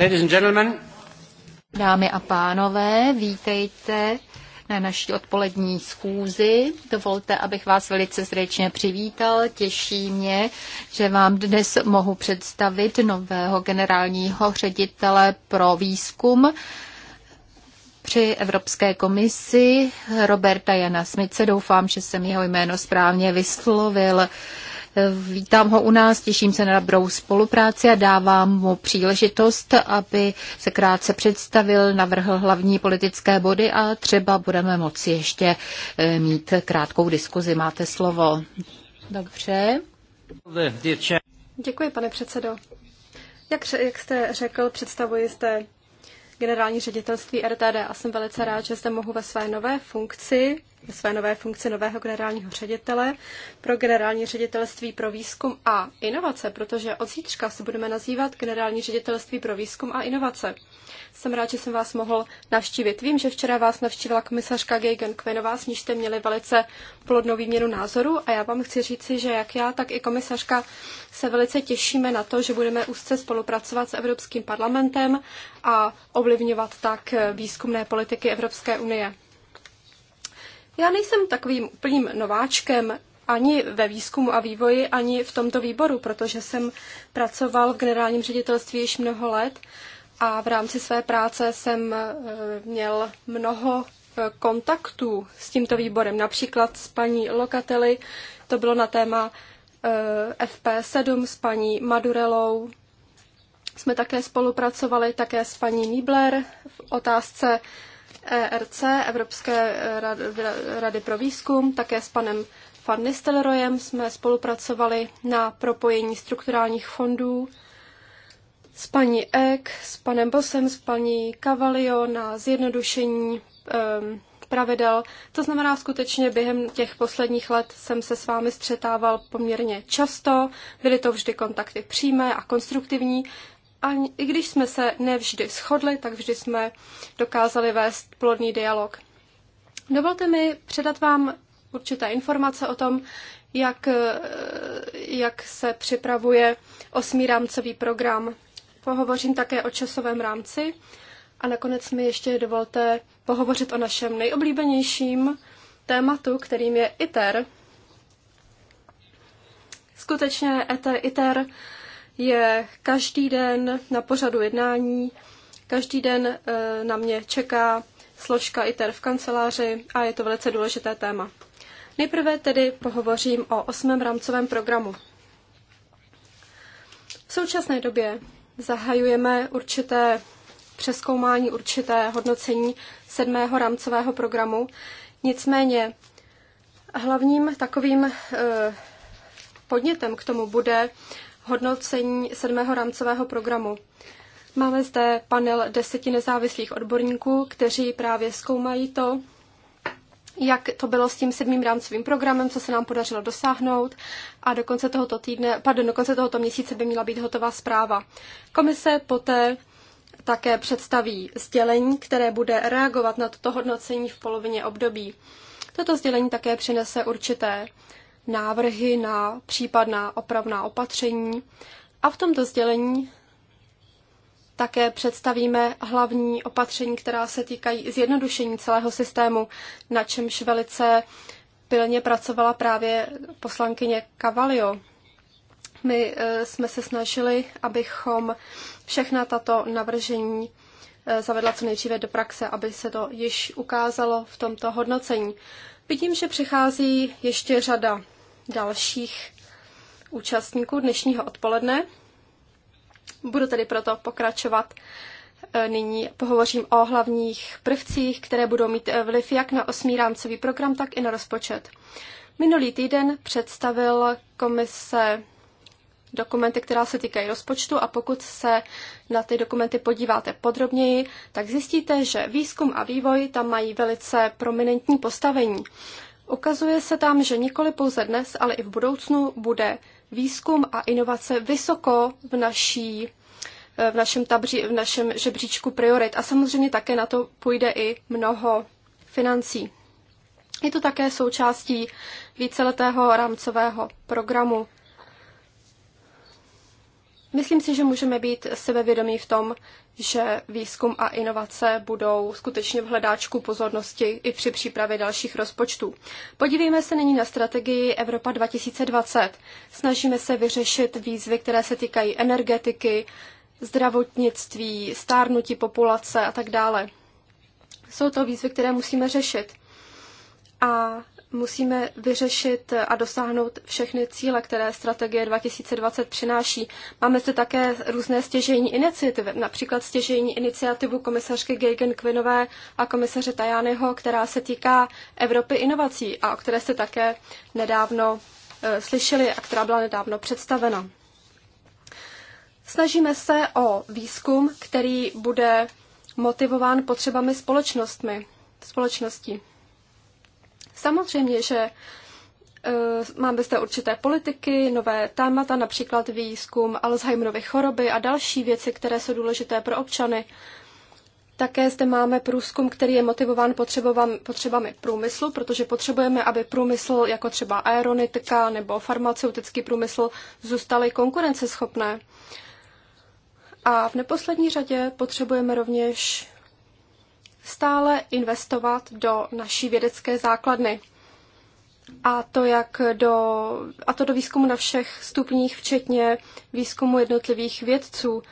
Ladies and gentlemen. Dámy a pánové, vítejte na naší odpolední schůzi. Dovolte, abych vás velice srdečně přivítal. Těší mě, že vám dnes mohu představit nového generálního ředitele pro výzkum při Evropské komisi Roberta Jana Smice. Doufám, že jsem jeho jméno správně vyslovil. Vítám ho u nás, těším se na dobrou spolupráci a dávám mu příležitost, aby se krátce představil, navrhl hlavní politické body a třeba budeme moci ještě eh, mít krátkou diskuzi. Máte slovo. Dobře. Děkuji, pane předsedo. Jak, jak jste řekl, představuji zde generální ředitelství RTD a jsem velice rád, že zde mohu ve své nové funkci ve své nové funkci nového generálního ředitele pro generální ředitelství pro výzkum a inovace, protože od zítřka se budeme nazývat generální ředitelství pro výzkum a inovace. Jsem rád, že jsem vás mohl navštívit. Vím, že včera vás navštívila komisařka Geigen Kvenová, s níž jste měli velice plodnou výměnu názoru a já vám chci říci, že jak já, tak i komisařka se velice těšíme na to, že budeme úzce spolupracovat s Evropským parlamentem a ovlivňovat tak výzkumné politiky Evropské unie. Já nejsem takovým úplným nováčkem ani ve výzkumu a vývoji, ani v tomto výboru, protože jsem pracoval v generálním ředitelství již mnoho let a v rámci své práce jsem eh, měl mnoho eh, kontaktů s tímto výborem, například s paní Lokateli, to bylo na téma eh, FP7 s paní Madurelou. Jsme také spolupracovali také s paní Niebler v otázce ERC, Evropské rady pro výzkum, také s panem Van Nistelrojem jsme spolupracovali na propojení strukturálních fondů s paní Ek, s panem Bosem, s paní Cavalio na zjednodušení um, pravidel. To znamená, skutečně během těch posledních let jsem se s vámi střetával poměrně často. Byly to vždy kontakty přímé a konstruktivní ani, i když jsme se nevždy shodli, tak vždy jsme dokázali vést plodný dialog. Dovolte mi předat vám určité informace o tom, jak, eh, jak se připravuje osmý rámcový program. Pohovořím také o časovém rámci a nakonec mi ještě dovolte pohovořit o našem nejoblíbenějším tématu, kterým je ITER. Skutečně ITER je každý den na pořadu jednání, každý den eh, na mě čeká složka ITER v kanceláři a je to velice důležité téma. Nejprve tedy pohovořím o osmém rámcovém programu. V současné době zahajujeme určité přeskoumání, určité hodnocení sedmého rámcového programu. Nicméně hlavním takovým eh, podnětem k tomu bude hodnocení sedmého rámcového programu. Máme zde panel deseti nezávislých odborníků, kteří právě zkoumají to, jak to bylo s tím sedmým rámcovým programem, co se nám podařilo dosáhnout a do konce tohoto, týdne, pardon, do konce tohoto měsíce by měla být hotová zpráva. Komise poté také představí sdělení, které bude reagovat na toto hodnocení v polovině období. Toto sdělení také přinese určité návrhy na případná opravná opatření a v tomto sdělení také představíme hlavní opatření, která se týkají zjednodušení celého systému, na čemž velice pilně pracovala právě poslankyně Cavalio. My eh, jsme se snažili, abychom všechna tato navržení eh, zavedla co nejdříve do praxe, aby se to již ukázalo v tomto hodnocení. Vidím, že přichází ještě řada dalších účastníků dnešního odpoledne. Budu tedy proto pokračovat. Eh, nyní pohovořím o hlavních prvcích, které budou mít eh, vliv jak na osmý rámcový program, tak i na rozpočet. Minulý týden představil komise dokumenty, která se týkají rozpočtu a pokud se na ty dokumenty podíváte podrobněji, tak zjistíte, že výzkum a vývoj tam mají velice prominentní postavení. Ukazuje se tam, že nikoli pouze dnes, ale i v budoucnu bude výzkum a inovace vysoko v naší eh, v našem, tabři, v našem žebříčku priorit. A samozřejmě také na to půjde i mnoho financí. Je to také součástí víceletého rámcového programu Myslím si, že můžeme být sebevědomí v tom, že výzkum a inovace budou skutečně v hledáčku pozornosti i při přípravě dalších rozpočtů. Podívejme se nyní na strategii Evropa 2020. Snažíme se vyřešit výzvy, které se týkají energetiky, zdravotnictví, stárnutí populace a tak dále. Jsou to výzvy, které musíme řešit. A musíme vyřešit a dosáhnout všechny cíle, které strategie 2020 přináší. Máme zde také různé stěžejní iniciativy, například stěžejní iniciativu komisařky Gagan Quinové a komisaře Tajányho, která se týká Evropy inovací a o které se také nedávno eh, slyšeli a která byla nedávno představena. Snažíme se o výzkum, který bude motivován potřebami společnostmi, společností. Samozřejmě, že e, Máme zde určité politiky, nové témata, například výzkum Alzheimerovy choroby a další věci, které jsou důležité pro občany. Také zde máme průzkum, který je motivován potřebami průmyslu, protože potřebujeme, aby průmysl jako třeba aeronitika nebo farmaceutický průmysl zůstaly konkurenceschopné. A v neposlední řadě potřebujeme rovněž stále investovat do naší vědecké základny. A to, jak do, a to do výzkumu na všech stupních, včetně výzkumu jednotlivých vědců.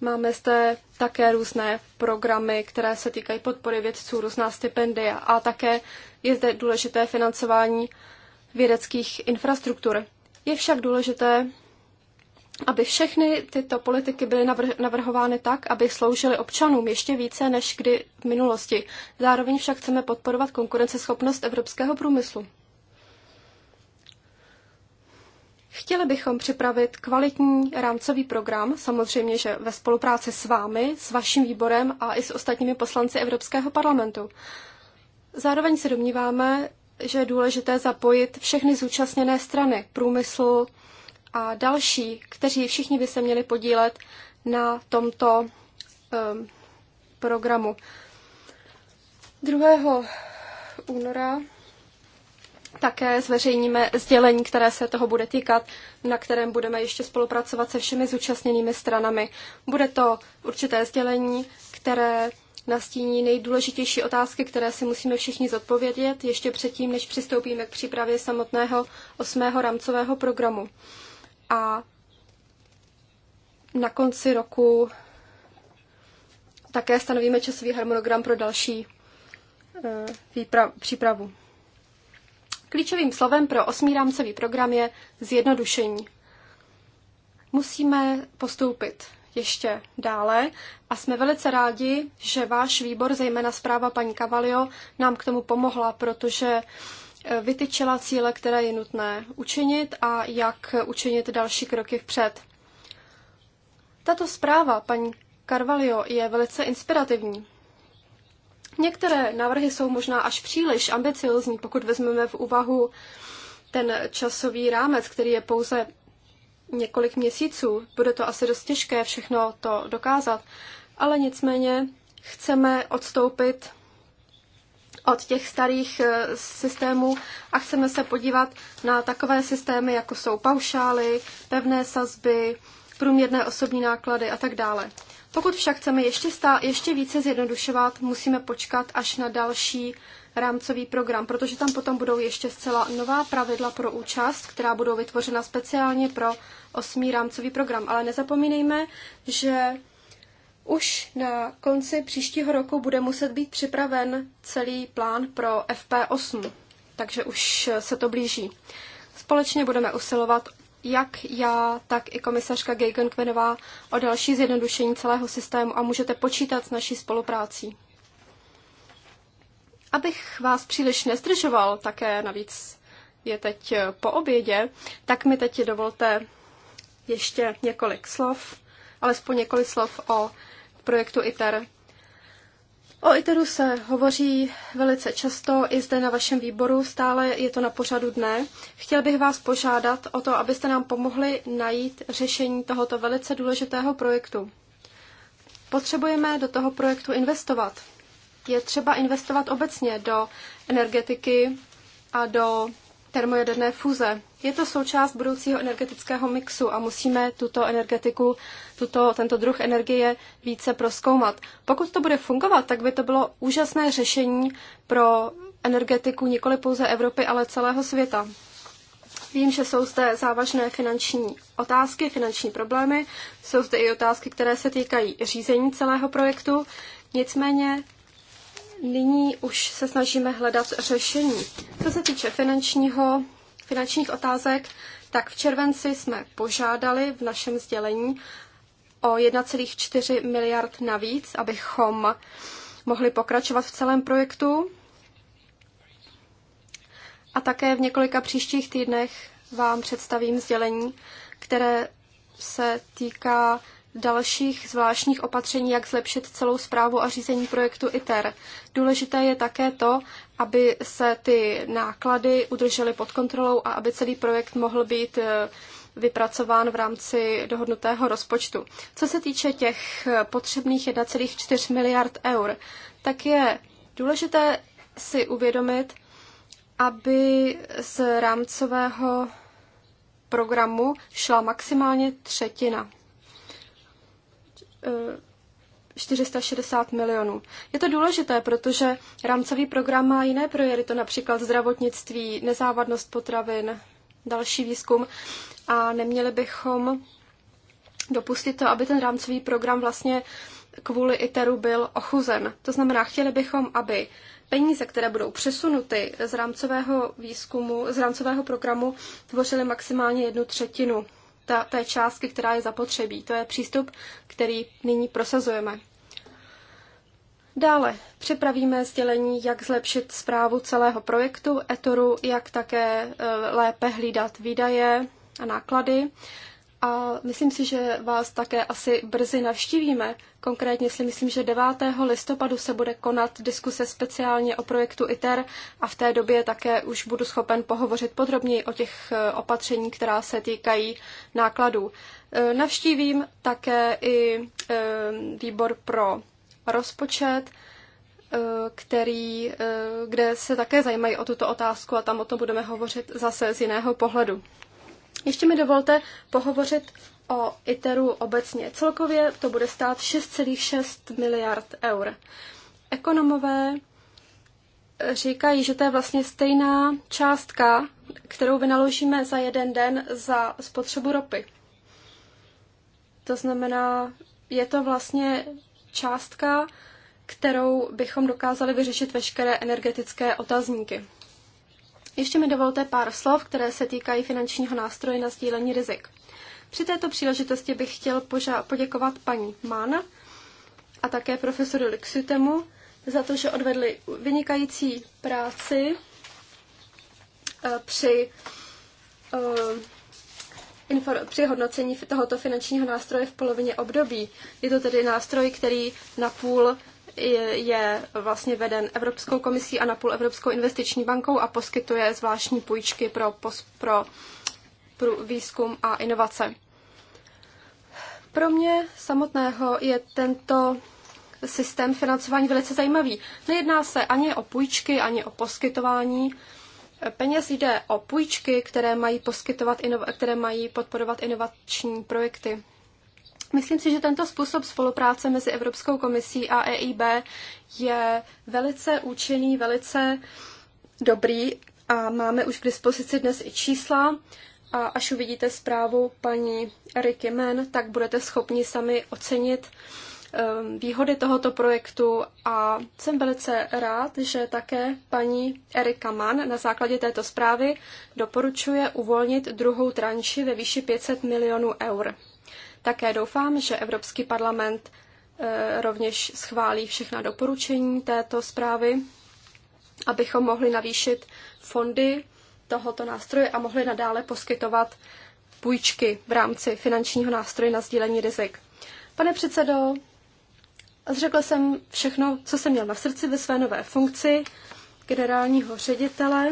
Máme zde také různé programy, které se týkají podpory vědců, různá stipendia a také je zde důležité financování vědeckých infrastruktur. Je však důležité aby všechny tyto politiky byly navrhovány tak, aby sloužily občanům ještě více než kdy v minulosti. Zároveň však chceme podporovat konkurenceschopnost evropského průmyslu. Chtěli bychom připravit kvalitní rámcový program, samozřejmě, že ve spolupráci s vámi, s vaším výborem a i s ostatními poslanci Evropského parlamentu. Zároveň se domníváme, že je důležité zapojit všechny zúčastněné strany, průmysl, a další, kteří všichni by se měli podílet na tomto um, programu. 2. února také zveřejníme sdělení, které se toho bude týkat, na kterém budeme ještě spolupracovat se všemi zúčastněnými stranami. Bude to určité sdělení, které nastíní nejdůležitější otázky, které si musíme všichni zodpovědět ještě předtím, než přistoupíme k přípravě samotného osmého rámcového programu a na konci roku také stanovíme časový harmonogram pro další eh, přípravu. Klíčovým slovem pro rámcový program je zjednodušení. Musíme postoupit ještě dále a jsme velice rádi, že váš výbor, zejména zpráva paní Cavalio, nám k tomu pomohla, protože vytyčila cíle, které je nutné učinit a jak učinit další kroky vpřed. Tato zpráva, paní Carvalho, je velice inspirativní. Některé návrhy jsou možná až příliš ambiciozní, pokud vezmeme v úvahu ten časový rámec, který je pouze několik měsíců. Bude to asi dost těžké všechno to dokázat, ale nicméně chceme odstoupit od těch starých eh, systémů a chceme se podívat na takové systémy, jako jsou paušály, pevné sazby, průměrné osobní náklady a tak dále. Pokud však chceme ještě, stá, ještě více zjednodušovat, musíme počkat až na další rámcový program, protože tam potom budou ještě zcela nová pravidla pro účast, která budou vytvořena speciálně pro osmý rámcový program. Ale nezapomínejme, že už na konci příštího roku bude muset být připraven celý plán pro FP8, takže už se to blíží. Společně budeme usilovat jak já, tak i komisařka Geigenkvenová o další zjednodušení celého systému a můžete počítat s naší spoluprácí. Abych vás příliš nezdržoval, také navíc je teď eh, po obědě, tak mi teď dovolte ještě několik slov, alespoň několik slov o projektu ITER. O ITERu se hovoří velice často, i zde na vašem výboru, stále je to na pořadu dne. Chtěl bych vás požádat o to, abyste nám pomohli najít řešení tohoto velice důležitého projektu. Potřebujeme do toho projektu investovat. Je třeba investovat obecně do energetiky a do termojaderné fúze. Je to součást budoucího energetického mixu a musíme tuto energetiku, tuto, tento druh energie více proskoumat. Pokud to bude fungovat, tak by to bylo úžasné řešení pro energetiku nikoli pouze Evropy, ale celého světa. Vím, že jsou zde závažné finanční otázky, finanční problémy, jsou zde i otázky, které se týkají řízení celého projektu. Nicméně nyní už se snažíme hledat řešení. Co se týče finančního, finančních otázek, tak v červenci jsme požádali v našem sdělení o 1,4 miliard navíc, abychom mohli pokračovat v celém projektu. A také v několika příštích týdnech vám představím sdělení, které se týká dalších zvláštních opatření, jak zlepšit celou zprávu a řízení projektu ITER. Důležité je také to, aby se ty náklady udržely pod kontrolou a aby celý projekt mohl být eh, vypracován v rámci dohodnutého rozpočtu. Co se týče těch eh, potřebných 1,4 miliard eur, tak je důležité si uvědomit, aby z rámcového programu šla maximálně třetina. 460 milionů. Je to důležité, protože rámcový program má jiné priority, to například zdravotnictví, nezávadnost potravin, další výzkum a neměli bychom dopustit to, aby ten rámcový program vlastně kvůli ITERu byl ochuzen. To znamená, chtěli bychom, aby peníze, které budou přesunuty z rámcového výzkumu, z rámcového programu, tvořily maximálně jednu třetinu ta, té částky, která je zapotřebí. To je přístup, který nyní prosazujeme. Dále připravíme sdělení, jak zlepšit zprávu celého projektu ETORu, jak také e, lépe hlídat výdaje a náklady a myslím si, že vás také asi brzy navštívíme. Konkrétně si myslím, že 9. listopadu se bude konat diskuse speciálně o projektu ITER a v té době také už budu schopen pohovořit podrobněji o těch e, opatření, která se týkají nákladů. E, navštívím také i e, výbor pro rozpočet, který, kde se také zajímají o tuto otázku a tam o tom budeme hovořit zase z jiného pohledu. Ještě mi dovolte pohovořit o ITERu obecně. Celkově to bude stát 6,6 miliard eur. Ekonomové eh, říkají, že to je vlastně stejná částka, kterou vynaložíme za jeden den za spotřebu ropy. To znamená, je to vlastně částka, kterou bychom dokázali vyřešit veškeré energetické otazníky. Ještě mi dovolte pár slov, které se týkají finančního nástroje na sdílení rizik. Při této příležitosti bych chtěl poděkovat paní Mána a také profesoru Lixutemu za to, že odvedli vynikající práci eh, při, eh, při hodnocení tohoto finančního nástroje v polovině období. Je to tedy nástroj, který napůl je, je vlastně veden Evropskou komisí a napůl Evropskou investiční bankou a poskytuje zvláštní půjčky pro, pos, pro, pro výzkum a inovace. Pro mě samotného je tento systém financování velice zajímavý. Nejedná se ani o půjčky, ani o poskytování. Peněz jde o půjčky, které mají, poskytovat, které mají podporovat inovační projekty. Myslím si, že tento způsob spolupráce mezi Evropskou komisí a EIB je velice účinný, velice dobrý a máme už k dispozici dnes i čísla. A až uvidíte zprávu paní Ricky Men, tak budete schopni sami ocenit ehm, výhody tohoto projektu a jsem velice rád, že také paní Erika Mann na základě této zprávy doporučuje uvolnit druhou tranši ve výši 500 milionů eur. Také doufám, že Evropský parlament eh, rovněž schválí všechna doporučení této zprávy, abychom mohli navýšit fondy tohoto nástroje a mohli nadále poskytovat půjčky v rámci finančního nástroje na sdílení rizik. Pane předsedo, řekl jsem všechno, co jsem měl na srdci ve své nové funkci generálního ředitele.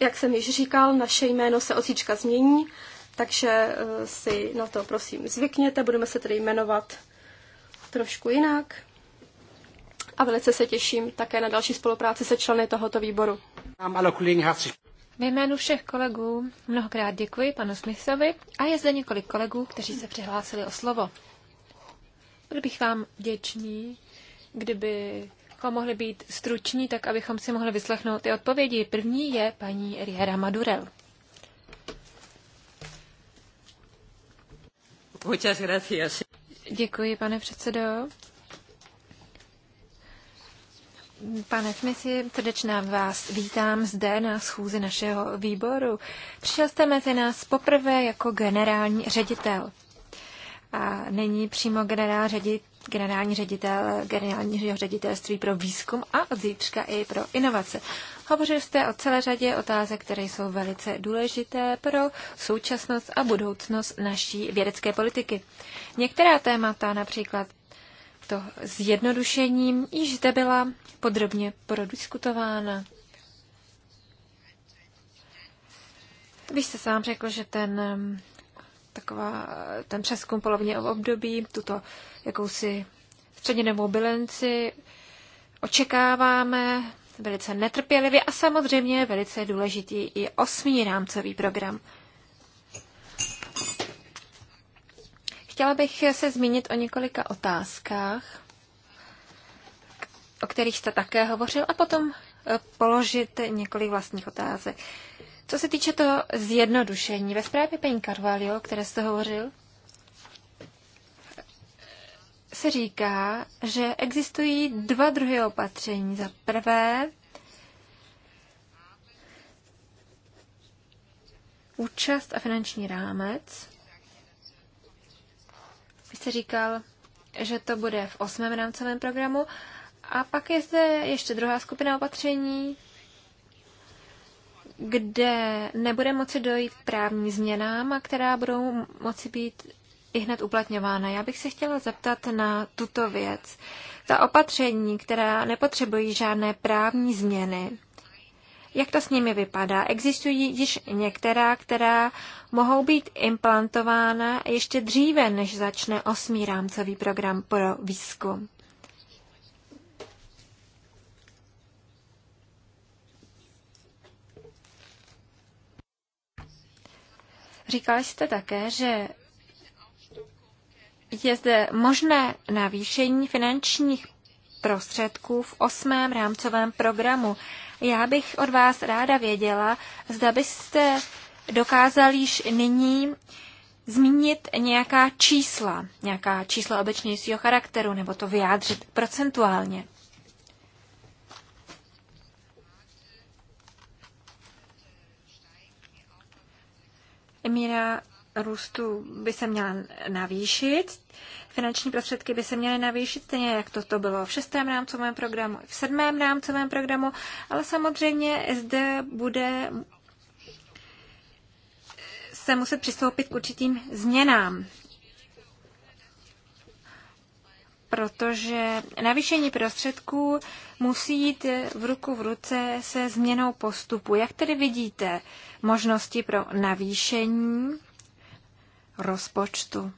Jak jsem již říkal, naše jméno se otíčka změní. Takže eh, si na to prosím zvykněte, budeme se tedy jmenovat trošku jinak. A velice se těším také na další spolupráci se členy tohoto výboru. V jménu všech kolegů mnohokrát děkuji panu Smithovi a je zde několik kolegů, kteří se přihlásili o slovo. Byl bych vám vděčný, kdyby mohli být struční, tak abychom si mohli vyslechnout ty odpovědi. První je paní Riera Madurel. Děkuji, pane předsedo. Pane Smisi, srdečná vás vítám zde na schůzi našeho výboru. Přišel jste mezi nás poprvé jako generální ředitel. A není přímo generál generální ředitel generálního ředitelství pro výzkum a zítřka i pro inovace. Hovořil jste o celé řadě otázek, které jsou velice důležité pro současnost a budoucnost naší vědecké politiky. Některá témata, například to zjednodušením, již zde byla podrobně prodiskutována. Vy jste sám řekl, že ten um, taková, ten přeskum polovně období, tuto jakousi střednědobou bilanci očekáváme, velice netrpělivě a samozřejmě je velice důležitý i osmý rámcový program. Chtěla bych se zmínit o několika otázkách, o kterých jste také hovořil, a potom e, položit několik vlastních otázek. Co se týče toho zjednodušení, ve zprávě paní Carvalho, které jste hovořil, se říká, že existují dva druhy opatření. Za prvé, účast a finanční rámec. Vy jste říkal, že to bude v osmém rámcovém programu. A pak je zde ještě druhá skupina opatření, kde nebude moci dojít k právním změnám a která budou moci být i hned uplatňována. Já bych se chtěla zeptat na tuto věc. Ta opatření, která nepotřebují žádné právní změny, jak to s nimi vypadá? Existují již některá, která mohou být implantována ještě dříve, než začne osmý rámcový program pro výzkum. Říkali jste také, že je zde možné navýšení finančních prostředků v osmém rámcovém programu. Já bych od vás ráda věděla, zda byste dokázal již nyní zmínit nějaká čísla, nějaká čísla obecnějšího charakteru, nebo to vyjádřit procentuálně. Míra růstu by se měla navýšit, finanční prostředky by se měly navýšit, stejně jak to, to bylo v šestém rámcovém programu, v sedmém rámcovém programu, ale samozřejmě zde bude se muset přistoupit k určitým změnám protože navýšení prostředků musí jít v ruku v ruce se změnou postupu. Jak tedy vidíte možnosti pro navýšení rozpočtu.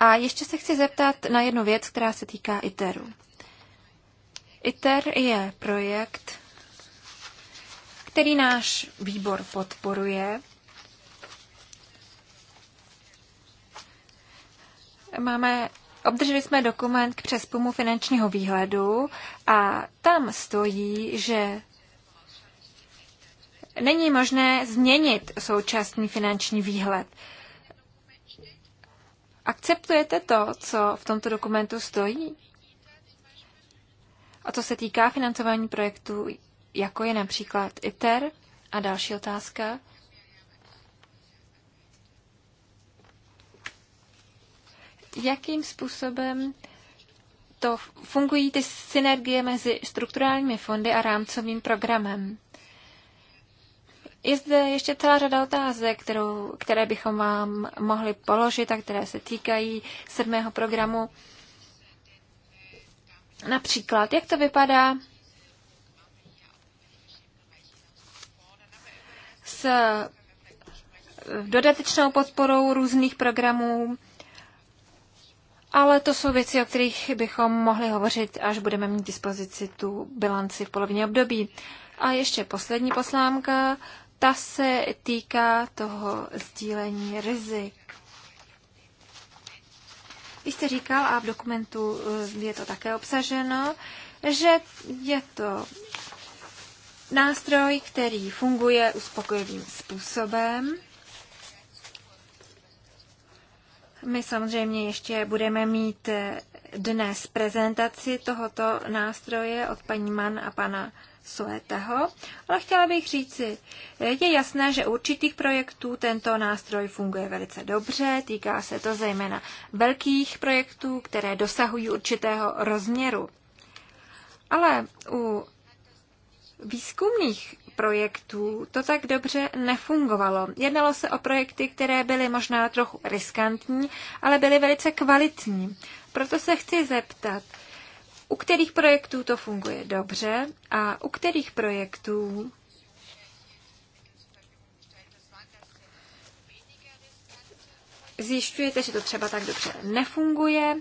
A ještě se chci zeptat na jednu věc, která se týká ITERu. ITER je projekt, který náš výbor podporuje. Máme, obdrželi jsme dokument k přeskumu finančního výhledu a tam stojí, že není možné změnit současný finanční výhled. Akceptujete to, co v tomto dokumentu stojí? A co se týká financování projektů, jako je například ITER? A další otázka. Jakým způsobem to fungují ty synergie mezi strukturálními fondy a rámcovým programem? Je zde ještě celá řada otázek, kterou, které bychom vám mohli položit a které se týkají sedmého programu. Například, jak to vypadá s eh, dodatečnou podporou různých programů, ale to jsou věci, o kterých bychom mohli hovořit, až budeme mít dispozici tu bilanci v polovině období. A ještě poslední poslámka. Ta se týká toho sdílení rizik. Vy jste říkal, a v dokumentu eh, je to také obsaženo, že je to nástroj, který funguje uspokojivým způsobem. My samozřejmě ještě budeme mít eh, dnes prezentaci tohoto nástroje od paní Man a pana Suetaho, ale chtěla bych říci, je jasné, že určitých projektů tento nástroj funguje velice dobře, týká se to zejména velkých projektů, které dosahují určitého rozměru. Ale u výzkumných projektů to tak dobře nefungovalo. Jednalo se o projekty, které byly možná trochu riskantní, ale byly velice kvalitní. Proto se chci zeptat, u kterých projektů to funguje dobře a u kterých projektů zjišťujete, že to třeba tak dobře nefunguje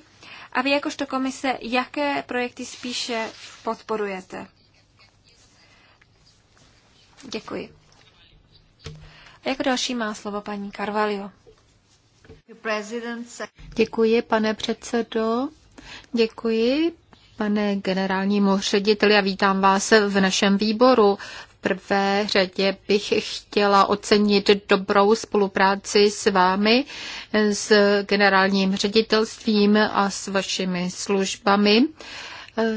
a vy jakožto komise, jaké projekty spíše podporujete. Děkuji. A jako další má slovo paní Carvalho. Děkuji, pane předsedo. Děkuji, pane generálnímu řediteli a vítám vás v našem výboru. V prvé řadě bych chtěla ocenit dobrou spolupráci s vámi, s generálním ředitelstvím a s vašimi službami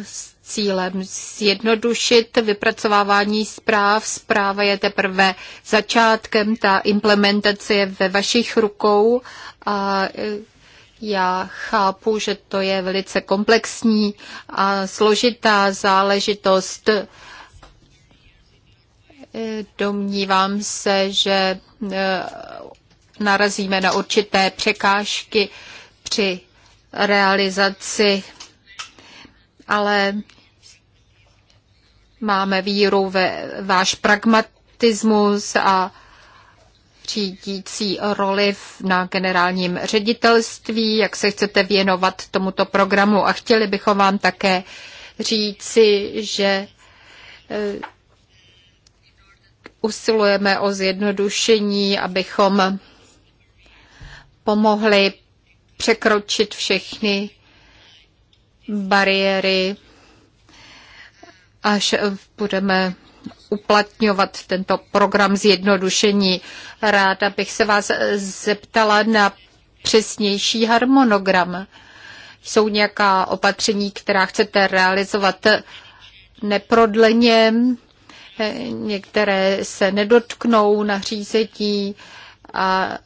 s cílem zjednodušit vypracovávání zpráv. Zpráva je teprve začátkem, ta implementace je ve vašich rukou a já chápu, že to je velice komplexní a složitá záležitost. Domnívám se, že eh, narazíme na určité překážky při realizaci, ale máme víru ve váš pragmatismus a řídící roli na generálním ředitelství, jak se chcete věnovat tomuto programu. A chtěli bychom vám také říci, že eh, usilujeme o zjednodušení, abychom pomohli překročit všechny bariéry, až budeme uplatňovat tento program zjednodušení. Ráda bych se vás zeptala na přesnější harmonogram. Jsou nějaká opatření, která chcete realizovat neprodleně, některé se nedotknou na řízetí a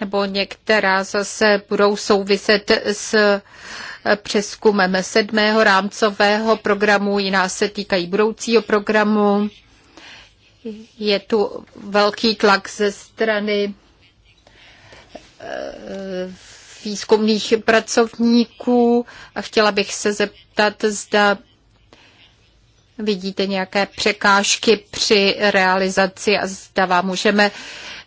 nebo některá zase budou souviset s přeskumem sedmého rámcového programu, jiná se týkají budoucího programu. Je tu velký tlak ze strany eh, výzkumných pracovníků a chtěla bych se zeptat, zda vidíte nějaké překážky při realizaci a zda vám můžeme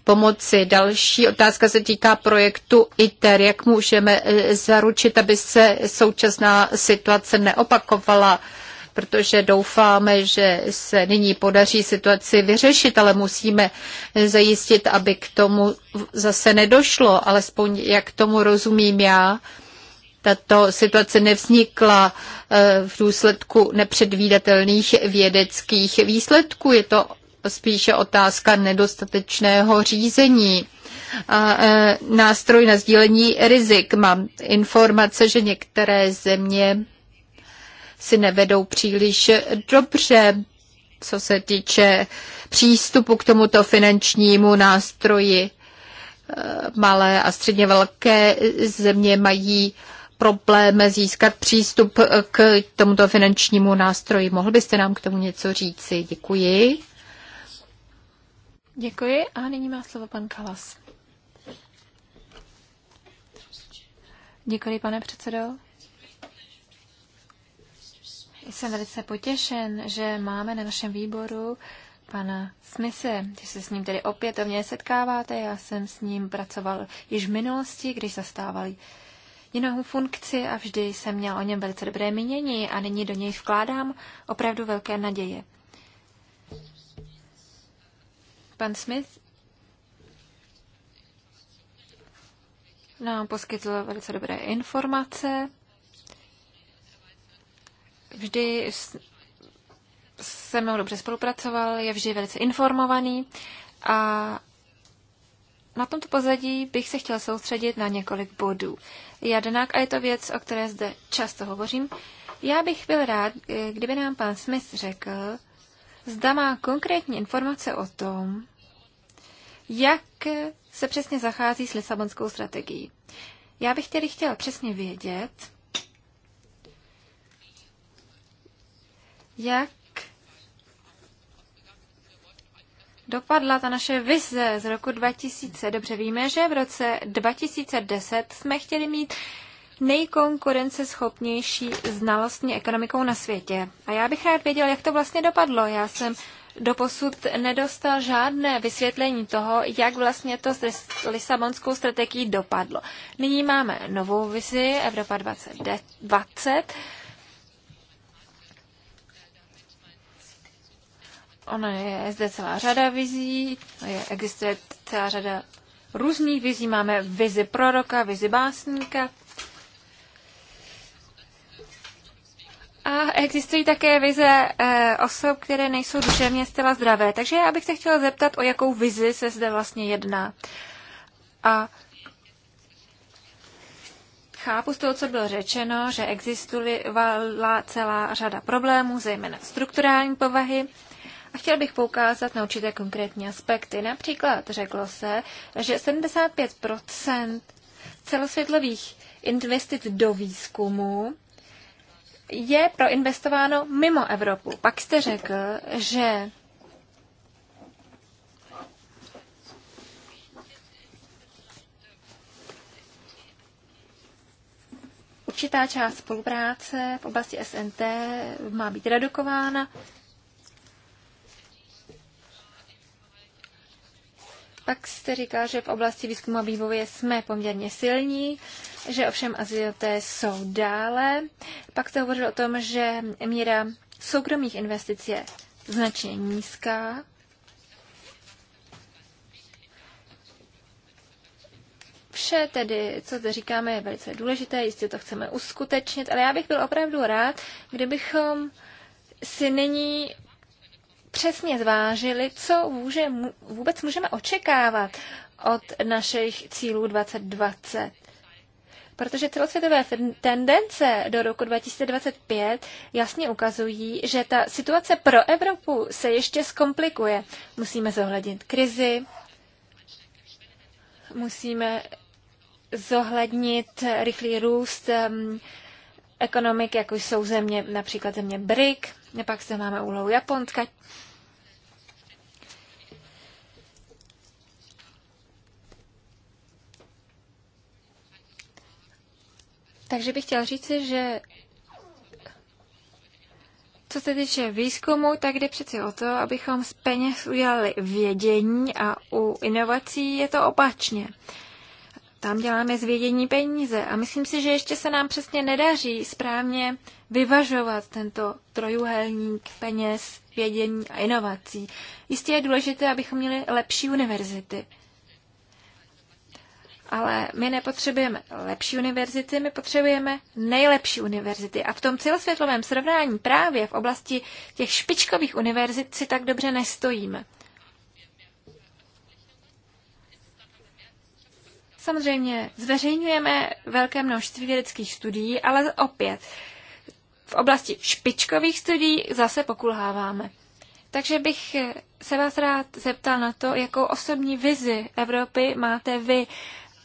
pomoci. Další otázka se týká projektu ITER. Jak můžeme e, zaručit, aby se současná situace neopakovala? protože doufáme, že se nyní podaří situaci vyřešit, ale musíme zajistit, aby k tomu zase nedošlo, alespoň jak tomu rozumím já. Tato situace nevznikla e, v důsledku nepředvídatelných vědeckých výsledků. Je to spíše otázka nedostatečného řízení. A e, nástroj na sdílení rizik. Mám informace, že některé země si nevedou příliš dobře, co se týče přístupu k tomuto finančnímu nástroji. E, malé a středně velké země mají problém získat přístup k tomuto finančnímu nástroji. Mohl byste nám k tomu něco říci? Děkuji. Děkuji a nyní má slovo pan Kalas. Děkuji, pane předsedo. Jsem velice potěšen, že máme na našem výboru pana Smise, že se s ním tedy opětovně setkáváte. Já jsem s ním pracoval již v minulosti, když zastával jinou funkci a vždy jsem měl o něm velice dobré mínění a nyní do něj vkládám opravdu velké naděje. Pan Smith nám poskytl velice dobré informace. Vždy se mnou dobře spolupracoval, je vždy velice informovaný a na tomto pozadí bych se chtěl soustředit na několik bodů. Jednak, a je to věc, o které zde často hovořím, já bych byl rád, eh, kdyby nám pan Smith řekl, zda má konkrétní informace o tom, jak se přesně zachází s Lisabonskou strategií. Já bych tedy chtěla přesně vědět, jak dopadla ta naše vize z roku 2000. Dobře víme, že v roce 2010 jsme chtěli mít nejkonkurenceschopnější znalostní ekonomikou na světě. A já bych rád věděl, jak to vlastně dopadlo. Já jsem doposud nedostal žádné vysvětlení toho, jak vlastně to s Lisabonskou strategií dopadlo. Nyní máme novou vizi Evropa 2020. Ona je zde celá řada vizí, je, existuje celá řada různých vizí. Máme vizi proroka, vizi básníka, A existují také vize e, osob, které nejsou duševně zcela zdravé. Takže já bych se chtěla zeptat, o jakou vizi se zde vlastně jedná. A chápu z toho, co bylo řečeno, že existovala celá řada problémů, zejména strukturální povahy. A chtěla bych poukázat na určité konkrétní aspekty. Například řeklo se, že 75 celosvětlových investic do výzkumu je proinvestováno mimo Evropu. Pak jste řekl, že určitá část spolupráce v oblasti SNT má být redukována pak jste říká, že v oblasti výzkumu a vývoje jsme poměrně silní, že ovšem azioté jsou dále. Pak jste hovořil o tom, že míra soukromých investic je značně nízká. Vše tedy, co zde říkáme, je velice důležité, jistě to chceme uskutečnit, ale já bych byl opravdu rád, kdybychom si nyní přesně zvážili, co může, vůbec můžeme očekávat od našich cílů 2020. Protože celosvětové tendence do roku 2025 jasně ukazují, že ta situace pro Evropu se ještě zkomplikuje. Musíme zohlednit krizi, musíme zohlednit rychlý růst ekonomik, jako jsou země, například země BRIC, pak zde máme úlohu Japonska. Takže bych chtěl říci, že co se týče výzkumu, tak jde přeci o to, abychom z peněz udělali vědění a u inovací je to opačně tam děláme zvědění peníze. A myslím si, že ještě se nám přesně nedaří správně vyvažovat tento trojuhelník peněz, vědění a inovací. Jistě je důležité, abychom měli lepší univerzity. Ale my nepotřebujeme lepší univerzity, my potřebujeme nejlepší univerzity. A v tom celosvětlovém srovnání právě v oblasti těch špičkových univerzit si tak dobře nestojíme. Samozřejmě zveřejňujeme velké množství vědeckých studií, ale opět v oblasti špičkových studií zase pokulháváme. Takže bych se vás rád zeptal na to, jakou osobní vizi Evropy máte vy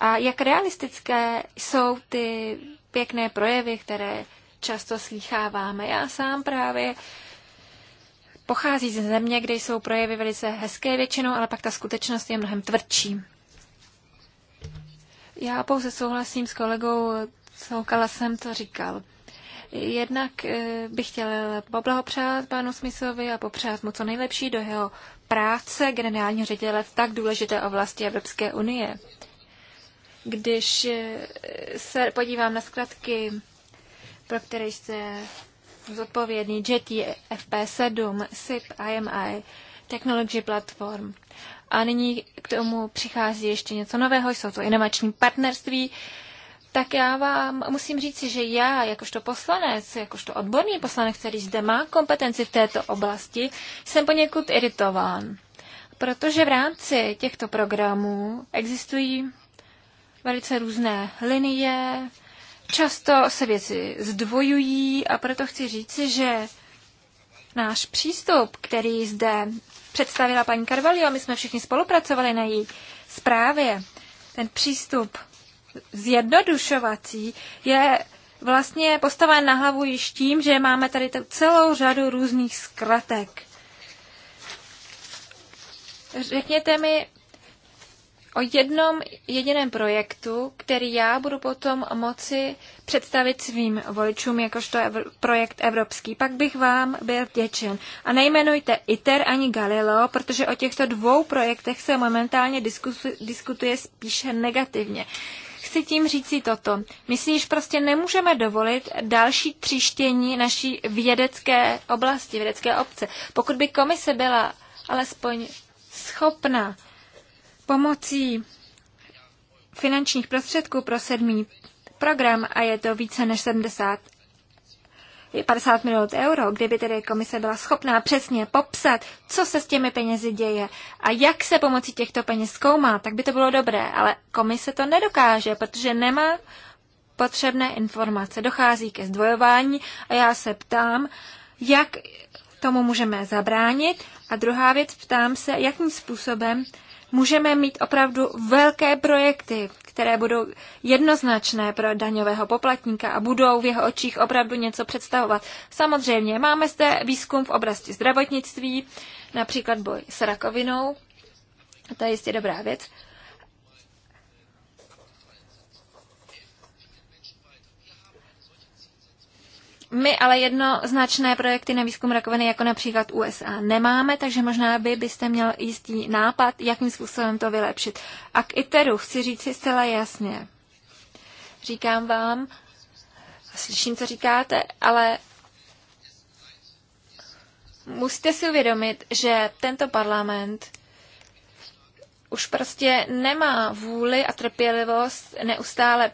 a jak realistické jsou ty pěkné projevy, které často slýcháváme. Já sám právě pochází ze země, kde jsou projevy velice hezké většinou, ale pak ta skutečnost je mnohem tvrdší. Já pouze souhlasím s kolegou Soukala jsem to říkal. Jednak eh, bych chtěl poblahopřát panu Smisovi a popřát mu co nejlepší do jeho práce generálního ředitele v tak důležité oblasti Evropské unie. Když eh, se podívám na zkratky, pro které jste zodpovědný, JETI, FP7, SIP, IMI, Technology Platform a nyní k tomu přichází ještě něco nového, jsou to inovační partnerství. Tak já vám musím říct, že já, jakožto poslanec, jakožto odborný poslanec, který zde má kompetenci v této oblasti, jsem poněkud iritován. Protože v rámci těchto programů existují velice různé linie, často se věci zdvojují a proto chci říci, že náš přístup, který zde představila paní Carvalho, my jsme všichni spolupracovali na její zprávě, ten přístup zjednodušovací je vlastně postaven na hlavu již tím, že máme tady celou řadu různých zkratek. Řekněte mi, o jednom jediném projektu, který já budu potom moci představit svým voličům, jakožto ev- projekt evropský. Pak bych vám byl vděčen. A nejmenujte ITER ani Galileo, protože o těchto dvou projektech se momentálně diskus- diskutuje spíše negativně. Chci tím říci toto. My si již prostě nemůžeme dovolit další tříštění naší vědecké oblasti, vědecké obce. Pokud by komise byla alespoň schopna Pomocí finančních prostředků pro sedmý program, a je to více než 70 50 milionů euro, kdyby tedy komise byla schopná přesně popsat, co se s těmi penězi děje a jak se pomocí těchto peněz zkoumá, tak by to bylo dobré, ale komise to nedokáže, protože nemá potřebné informace. Dochází ke zdvojování a já se ptám, jak tomu můžeme zabránit. A druhá věc, ptám se, jakým způsobem můžeme mít opravdu velké projekty, které budou jednoznačné pro daňového poplatníka a budou v jeho očích opravdu něco představovat. Samozřejmě máme zde výzkum v oblasti zdravotnictví, například boj s rakovinou, to je jistě dobrá věc, My ale jednoznačné projekty na výzkum rakoviny, jako například USA, nemáme, takže možná by byste měl jistý nápad, jakým způsobem to vylepšit. A k ITERu chci říct si zcela jasně. Říkám vám, slyším, co říkáte, ale musíte si uvědomit, že tento parlament už prostě nemá vůli a trpělivost neustále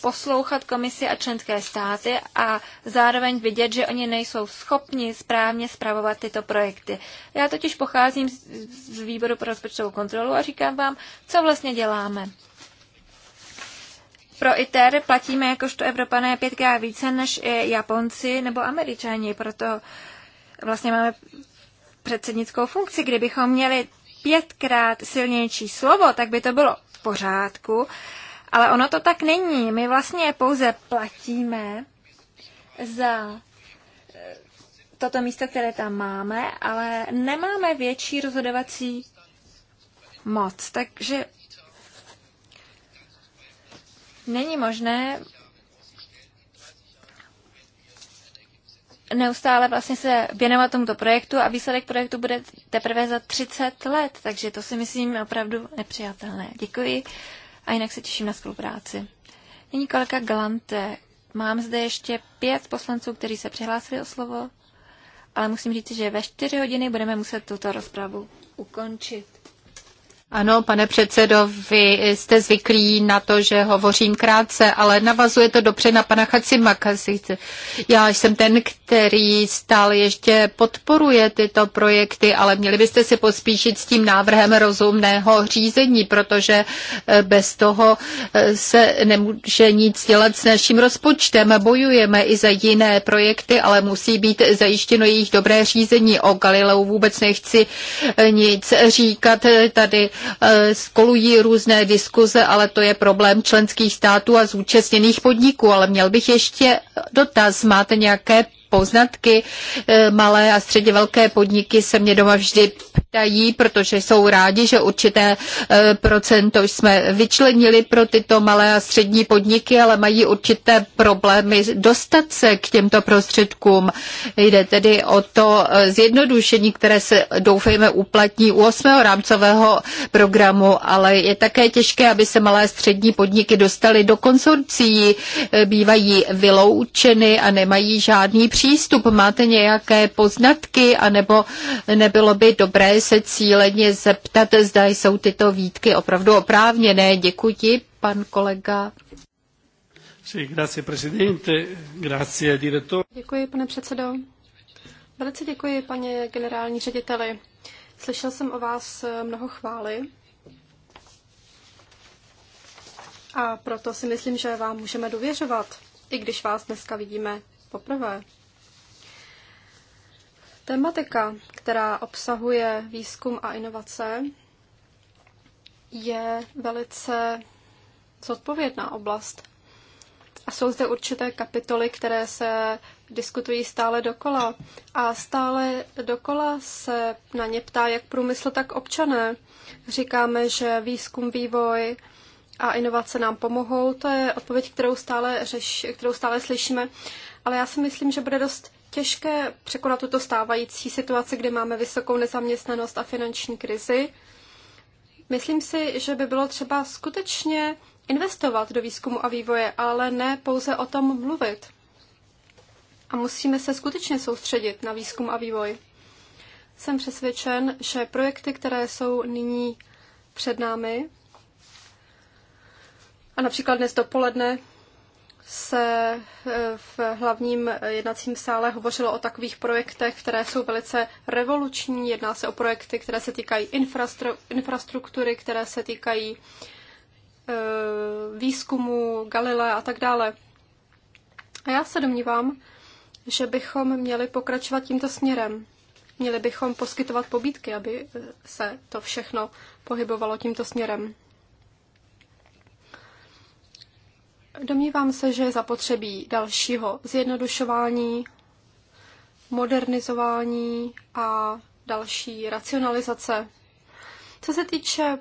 poslouchat komisi a členské státy a zároveň vidět, že oni nejsou schopni správně zpravovat tyto projekty. Já totiž pocházím z výboru pro rozpočtovou kontrolu a říkám vám, co vlastně děláme. Pro ITER platíme jakožto Evropané pětkrát více než Japonci nebo Američani, proto vlastně máme předsednickou funkci. Kdybychom měli pětkrát silnější slovo, tak by to bylo v pořádku, ale ono to tak není. My vlastně pouze platíme za eh, toto místo, které tam máme, ale nemáme větší rozhodovací moc. Takže není možné neustále vlastně se věnovat tomuto projektu a výsledek projektu bude teprve za 30 let, takže to si myslím opravdu nepřijatelné. Děkuji a jinak se těším na spolupráci. Nyní kolega Galante. Mám zde ještě pět poslanců, kteří se přihlásili o slovo, ale musím říct, že ve čtyři hodiny budeme muset tuto rozpravu ukončit. Ano, pane předsedo, vy jste zvyklí na to, že hovořím krátce, ale navazuje to dobře na pana Chacimaka. Já jsem ten, který stále ještě podporuje tyto projekty, ale měli byste si pospíšit s tím návrhem rozumného řízení, protože eh, bez toho eh, se nemůže nic dělat s naším rozpočtem. Bojujeme i za jiné projekty, ale musí být zajištěno jejich dobré řízení. O Galileu vůbec nechci eh, nic říkat tady Eh, kolují různé diskuze, ale to je problém členských států a zúčastněných podniků. Ale měl bych ještě dotaz. Máte nějaké poznatky. E, malé a středně velké podniky se mě doma vždy ptají, protože jsou rádi, že určité e, procento jsme vyčlenili pro tyto malé a střední podniky, ale mají určité problémy dostat se k těmto prostředkům. Jde tedy o to e, zjednodušení, které se doufejme uplatní u osmého rámcového programu, ale je také těžké, aby se malé a střední podniky dostaly do konsorcí, bývají vyloučeny a nemají žádný příklad přístup? Máte nějaké poznatky, anebo nebylo by dobré se cíleně zeptat, zda jsou tyto výtky opravdu oprávněné? Děkuji ti, pan kolega. Děkuji, pane předsedo. Velice děkuji, paně generální řediteli. Slyšel jsem o vás eh, mnoho chvály a proto si myslím, že vám můžeme důvěřovat, i když vás dneska vidíme poprvé. Tematika, která obsahuje výzkum a inovace, je velice zodpovědná oblast. A jsou zde určité kapitoly, které se diskutují stále dokola. A stále dokola se na ně ptá jak průmysl, tak občané. Říkáme, že výzkum, vývoj a inovace nám pomohou. To je odpověď, kterou stále, řeš, kterou stále slyšíme. Ale já si myslím, že bude dost těžké překonat tuto stávající situaci, kde máme vysokou nezaměstnanost a finanční krizi. Myslím si, že by bylo třeba skutečně investovat do výzkumu a vývoje, ale ne pouze o tom mluvit. A musíme se skutečně soustředit na výzkum a vývoj. Jsem přesvědčen, že projekty, které jsou nyní před námi, a například dnes dopoledne se eh, v hlavním jednacím sále hovořilo o takových projektech, které jsou velice revoluční. Jedná se o projekty, které se týkají infrastru- infrastruktury, které se týkají eh, výzkumu, Galilea a tak dále. A já se domnívám, že bychom měli pokračovat tímto směrem. Měli bychom poskytovat pobídky, aby eh, se to všechno pohybovalo tímto směrem. Domnívám se, že je zapotřebí dalšího zjednodušování, modernizování a další racionalizace. Co se týče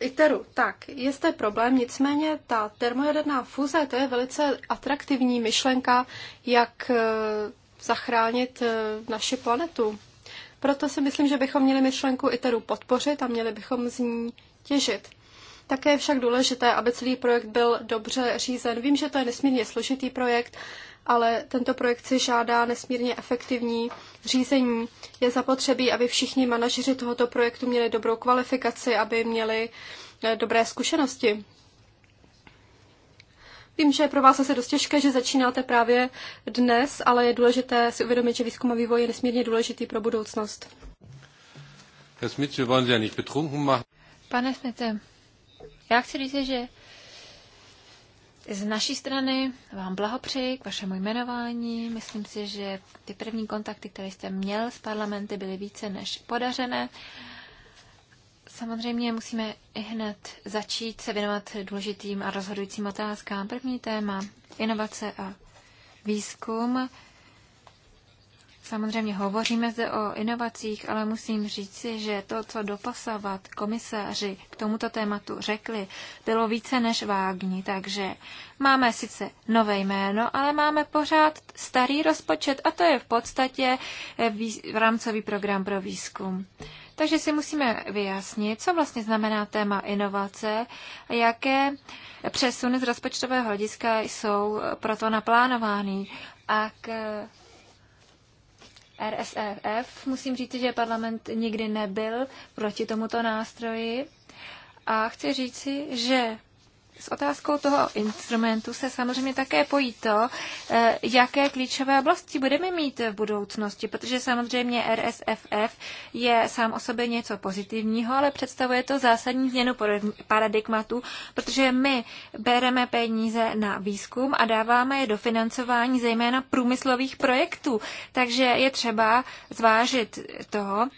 ITERu, tak, je zde problém, nicméně ta termojaderná fuze, to je velice atraktivní myšlenka, jak eh, zachránit eh, naši planetu. Proto si myslím, že bychom měli myšlenku ITERu podpořit a měli bychom z ní těžit. Také je však důležité, aby celý projekt byl dobře řízen. Vím, že to je nesmírně složitý projekt, ale tento projekt si žádá nesmírně efektivní řízení. Je zapotřebí, aby všichni manažeři tohoto projektu měli dobrou kvalifikaci, aby měli eh, dobré zkušenosti. Vím, že je pro vás asi dost těžké, že začínáte právě dnes, ale je důležité si uvědomit, že výzkum a vývoj je nesmírně důležitý pro budoucnost. Pane Smice, já chci říct, že z naší strany vám blahopřeji k vašemu jmenování. Myslím si, že ty první kontakty, které jste měl s parlamenty, byly více než podařené. Samozřejmě musíme i hned začít se věnovat důležitým a rozhodujícím otázkám. První téma inovace a výzkum. Samozřejmě hovoříme zde o inovacích, ale musím říci, že to, co doposavat komisaři k tomuto tématu řekli, bylo více než vágní, takže máme sice nové jméno, ale máme pořád starý rozpočet a to je v podstatě eh, v rámcový program pro výzkum. Takže si musíme vyjasnit, co vlastně znamená téma inovace a jaké přesuny z rozpočtového hlediska jsou proto naplánovány. A k RSF. Musím říct, že parlament nikdy nebyl proti tomuto nástroji. A chci říci, že s otázkou toho instrumentu se samozřejmě také pojí to, eh, jaké klíčové oblasti budeme mít v budoucnosti, protože samozřejmě RSFF je sám o sobě něco pozitivního, ale představuje to zásadní změnu paradigmatu, protože my bereme peníze na výzkum a dáváme je do financování zejména průmyslových projektů. Takže je třeba zvážit to,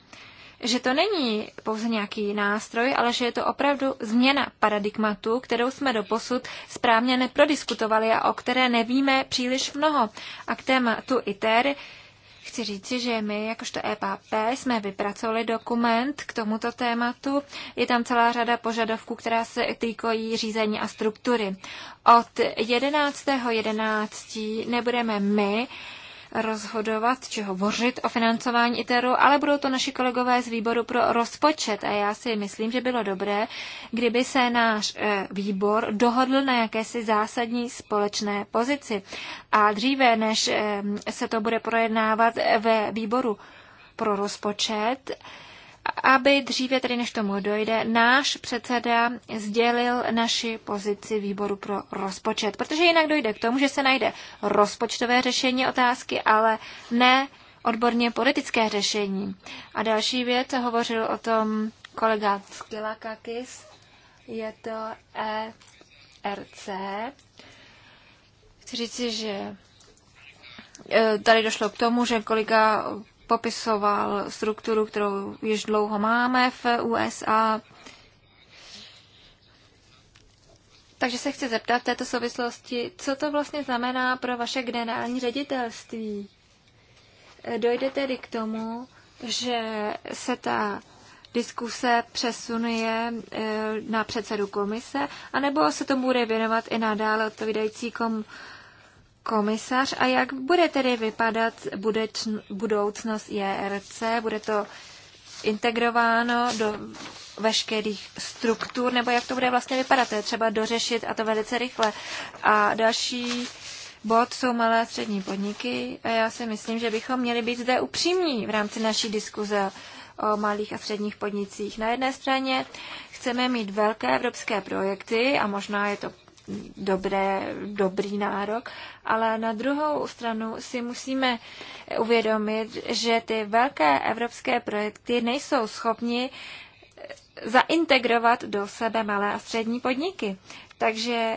že to není pouze nějaký nástroj, ale že je to opravdu změna paradigmatu, kterou jsme do posud správně neprodiskutovali a o které nevíme příliš mnoho. A k tématu ITER chci říci, že my jakožto EPAP jsme vypracovali dokument k tomuto tématu. Je tam celá řada požadavků, která se týkají řízení a struktury. Od 11.11. 11. nebudeme my rozhodovat či hovořit o financování ITERu, ale budou to naši kolegové z výboru pro rozpočet. A já si myslím, že bylo dobré, kdyby se náš eh, výbor dohodl na jakési zásadní společné pozici. A dříve, než eh, se to bude projednávat ve výboru pro rozpočet, aby dříve, tedy než tomu dojde, náš předseda sdělil naši pozici výboru pro rozpočet. Protože jinak dojde k tomu, že se najde rozpočtové řešení otázky, ale ne odborně politické řešení. A další věc, hovořil o tom kolega Skilakakis, je to ERC. Chci říci, že e, tady došlo k tomu, že kolega popisoval strukturu, kterou již dlouho máme v USA. Takže se chci zeptat v této souvislosti, co to vlastně znamená pro vaše generální ředitelství? Dojde tedy k tomu, že se ta diskuse přesunuje eh, na předsedu komise, anebo se tomu bude věnovat i nadále odpovídající komu? komisař. A jak bude tedy vypadat budoucnost JRC? Bude to integrováno do veškerých struktur, nebo jak to bude vlastně vypadat? To je třeba dořešit a to velice rychle. A další bod jsou malé a střední podniky a já si myslím, že bychom měli být zde upřímní v rámci naší diskuze o malých a středních podnicích. Na jedné straně chceme mít velké evropské projekty a možná je to dobré, dobrý nárok, ale na druhou stranu si musíme uvědomit, že ty velké evropské projekty nejsou schopni eh, zaintegrovat do sebe malé a střední podniky. Takže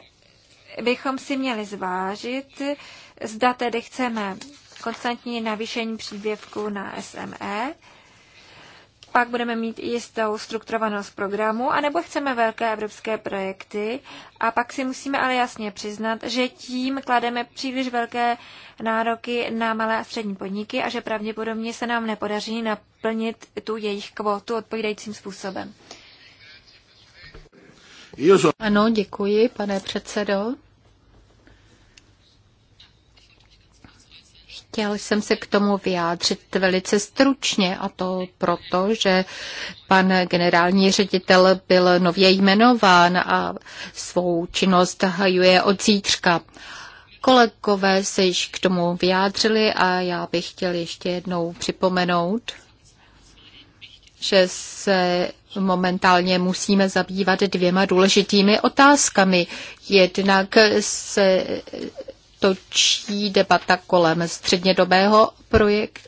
bychom si měli zvážit, zda tedy chceme konstantní navýšení příběvku na SME, pak budeme mít i jistou strukturovanost programu, anebo chceme velké evropské projekty a pak si musíme ale jasně přiznat, že tím klademe příliš velké nároky na malé a střední podniky a že pravděpodobně se nám nepodaří naplnit tu jejich kvotu odpovídajícím způsobem. Ano, děkuji, pane předsedo. Chtěl jsem se k tomu vyjádřit velice stručně a to proto, že pan generální ředitel byl nově jmenován a svou činnost hajuje od zítřka. Kolegové se již k tomu vyjádřili a já bych chtěl ještě jednou připomenout, že se momentálně musíme zabývat dvěma důležitými otázkami. Jednak se točí debata kolem střednědobého projekt,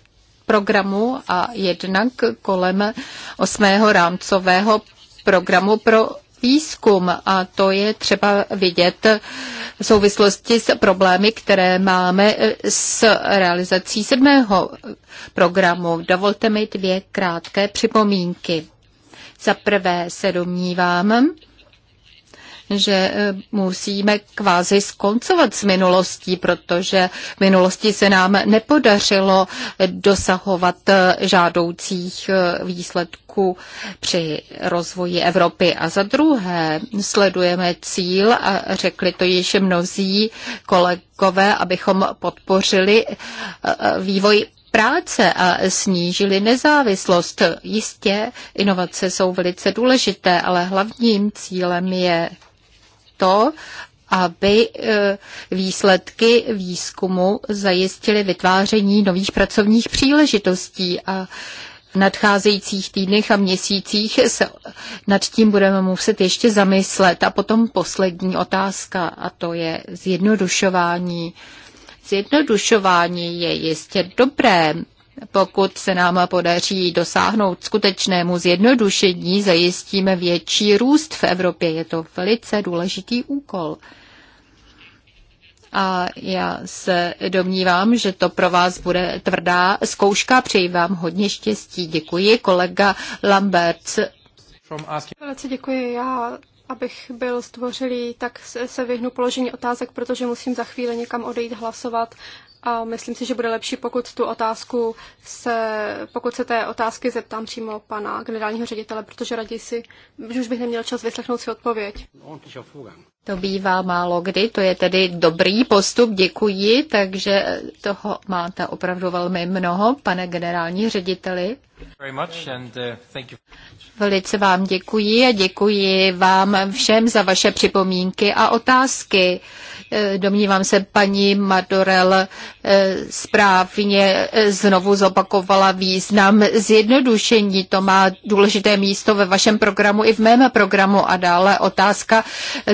programu a jednak kolem osmého rámcového programu pro výzkum a to je třeba vidět v souvislosti s problémy, které máme s realizací sedmého programu. Dovolte mi dvě krátké připomínky. Za prvé se domnívám, že eh, musíme kvázi skoncovat s minulostí, protože v minulosti se nám nepodařilo dosahovat eh, žádoucích eh, výsledků při rozvoji Evropy. A za druhé sledujeme cíl, a řekli to již mnozí kolegové, abychom podpořili vývoj práce a snížili nezávislost. Jistě inovace jsou velice důležité, ale hlavním cílem je to, aby e, výsledky výzkumu zajistily vytváření nových pracovních příležitostí a v nadcházejících týdnech a měsících se nad tím budeme muset ještě zamyslet. A potom poslední otázka, a to je zjednodušování. Zjednodušování je jistě dobré, pokud se nám podaří dosáhnout skutečnému zjednodušení, zajistíme větší růst v Evropě. Je to velice důležitý úkol. A já se domnívám, že to pro vás bude tvrdá zkouška. Přeji vám hodně štěstí. Děkuji, kolega Lambert. Velice děkuji. Já, abych byl stvořilý, tak se vyhnu položení otázek, protože musím za chvíli někam odejít hlasovat a myslím si, že bude lepší, pokud tu otázku se, pokud se té otázky zeptám přímo pana generálního ředitele, protože raději si, že už bych neměl čas vyslechnout si odpověď. To bývá málo kdy, to je tedy dobrý postup, děkuji, takže toho máte opravdu velmi mnoho, pane generální řediteli. Uh, Velice vám děkuji a děkuji vám všem za vaše připomínky a otázky. Eh, domnívám se, paní Madorel eh, správně eh, znovu zopakovala význam zjednodušení. To má důležité místo ve vašem programu i v mém programu. A dále otázka,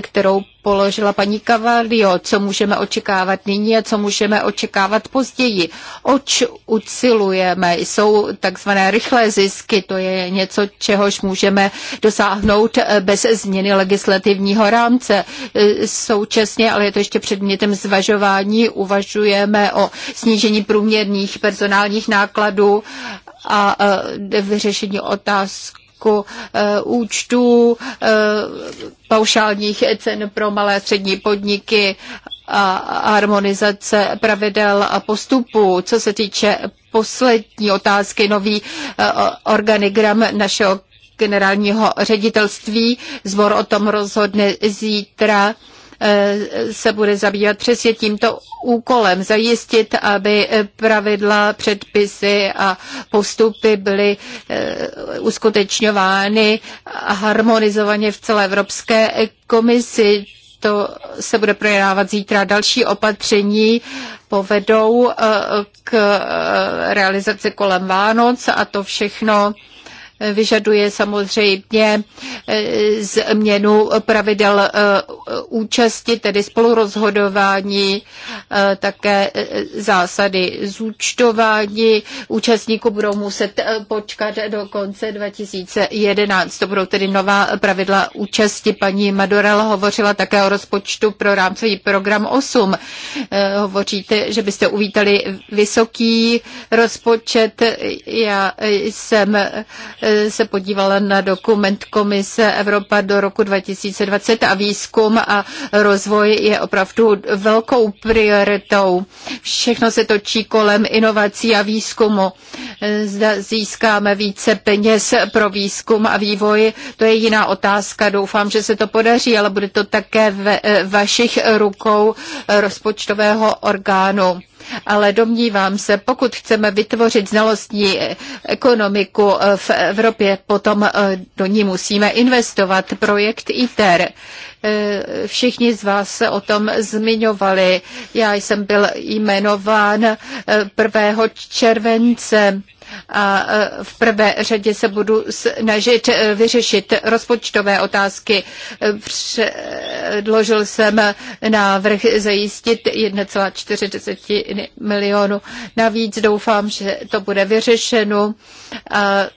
kterou položila paní Cavalio, co můžeme očekávat nyní a co můžeme očekávat později. Oč ucilujeme, jsou takzvané rychlé zisky, to je něco, čehož můžeme dosáhnout eh, bez změny legislativního rámce. Eh, současně, ale je to ještě předmětem zvažování, uvažujeme o snížení průměrných personálních nákladů a eh, vyřešení otázky otázku eh, účtů, eh, paušálních cen pro malé a střední podniky a harmonizace pravidel a postupů. Co se týče poslední otázky, nový eh, organigram našeho generálního ředitelství. Zbor o tom rozhodne zítra Eh, se bude zabývat přesně tímto úkolem zajistit, aby eh, pravidla, předpisy a postupy byly eh, uskutečňovány harmonizovaně v celé Evropské komisi to se bude projednávat zítra. Další opatření povedou k realizaci kolem Vánoc a to všechno vyžaduje samozřejmě eh, změnu pravidel eh, účasti, tedy spolurozhodování, eh, také zásady zúčtování. Účastníků budou muset počkat do konce 2011. To budou tedy nová pravidla účasti. Paní Madorel hovořila také o rozpočtu pro rámcový program 8. Hovoříte, že byste uvítali vysoký rozpočet. Já jsem E, se podívala na dokument Komise Evropa do roku 2020 a výzkum a rozvoj je opravdu velkou prioritou. Všechno se točí kolem inovací a výzkumu. E, zda získáme více peněz pro výzkum a vývoj, to je jiná otázka. Doufám, že se to podaří, ale bude to také ve e, vašich rukou rozpočtového orgánu ale domnívám se, pokud chceme vytvořit znalostní ekonomiku v Evropě, potom eh, do ní musíme investovat. Projekt ITER. Eh, všichni z vás se o tom zmiňovali. Já jsem byl jmenován 1. Eh, července a e, v prvé řadě se budu snažit e, vyřešit rozpočtové otázky. E, předložil jsem návrh zajistit 1,4 milionu. Navíc doufám, že to bude vyřešeno. A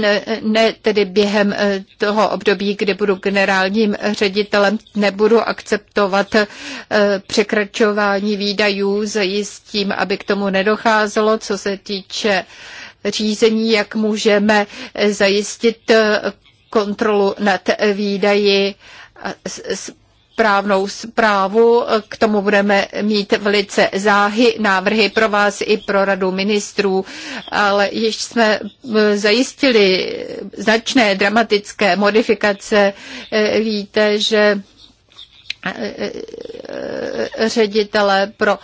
ne, ne tedy během toho období, kdy budu generálním ředitelem, nebudu akceptovat překračování výdajů, zajistím, aby k tomu nedocházelo, co se týče řízení, jak můžeme zajistit kontrolu nad výdaji správnou zprávu. K tomu budeme mít velice záhy návrhy pro vás i pro radu ministrů, ale již jsme zajistili značné dramatické modifikace. E, víte, že E, e, e, ředitele pro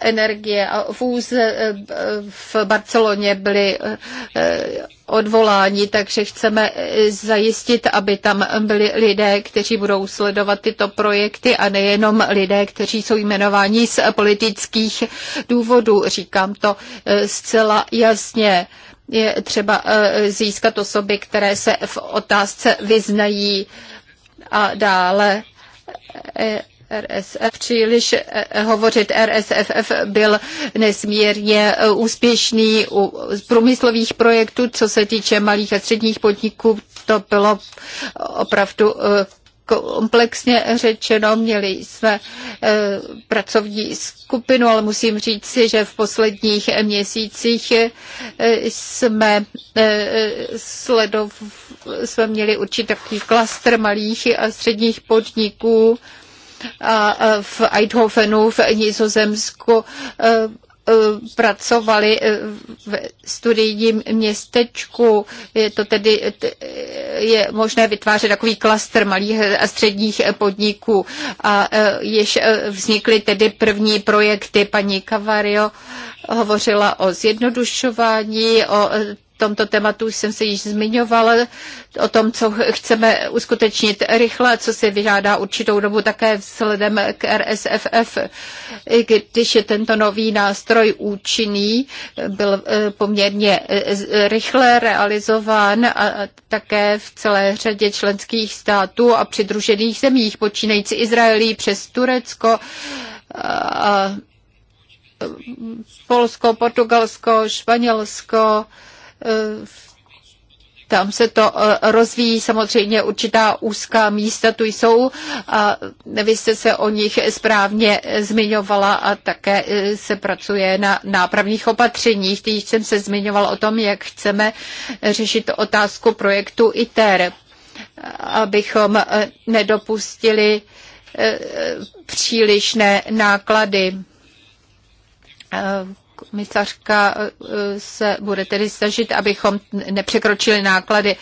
energie a fůze v Barceloně byli odvoláni, takže chceme zajistit, aby tam byli lidé, kteří budou sledovat tyto projekty a nejenom lidé, kteří jsou jmenováni z politických důvodů. Říkám to zcela jasně je třeba získat osoby, které se v otázce vyznají a dále RSF, příliš eh, hovořit RSFF byl nesmírně eh, úspěšný u průmyslových projektů, co se týče malých a středních podniků, to bylo opravdu eh, komplexně řečeno. Měli jsme eh, pracovní skupinu, ale musím říct si, že v posledních měsících eh, jsme eh, sledov, jsme měli určitý takový malých a středních podniků a v Eidhofenu v Nizozemsku E, pracovali e, v studijním městečku. Je to tedy je možné vytvářet takový klaster malých a středních podniků. A e, již vznikly tedy první projekty. Paní Cavario hovořila o zjednodušování, o tomto tématu už jsem se již zmiňovala, o tom, co chceme uskutečnit rychle, co si vyžádá určitou dobu také vzhledem k RSFF. Když je tento nový nástroj účinný, byl eh, poměrně eh, rychle realizován a také v celé řadě členských států a přidružených zemích, počínající Izraelí přes Turecko, a eh, Polsko, Portugalsko, Španělsko, Eh, tam se to eh, rozvíjí samozřejmě určitá úzká místa, tu jsou a vy jste se o nich správně zmiňovala a také eh, se pracuje na nápravních opatřeních. Teď jsem se zmiňovala o tom, jak chceme řešit otázku projektu ITER, abychom nedopustili přílišné náklady komisařka eh, se bude tedy snažit, abychom nepřekročili náklady.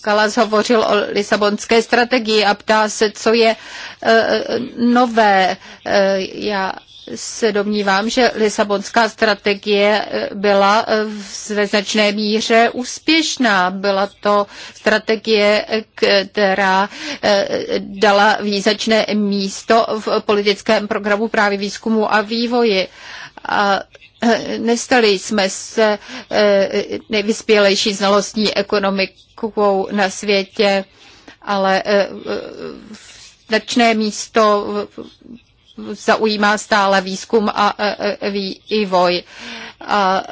Kalas hovořil o Lisabonské strategii a ptá se, co je eh, nové. Eh, já se domnívám, že Lisabonská strategie byla ve značné míře úspěšná. Byla to strategie, která dala význačné místo v politickém programu právě výzkumu a vývoji a eh, nestali jsme se eh, nejvyspělejší znalostní ekonomikou na světě, ale eh, značné místo zaujímá stále výzkum a vývoj. A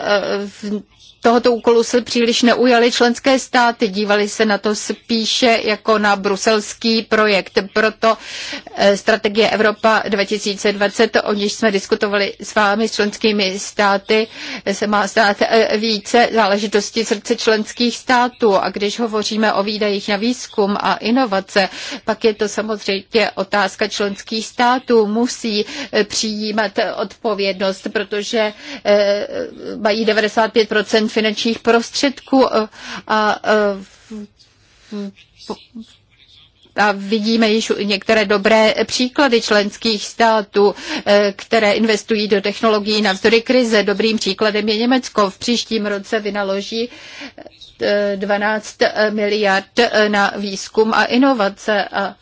tohoto úkolu se příliš neujaly členské státy. Dívali se na to spíše jako na bruselský projekt. Proto eh, strategie Evropa 2020, o níž jsme diskutovali s vámi, s členskými státy, eh, se má stát eh, více záležitosti srdce členských států. A když hovoříme o výdajích na výzkum a inovace, pak je to samozřejmě otázka členských států. Musí přijímat odpovědnost, protože mají 95 finančních prostředků eh, a, a, eh, a vidíme již některé dobré příklady členských států, eh, které investují do technologií navzdory krize. Dobrým příkladem je Německo. V příštím roce vynaloží 12 miliard na výzkum a inovace. A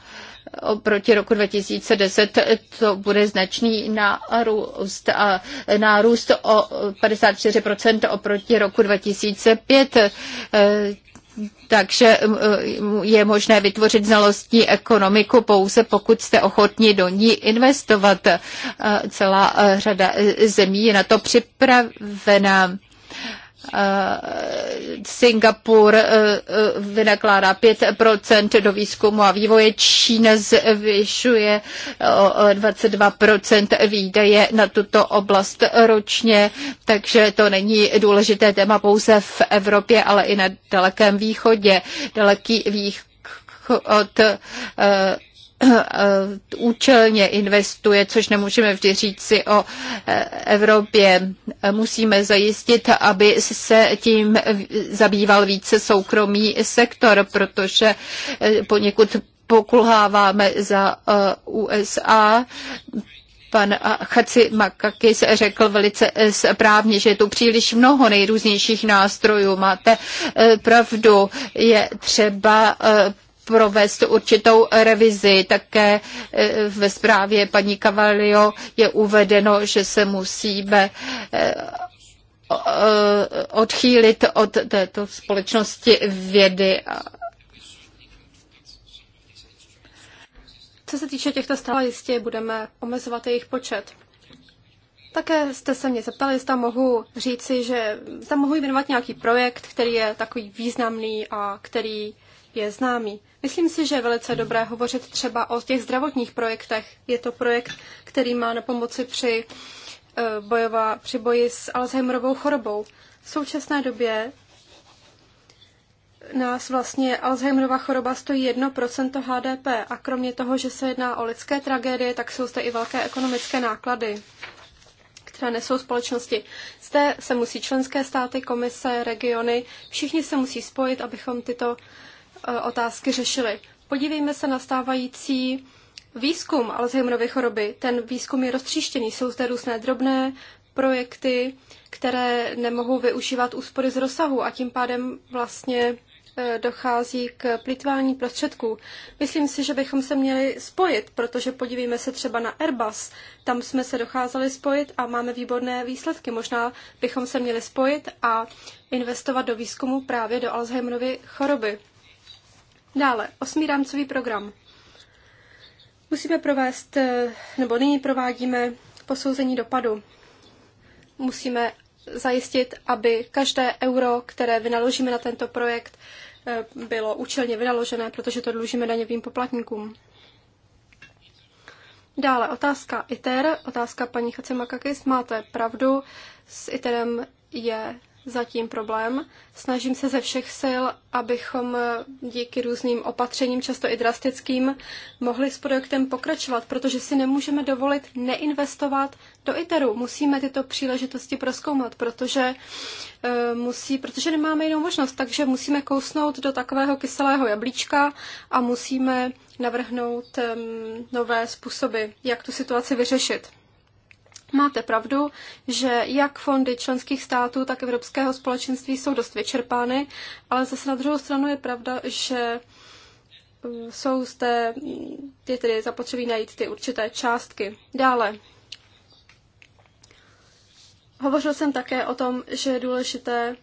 oproti roku 2010 to bude značný nárůst a nárůst o 54% oproti roku 2005. Takže je možné vytvořit znalostní ekonomiku pouze, pokud jste ochotni do ní investovat. Celá řada zemí je na to připravená. Eh, Singapur eh, eh, vynakládá 5% do výzkumu a vývoje. Čína zvyšuje o 22% výdaje na tuto oblast ročně, takže to není důležité téma pouze v Evropě, ale i na Dalekém východě. Daleký východ od Eh, účelně investuje, což nemůžeme vždy říct si o eh, Evropě. Musíme zajistit, aby se tím zabýval více soukromý sektor, protože eh, poněkud pokulháváme za USA. Pan Chaci Makakis řekl velice správně, že je tu příliš mnoho nejrůznějších nástrojů. Máte pravdu, je třeba provést určitou revizi. Také e, ve zprávě paní Cavalio je uvedeno, že se musíme e, e, odchýlit od této společnosti vědy. Co se týče těchto stále jistě budeme omezovat jejich počet. Také jste se mě zeptali, zda mohu říci, že zda mohu jmenovat nějaký projekt, který je takový významný a který je známý. Myslím si, že je velice dobré hovořit třeba o těch zdravotních projektech. Je to projekt, který má na pomoci při, eh, bojová, při boji s Alzheimerovou chorobou. V současné době nás vlastně Alzheimerova choroba stojí 1% HDP a kromě toho, že se jedná o lidské tragédie, tak jsou zde i velké ekonomické náklady které nesou společnosti. Zde se musí členské státy, komise, regiony, všichni se musí spojit, abychom tyto Eh, otázky řešili. Podívejme se na stávající výzkum Alzheimerovy choroby. Ten výzkum je roztříštěný, jsou zde různé drobné projekty, které nemohou využívat úspory z rozsahu a tím pádem vlastně eh, dochází k plitvání prostředků. Myslím si, že bychom se měli spojit, protože podívejme se třeba na Airbus. Tam jsme se docházeli spojit a máme výborné výsledky. Možná bychom se měli spojit a investovat do výzkumu právě do Alzheimerovy choroby. Dále, osmý rámcový program. Musíme provést, eh, nebo nyní provádíme posouzení dopadu. Musíme zajistit, aby každé euro, které vynaložíme na tento projekt, eh, bylo účelně vynaložené, protože to dlužíme daňovým poplatníkům. Dále otázka ITER, otázka paní Chacemakakis. Máte pravdu, s ITERem je zatím problém. Snažím se ze všech sil, abychom díky různým opatřením, často i drastickým, mohli s projektem pokračovat, protože si nemůžeme dovolit neinvestovat do ITERu. Musíme tyto příležitosti proskoumat, protože, eh, musí, protože nemáme jinou možnost, takže musíme kousnout do takového kyselého jablíčka a musíme navrhnout ehm, nové způsoby, jak tu situaci vyřešit. Máte pravdu, že jak fondy členských států, tak Evropského společenství jsou dost vyčerpány, ale zase na druhou stranu je pravda, že mm, jsou zde, mm, je tedy zapotřebí najít ty určité částky. Dále. Hovořil jsem také o tom, že je důležité,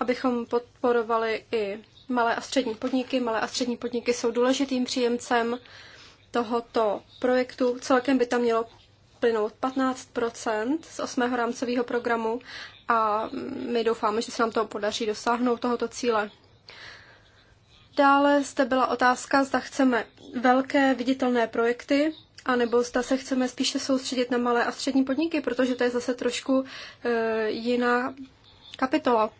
abychom podporovali i malé a střední podniky. Malé a střední podniky jsou důležitým příjemcem tohoto projektu. Celkem by tam mělo plynout 15 z 8. rámcového programu a my doufáme, že se nám to podaří dosáhnout tohoto cíle. Dále zde byla otázka, zda chceme velké viditelné projekty, anebo zda se chceme spíše soustředit na malé a střední podniky, protože to je zase trošku e, jiná kapitola.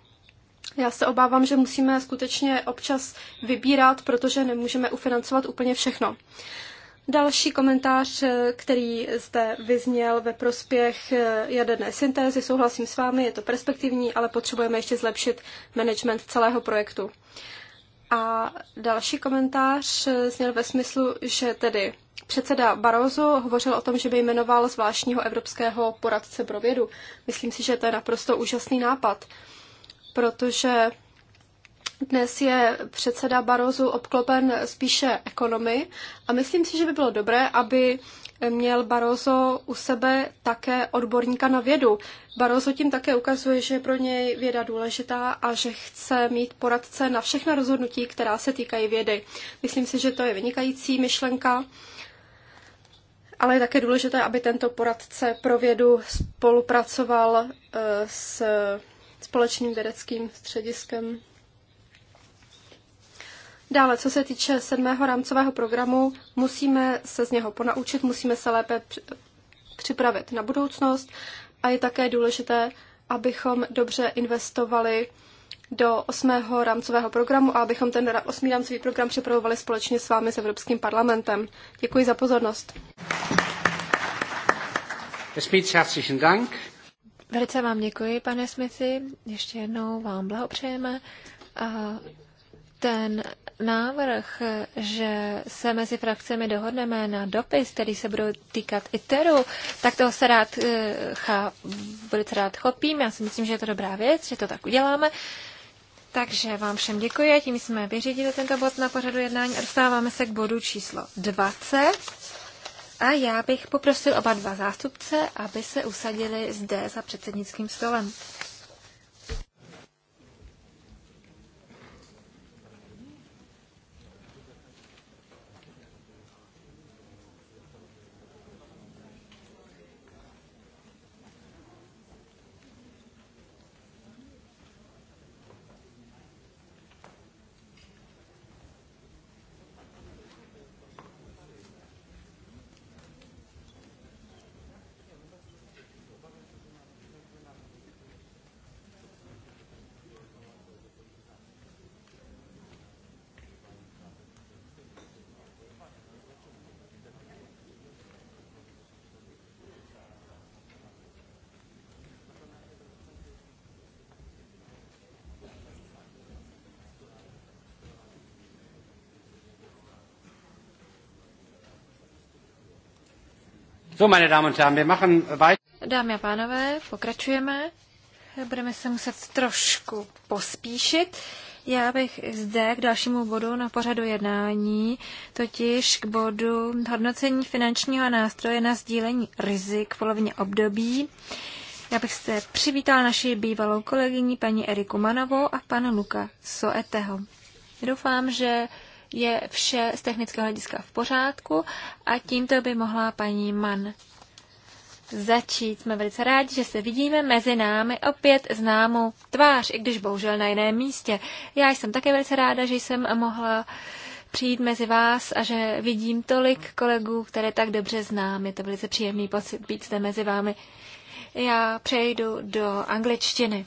Já se obávám, že musíme skutečně občas vybírat, protože nemůžeme ufinancovat úplně všechno. E, Další komentář, eh, který zde vyzněl ve prospěch eh, jaderné syntézy, souhlasím s vámi, je to perspektivní, ale potřebujeme ještě zlepšit management celého projektu. A další komentář eh, zněl ve smyslu, že tedy předseda Barozo hovořil o tom, že by jmenoval zvláštního evropského poradce pro vědu. Myslím si, že to je naprosto úžasný nápad, protože dnes je předseda Barozu obklopen spíše ekonomy a myslím si, že by bylo dobré, aby měl Barozo u sebe také odborníka na vědu. Barozo tím také ukazuje, že je pro něj věda důležitá a že chce mít poradce na všechna rozhodnutí, která se týkají vědy. Myslím si, že to je vynikající myšlenka, ale je také důležité, aby tento poradce pro vědu spolupracoval eh, s společným vědeckým střediskem. Dále, co se týče sedmého rámcového programu, musíme se z něho ponaučit, musíme se lépe připravit na budoucnost a je také důležité, abychom dobře investovali do osmého rámcového programu a abychom ten osmý rámcový program připravovali společně s vámi s Evropským parlamentem. Děkuji za pozornost. Velice vám děkuji, pane Smithy. Ještě jednou vám blahopřejeme. A ten návrh, že se mezi frakcemi dohodneme na dopis, který se budou týkat ITERu, tak toho se rád, eh, chá, velice rád chopím. Já si myslím, že je to dobrá věc, že to tak uděláme. Takže vám všem děkuji a tím jsme vyřídili tento bod na pořadu jednání a dostáváme se k bodu číslo 20. A já bych poprosil oba dva zástupce, aby se usadili zde za předsednickým stolem. So, meine Damen und Herren, wir machen weiter. Dámy a pánové, pokračujeme. Budeme se muset trošku pospíšit. Já bych zde k dalšímu bodu na pořadu jednání, totiž k bodu hodnocení finančního nástroje na sdílení rizik v polovině období. Já bych se přivítala naši bývalou kolegyni paní Eriku Manovou a pana Luka Soeteho. Doufám, že je vše z technického hlediska v pořádku a tímto by mohla paní Mann začít. Jsme velice rádi, že se vidíme mezi námi opět známou tvář, i když bohužel na jiném místě. Já jsem také velice ráda, že jsem mohla přijít mezi vás a že vidím tolik kolegů, které tak dobře znám. Je to velice příjemný pocit být zde mezi vámi. Já přejdu do angličtiny.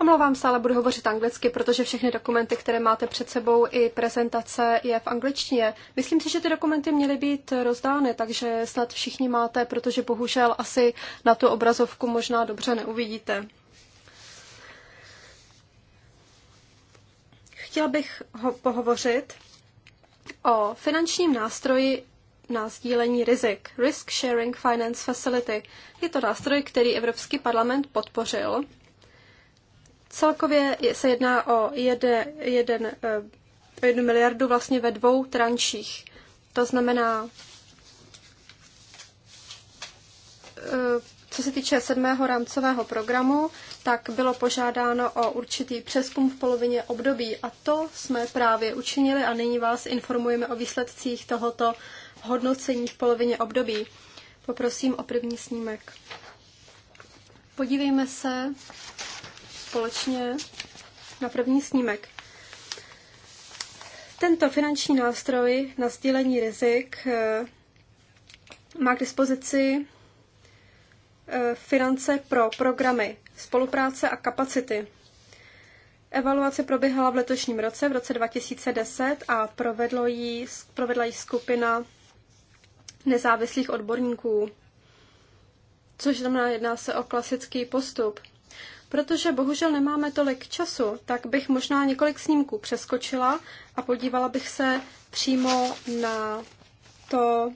Omlouvám se, ale budu hovořit anglicky, protože všechny dokumenty, které máte před sebou i prezentace je v angličtině. Myslím si, že ty dokumenty měly být rozdány, takže snad všichni máte, protože bohužel asi na tu obrazovku možná dobře neuvidíte. Chtěl bych ho- pohovořit o finančním nástroji na sdílení rizik, Risk Sharing Finance Facility. Je to nástroj, který Evropský parlament podpořil Celkově se jedná o jeden, jeden, eh, jednu miliardu vlastně ve dvou tranších. To znamená, eh, co se týče sedmého rámcového programu, tak bylo požádáno o určitý přeskum v polovině období a to jsme právě učinili a nyní vás informujeme o výsledcích tohoto hodnocení v polovině období. Poprosím o první snímek. Podívejme se společně na první snímek. Tento finanční nástroj na sdílení rizik eh, má k dispozici eh, finance pro programy spolupráce a kapacity. Evaluace proběhla v letošním roce, v roce 2010, a provedlo jí, provedla ji skupina nezávislých odborníků. Což znamená, jedná se o klasický postup. Protože bohužel nemáme tolik času, tak bych možná několik snímků přeskočila a podívala bych se přímo na to,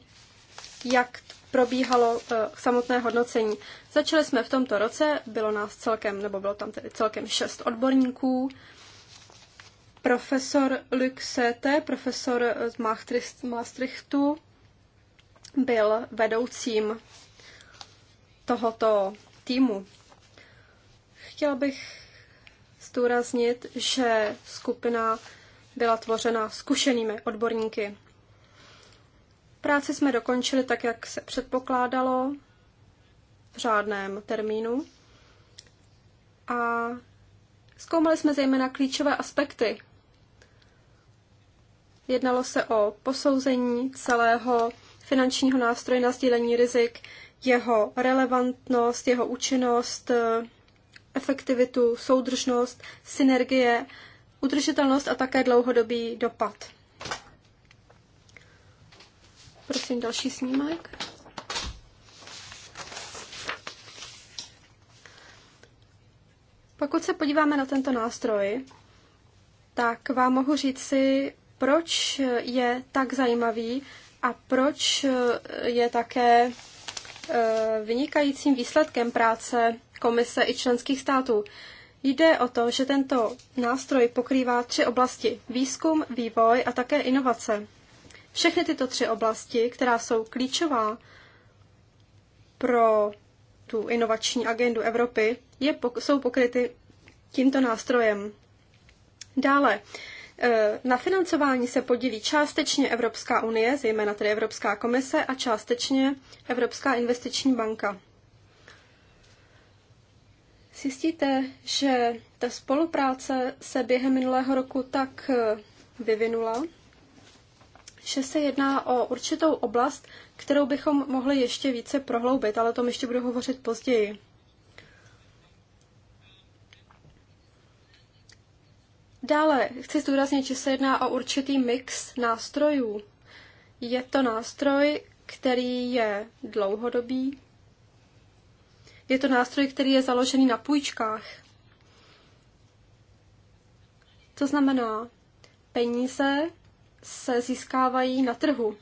jak probíhalo eh, samotné hodnocení. Začali jsme v tomto roce, bylo nás celkem, nebo bylo tam tedy celkem šest odborníků. Profesor Luxete, profesor z Maastrichtu, byl vedoucím tohoto týmu. Chtěla bych zdůraznit, že skupina byla tvořena zkušenými odborníky. Práci jsme dokončili tak, jak se předpokládalo v řádném termínu a zkoumali jsme zejména klíčové aspekty. Jednalo se o posouzení celého finančního nástroje na sdílení rizik, jeho relevantnost, jeho účinnost, efektivitu, soudržnost, synergie, udržitelnost a také dlouhodobý dopad. Prosím další snímek. Pokud se podíváme na tento nástroj, tak vám mohu říct si, proč je tak zajímavý a proč je také eh, vynikajícím výsledkem práce komise i členských států. Jde o to, že tento nástroj pokrývá tři oblasti výzkum, vývoj a také inovace. Všechny tyto tři oblasti, která jsou klíčová pro tu inovační agendu Evropy, je, jsou pokryty tímto nástrojem. Dále, eh, na financování se podílí částečně Evropská unie, zejména tedy Evropská komise, a částečně Evropská investiční banka. Zjistíte, že ta spolupráce se během minulého roku tak eh, vyvinula, že se jedná o určitou oblast, kterou bychom mohli ještě více prohloubit, ale o tom ještě budu hovořit později. Dále chci zdůraznit, že se jedná o určitý mix nástrojů. Je to nástroj, který je dlouhodobý, je to nástroj, který je založený na půjčkách. To znamená, peníze se získávají na trhu.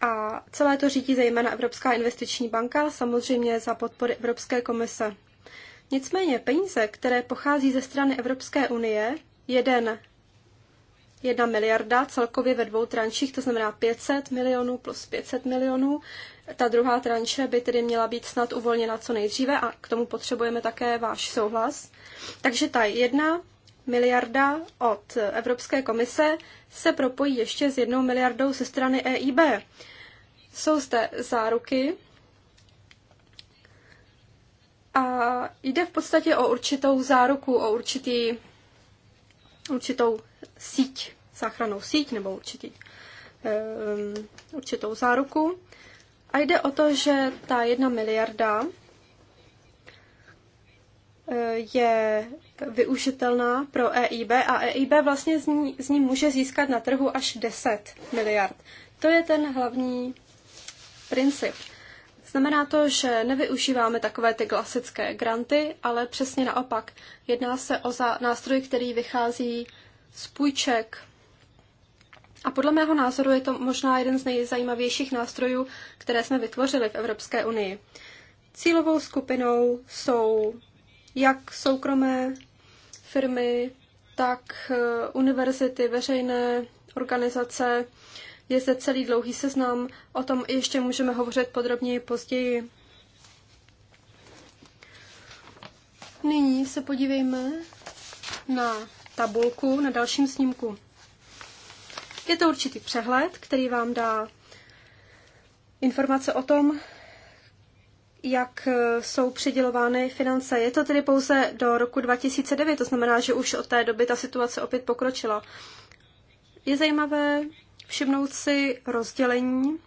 A celé to řídí zejména Evropská investiční banka, samozřejmě za podpory Evropské komise. Nicméně peníze, které pochází ze strany Evropské unie, jeden jedna miliarda celkově ve dvou tranších, to znamená 500 milionů plus 500 milionů, ta druhá tranše by tedy měla být snad uvolněna co nejdříve a k tomu potřebujeme také váš souhlas. Takže ta jedna miliarda od Evropské komise se propojí ještě s jednou miliardou ze strany EIB. Jsou zde záruky a jde v podstatě o určitou záruku, o určitý, určitou síť, záchranou síť nebo určitý, um, určitou záruku. A jde o to, že ta jedna miliarda eh, je využitelná pro EIB a EIB vlastně z ní, z ní může získat na trhu až 10 miliard. To je ten hlavní princip. Znamená to, že nevyužíváme takové ty klasické granty, ale přesně naopak. Jedná se o nástroj, který vychází z půjček a podle mého názoru je to možná jeden z nejzajímavějších nástrojů, které jsme vytvořili v Evropské unii. Cílovou skupinou jsou jak soukromé firmy, tak eh, univerzity, veřejné organizace. Je zde celý dlouhý seznam, o tom ještě můžeme hovořit podrobněji později. Nyní se podívejme na tabulku na dalším snímku. Je to určitý přehled, který vám dá informace o tom, jak jsou přidělovány finance. Je to tedy pouze do roku 2009, to znamená, že už od té doby ta situace opět pokročila. Je zajímavé všimnout si rozdělení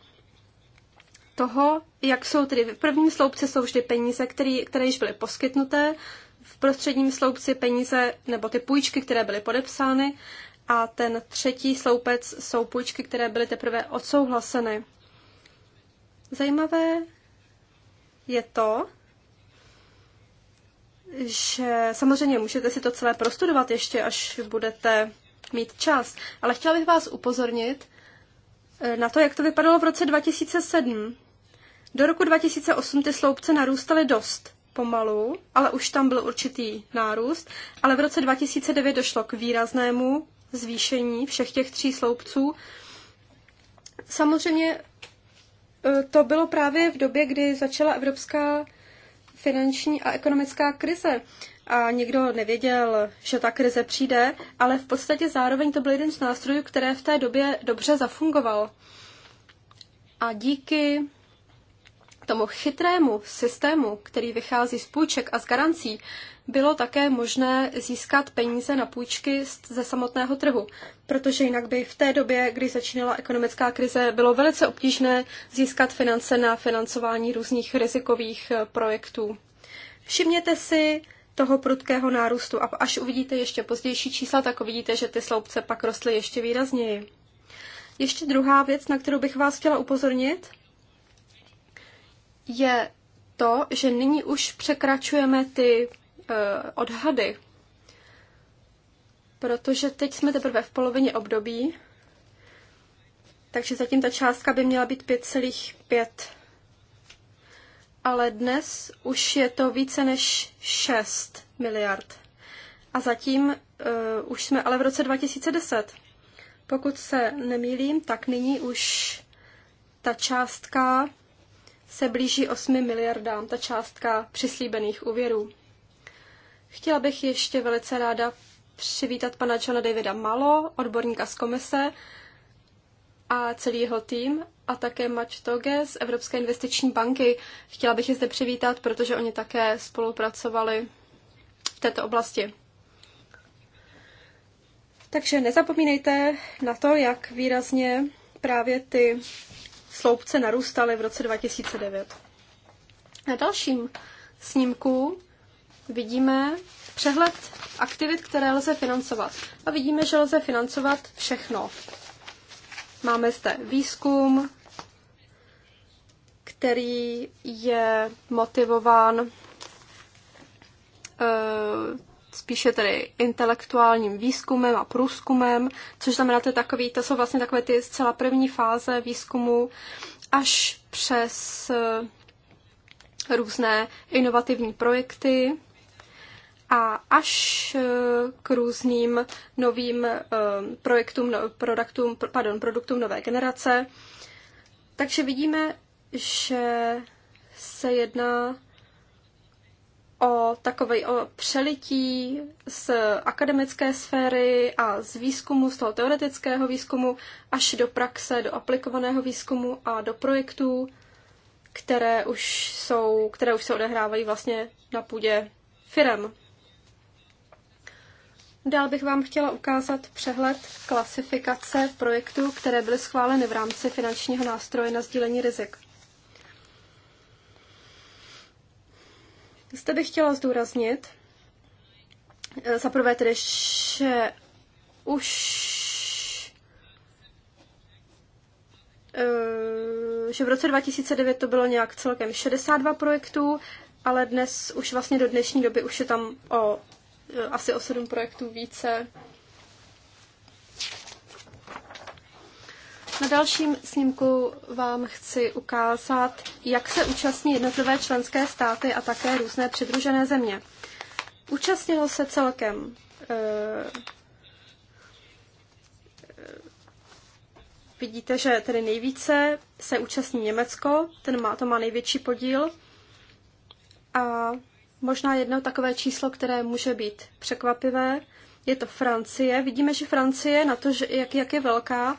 toho, jak jsou tedy v prvním sloupci jsou vždy peníze, který, které již byly poskytnuté, v prostředním sloupci peníze nebo ty půjčky, které byly podepsány a ten třetí sloupec jsou půjčky, které byly teprve odsouhlaseny. Zajímavé je to, že samozřejmě můžete si to celé prostudovat ještě, až budete mít čas, ale chtěla bych vás upozornit eh, na to, jak to vypadalo v roce 2007. Do roku 2008 ty sloupce narůstaly dost pomalu, ale už tam byl určitý nárůst, ale v roce 2009 došlo k výraznému zvýšení všech těch tří sloupců. Samozřejmě e, to bylo právě v době, kdy začala evropská finanční a ekonomická krize. A nikdo nevěděl, že ta krize přijde, ale v podstatě zároveň to byl jeden z nástrojů, které v té době dobře zafungoval. A díky tomu chytrému systému, který vychází z půjček a z garancí, bylo také možné získat peníze na půjčky ze samotného trhu, protože jinak by v té době, kdy začínala ekonomická krize, bylo velice obtížné získat finance na financování různých rizikových eh, projektů. Všimněte si toho prudkého nárůstu a až uvidíte ještě pozdější čísla, tak uvidíte, že ty sloupce pak rostly ještě výrazněji. Ještě druhá věc, na kterou bych vás chtěla upozornit, je to, že nyní už překračujeme ty Eh, odhady, protože teď jsme teprve v polovině období, takže zatím ta částka by měla být 5,5. Ale dnes už je to více než 6 miliard. A zatím uh, už jsme ale v roce 2010. Pokud se nemýlím, tak nyní už ta částka se blíží 8 miliardám, ta částka přislíbených úvěrů. Chtěla bych ještě velice ráda přivítat pana Johna Davida Malo, odborníka z komise a celý jeho tým a také Mač Toge z Evropské investiční banky. Chtěla bych je zde přivítat, protože oni také spolupracovali v této oblasti. Takže nezapomínejte na to, jak výrazně právě ty sloupce narůstaly v roce 2009. Na dalším snímku vidíme přehled aktivit, které lze financovat. A vidíme, že lze financovat všechno. Máme zde výzkum, který je motivován uh, spíše tedy intelektuálním výzkumem a průzkumem, což znamená, to, je takový, to jsou vlastně takové ty zcela první fáze výzkumu až přes eh, různé inovativní projekty, a až eh, k různým novým eh, projektům, no, produktům, pardon, produktům nové generace. Takže vidíme, že se jedná o takové o přelití z akademické sféry a z výzkumu, z toho teoretického výzkumu, až do praxe, do aplikovaného výzkumu a do projektů, které už jsou, které už se odehrávají vlastně na půdě firem. Dál bych vám chtěla ukázat přehled klasifikace projektů, které byly schváleny v rámci finančního nástroje na sdílení rizik. Zde bych chtěla zdůraznit, eh, zaprvé tedy, že už eh, že v roce 2009 to bylo nějak celkem 62 projektů, ale dnes už vlastně do dnešní doby už je tam o Eh, asi o sedm projektů více. Na dalším snímku vám chci ukázat, jak se účastní jednotlivé členské státy a také různé přidružené země. Účastnilo se celkem eh, eh, vidíte, že tedy nejvíce se účastní Německo, ten má, to má největší podíl. A Možná jedno takové číslo, které může být překvapivé, je to Francie. Vidíme, že Francie, na to, že, jak, jak je velká,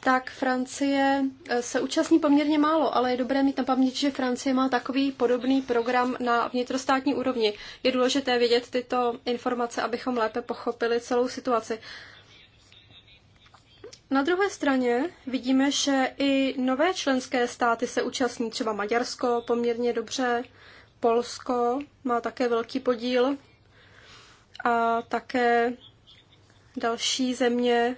tak Francie eh, se účastní poměrně málo, ale je dobré mít na paměti, že Francie má takový podobný program na vnitrostátní úrovni. Je důležité vědět tyto informace, abychom lépe pochopili celou situaci. Na druhé straně vidíme, že i nové členské státy se účastní, třeba Maďarsko poměrně dobře, Polsko má také velký podíl a také další země,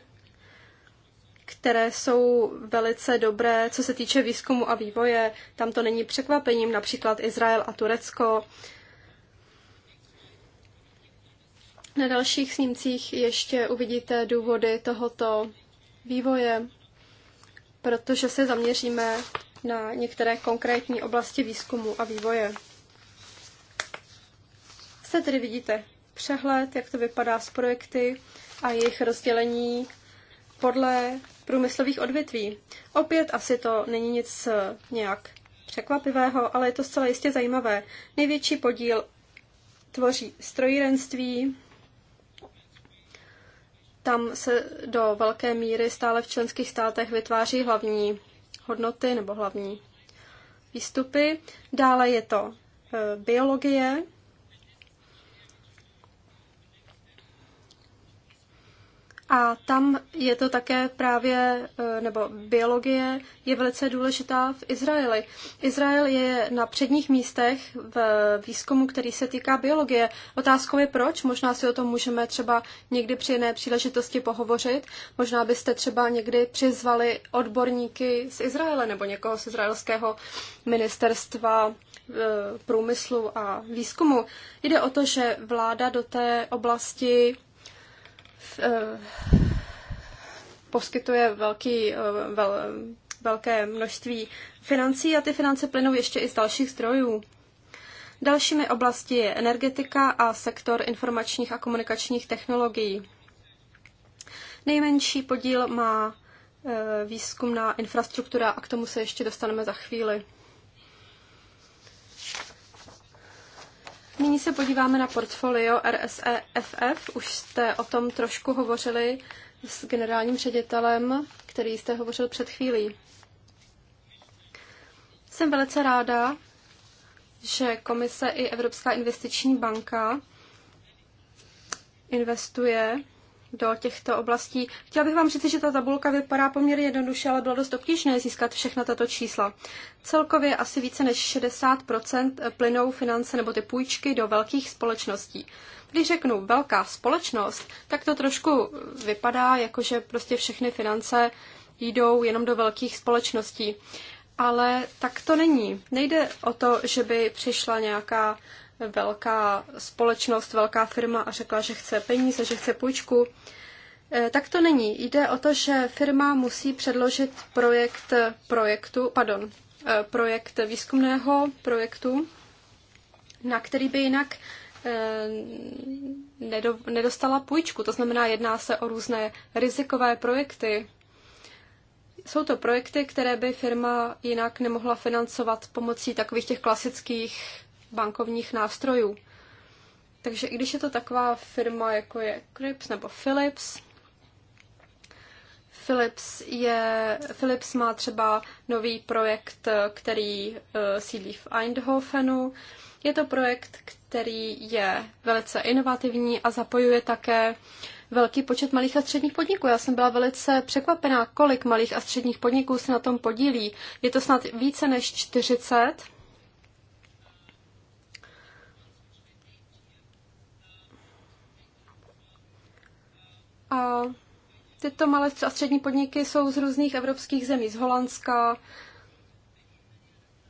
které jsou velice dobré, co se týče výzkumu a vývoje. Tam to není překvapením, například Izrael a Turecko. Na dalších snímcích ještě uvidíte důvody tohoto vývoje, protože se zaměříme na některé konkrétní oblasti výzkumu a vývoje. Zde tedy vidíte přehled, jak to vypadá s projekty a jejich rozdělení podle průmyslových odvětví. Opět asi to není nic eh, nějak překvapivého, ale je to zcela jistě zajímavé. Největší podíl tvoří strojírenství, tam se do velké míry stále v členských státech vytváří hlavní hodnoty nebo hlavní výstupy. Dále je to eh, biologie, A tam je to také právě, e, nebo biologie je velice důležitá v Izraeli. Izrael je na předních místech v výzkumu, který se týká biologie. Otázkou je proč, možná si o tom můžeme třeba někdy při jiné příležitosti pohovořit. Možná byste třeba někdy přizvali odborníky z Izraele nebo někoho z izraelského ministerstva e, průmyslu a výzkumu. Jde o to, že vláda do té oblasti Eh, poskytuje velký, eh, vel, velké množství financí a ty finance plynou ještě i z dalších zdrojů. Dalšími oblasti je energetika a sektor informačních a komunikačních technologií. Nejmenší podíl má eh, výzkumná infrastruktura a k tomu se ještě dostaneme za chvíli. Nyní se podíváme na portfolio RSEFF. Už jste o tom trošku hovořili s generálním ředitelem, který jste hovořil před chvílí. Jsem velice ráda, že komise i Evropská investiční banka investuje do těchto oblastí. Chtěla bych vám říct, že ta tabulka vypadá poměrně jednoduše, ale bylo dost obtížné získat všechna tato čísla. Celkově asi více než 60 plynou finance nebo ty půjčky do velkých společností. Když řeknu velká společnost, tak to trošku vypadá, jako že prostě všechny finance jdou jenom do velkých společností. Ale tak to není. Nejde o to, že by přišla nějaká velká společnost, velká firma a řekla, že chce peníze, že chce půjčku. Eh, tak to není. Jde o to, že firma musí předložit projekt projektu, pardon, eh, projekt výzkumného projektu, na který by jinak eh, nedostala půjčku. To znamená, jedná se o různé rizikové projekty. Jsou to projekty, které by firma jinak nemohla financovat pomocí takových těch klasických bankovních nástrojů. Takže i když je to taková firma, jako je Crips nebo Philips, Philips, je, Philips má třeba nový projekt, který eh, sídlí v Eindhovenu. Je to projekt, který je velice inovativní a zapojuje také velký počet malých a středních podniků. Já jsem byla velice překvapená, kolik malých a středních podniků se na tom podílí. Je to snad více než 40 A tyto malé a střední podniky jsou z různých evropských zemí, z Holandska,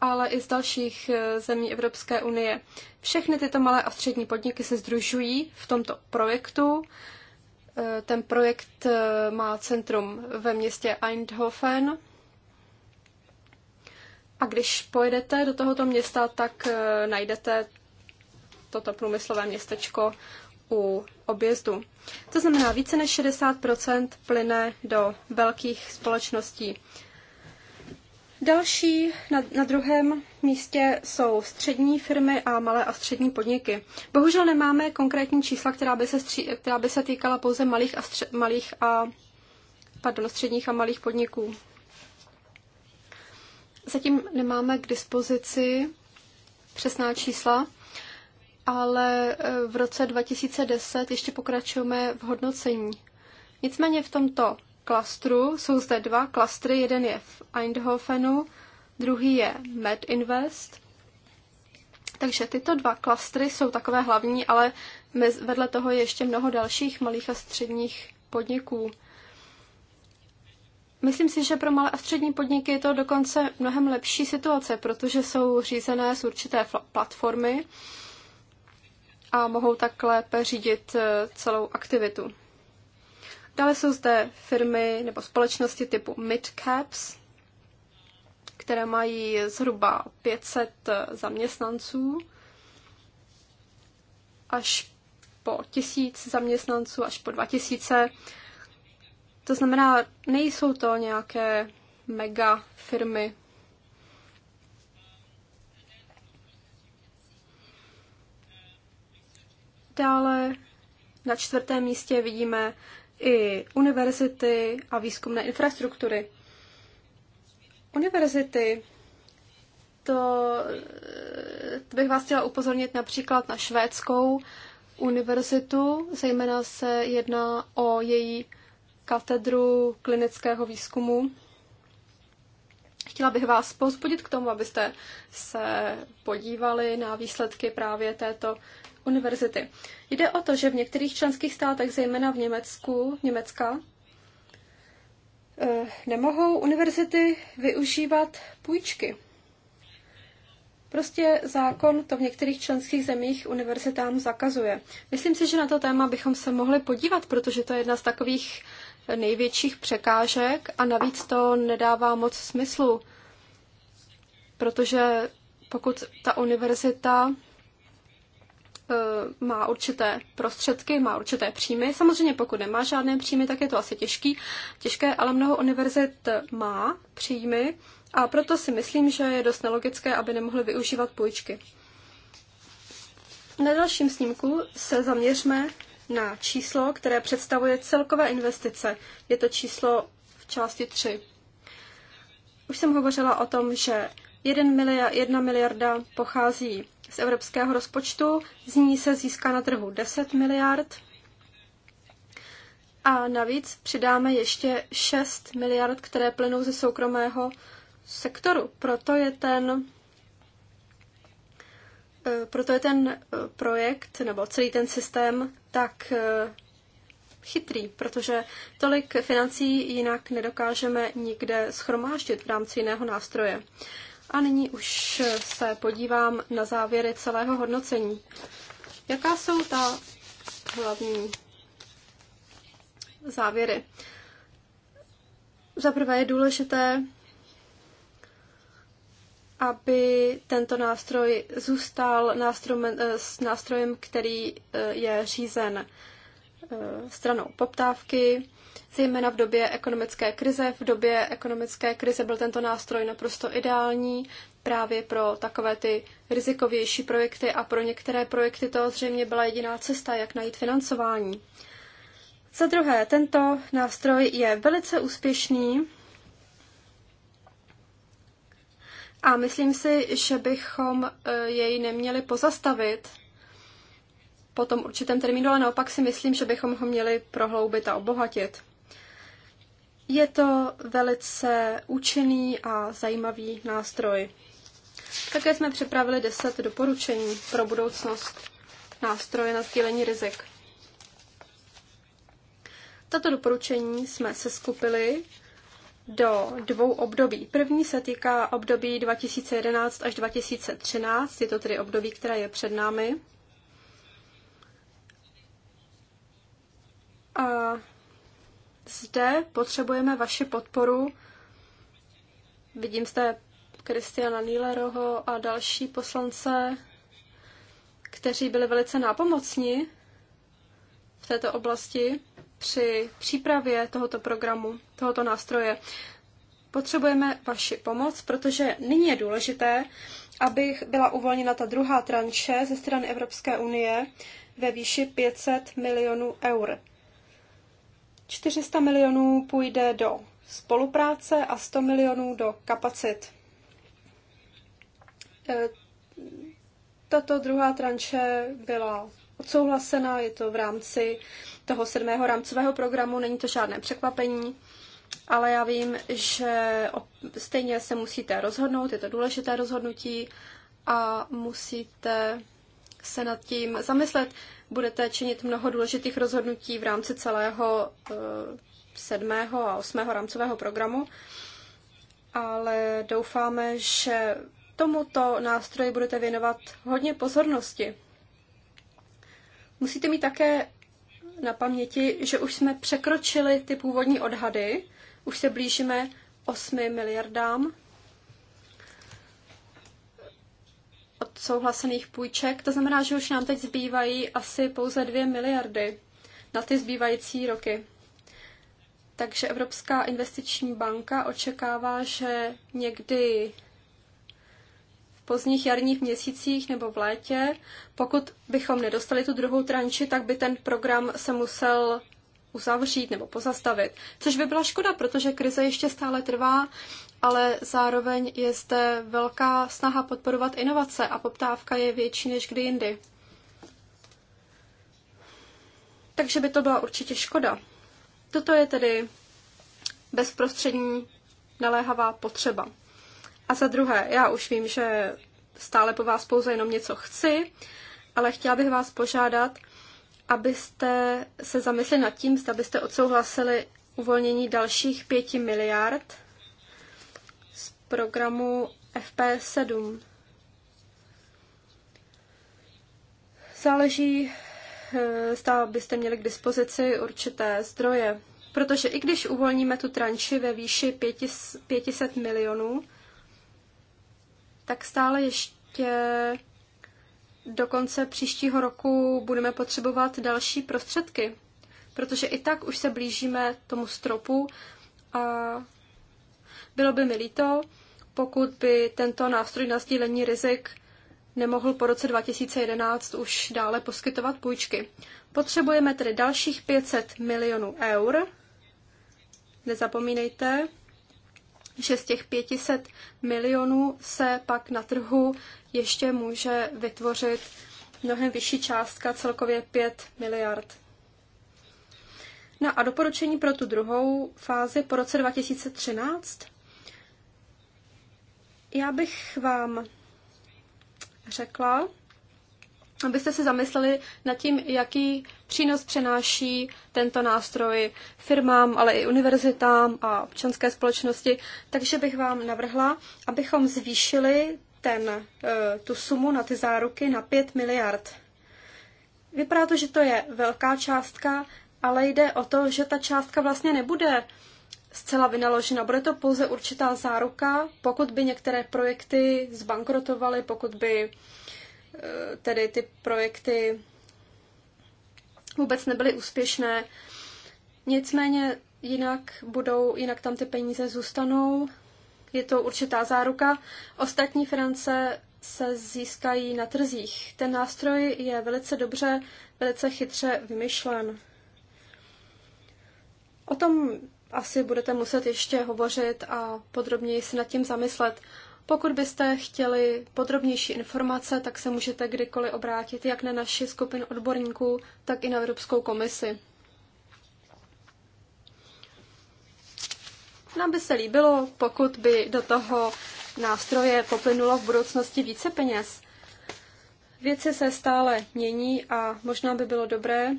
ale i z dalších eh, zemí Evropské unie. Všechny tyto malé a střední podniky se združují v tomto projektu. Eh, ten projekt eh, má centrum ve městě Eindhoven. A když pojedete do tohoto města, tak najdete toto průmyslové městečko u objezdu. To znamená, více než 60 plyne do velkých společností. Další na, na druhém místě jsou střední firmy a malé a střední podniky. Bohužel nemáme konkrétní čísla, která by se, stří, která by se týkala pouze malých a, stři, malých a pardon, středních a malých podniků. Zatím nemáme k dispozici přesná čísla, ale e, v roce 2010 ještě pokračujeme v hodnocení. Nicméně v tomto klastru jsou zde dva klastry. Jeden je v Eindhovenu, druhý je MedInvest. Takže tyto dva klastry jsou takové hlavní, ale vedle toho je ještě mnoho dalších malých a středních podniků. Myslím si, že pro malé a střední podniky je to dokonce mnohem lepší situace, protože jsou řízené z určité platformy a mohou tak lépe řídit eh, celou aktivitu. Dále jsou zde firmy nebo společnosti typu midcaps, které mají zhruba 500 eh, zaměstnanců až po 1000 zaměstnanců, až po 2000. To znamená, nejsou to nějaké mega firmy, Dále na čtvrtém místě vidíme i univerzity a výzkumné infrastruktury. Univerzity, to bych vás chtěla upozornit například na švédskou univerzitu, zejména se jedná o její katedru klinického výzkumu. Chtěla bych vás pozbudit k tomu, abyste se podívali na výsledky právě této univerzity. Jde o to, že v některých členských státech, zejména v Německu, Německa, eh, nemohou univerzity využívat půjčky. Prostě zákon to v některých členských zemích univerzitám zakazuje. Myslím si, že na to téma bychom se mohli podívat, protože to je jedna z takových největších překážek a navíc to nedává moc smyslu, protože pokud ta univerzita Eh, má určité prostředky, má určité příjmy. Samozřejmě pokud nemá žádné příjmy, tak je to asi těžký, těžké, ale mnoho univerzit má příjmy a proto si myslím, že je dost nelogické, aby nemohly využívat půjčky. Na dalším snímku se zaměřme na číslo, které představuje celkové investice. Je to číslo v části 3. Už jsem hovořila o tom, že 1 miliard, 1 miliarda pochází z evropského rozpočtu, z ní se získá na trhu 10 miliard a navíc přidáme ještě 6 miliard, které plynou ze soukromého sektoru. Proto je ten eh, proto je ten eh, projekt nebo celý ten systém tak eh, chytrý, protože tolik financí jinak nedokážeme nikde schromáždit v rámci jiného nástroje. A nyní už se podívám na závěry celého hodnocení. Jaká jsou ta hlavní závěry? Za prvé je důležité, aby tento nástroj zůstal nástrojem, eh, který eh, je řízen Eh, stranou poptávky, zejména v době ekonomické krize. V době ekonomické krize byl tento nástroj naprosto ideální právě pro takové ty rizikovější projekty a pro některé projekty to zřejmě byla jediná cesta, jak najít financování. Za druhé, tento nástroj je velice úspěšný a myslím si, že bychom eh, jej neměli pozastavit, po tom určitém termínu, ale naopak si myslím, že bychom ho měli prohloubit a obohatit. Je to velice účinný a zajímavý nástroj. Také jsme připravili 10 doporučení pro budoucnost nástroje na sdílení rizik. Tato doporučení jsme se skupili do dvou období. První se týká období 2011 až 2013, je to tedy období, které je před námi. A zde potřebujeme vaši podporu. Vidím zde Kristiana Nýleroho a další poslance, kteří byli velice nápomocní v této oblasti při přípravě tohoto programu, tohoto nástroje. Potřebujeme vaši pomoc, protože nyní je důležité, aby byla uvolněna ta druhá tranše ze strany Evropské unie ve výši 500 milionů eur. 400 milionů půjde do spolupráce a 100 milionů do kapacit. E, tato druhá tranše byla odsouhlasena, je to v rámci toho sedmého rámcového programu, není to žádné překvapení, ale já vím, že stejně se musíte rozhodnout, je to důležité rozhodnutí a musíte se nad tím zamyslet. Budete činit mnoho důležitých rozhodnutí v rámci celého eh, sedmého a osmého rámcového programu, ale doufáme, že tomuto nástroji budete věnovat hodně pozornosti. Musíte mít také na paměti, že už jsme překročili ty původní odhady, už se blížíme 8 miliardám odsouhlasených půjček. To znamená, že už nám teď zbývají asi pouze 2 miliardy na ty zbývající roky. Takže Evropská investiční banka očekává, že někdy v pozdních jarních měsících nebo v létě, pokud bychom nedostali tu druhou tranči, tak by ten program se musel uzavřít nebo pozastavit. Což by byla škoda, protože krize ještě stále trvá ale zároveň je zde velká snaha podporovat inovace a poptávka je větší než kdy jindy. Takže by to byla určitě škoda. Toto je tedy bezprostřední naléhavá potřeba. A za druhé, já už vím, že stále po vás pouze jenom něco chci, ale chtěla bych vás požádat, abyste se zamysleli nad tím, zda byste odsouhlasili uvolnění dalších pěti miliard programu FP7. Záleží, eh, zda byste měli k dispozici určité zdroje, protože i když uvolníme tu tranši ve výši 500 milionů, tak stále ještě do konce příštího roku budeme potřebovat další prostředky, protože i tak už se blížíme tomu stropu a bylo by mi líto, pokud by tento nástroj na sdílení rizik nemohl po roce 2011 už dále poskytovat půjčky. Potřebujeme tedy dalších 500 milionů eur. Nezapomínejte, že z těch 500 milionů se pak na trhu ještě může vytvořit mnohem vyšší částka, celkově 5 miliard. No a doporučení pro tu druhou fázi po roce 2013 já bych vám řekla, abyste se zamysleli nad tím, jaký přínos přenáší tento nástroj firmám, ale i univerzitám a občanské společnosti. Takže bych vám navrhla, abychom zvýšili ten, eh, tu sumu na ty záruky na 5 miliard. Vypadá to, že to je velká částka, ale jde o to, že ta částka vlastně nebude zcela vynaložena. Bude to pouze určitá záruka, pokud by některé projekty zbankrotovaly, pokud by e, tedy ty projekty vůbec nebyly úspěšné. Nicméně jinak budou, jinak tam ty peníze zůstanou. Je to určitá záruka. Ostatní finance se získají na trzích. Ten nástroj je velice dobře, velice chytře vymyšlen. O tom asi budete muset ještě hovořit a podrobněji si nad tím zamyslet. Pokud byste chtěli podrobnější informace, tak se můžete kdykoliv obrátit jak na naši skupinu odborníků, tak i na Evropskou komisi. Nám by se líbilo, pokud by do toho nástroje poplynulo v budoucnosti více peněz. Věci se stále mění a možná by bylo dobré,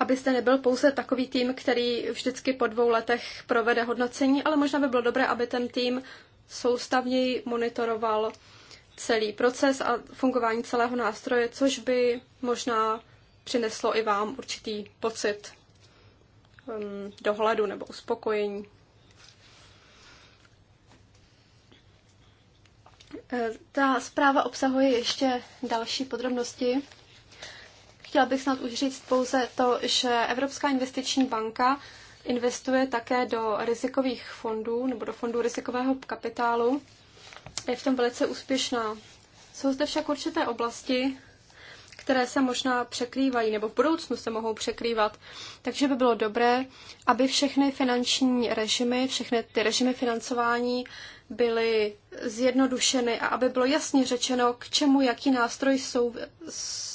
abyste nebyl pouze takový tým, který vždycky po dvou letech provede hodnocení, ale možná by bylo dobré, aby ten tým soustavněji monitoroval celý proces a fungování celého nástroje, což by možná přineslo i vám určitý pocit um, dohledu nebo uspokojení. Eh, ta zpráva obsahuje ještě další podrobnosti, Chtěla bych snad už říct pouze to, že Evropská investiční banka investuje také do rizikových fondů nebo do fondů rizikového kapitálu. Je v tom velice úspěšná. Jsou zde však určité oblasti, které se možná překrývají nebo v budoucnu se mohou překrývat. Takže by bylo dobré, aby všechny finanční režimy, všechny ty režimy financování byly zjednodušeny a aby bylo jasně řečeno, k čemu jaký nástroj sou,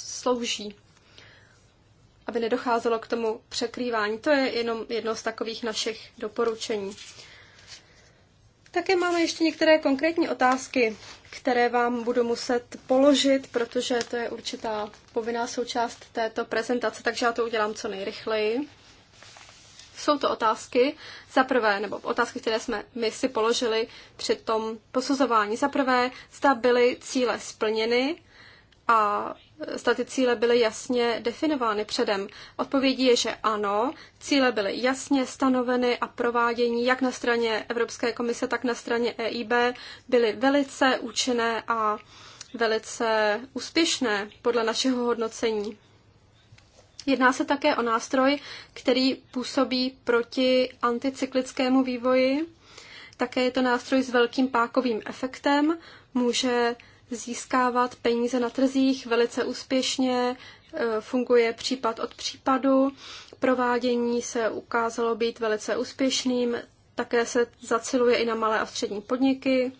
slouží aby nedocházelo k tomu překrývání. To je jenom jedno z takových našich doporučení. Také máme ještě některé konkrétní otázky, které vám budu muset položit, protože to je určitá povinná součást této prezentace, takže já to udělám co nejrychleji. Jsou to otázky, za prvé, nebo otázky, které jsme my si položili při tom posuzování. Za prvé, zda byly cíle splněny a zda ty cíle byly jasně definovány předem. Odpovědí je, že ano, cíle byly jasně stanoveny a provádění jak na straně Evropské komise, tak na straně EIB byly velice účinné a velice úspěšné podle našeho hodnocení. Jedná se také o nástroj, který působí proti anticyklickému vývoji. Také je to nástroj s velkým pákovým efektem, může získávat peníze na trzích velice úspěšně, e, funguje případ od případu. Provádění se ukázalo být velice úspěšným, také se zaciluje i na malé a střední podniky.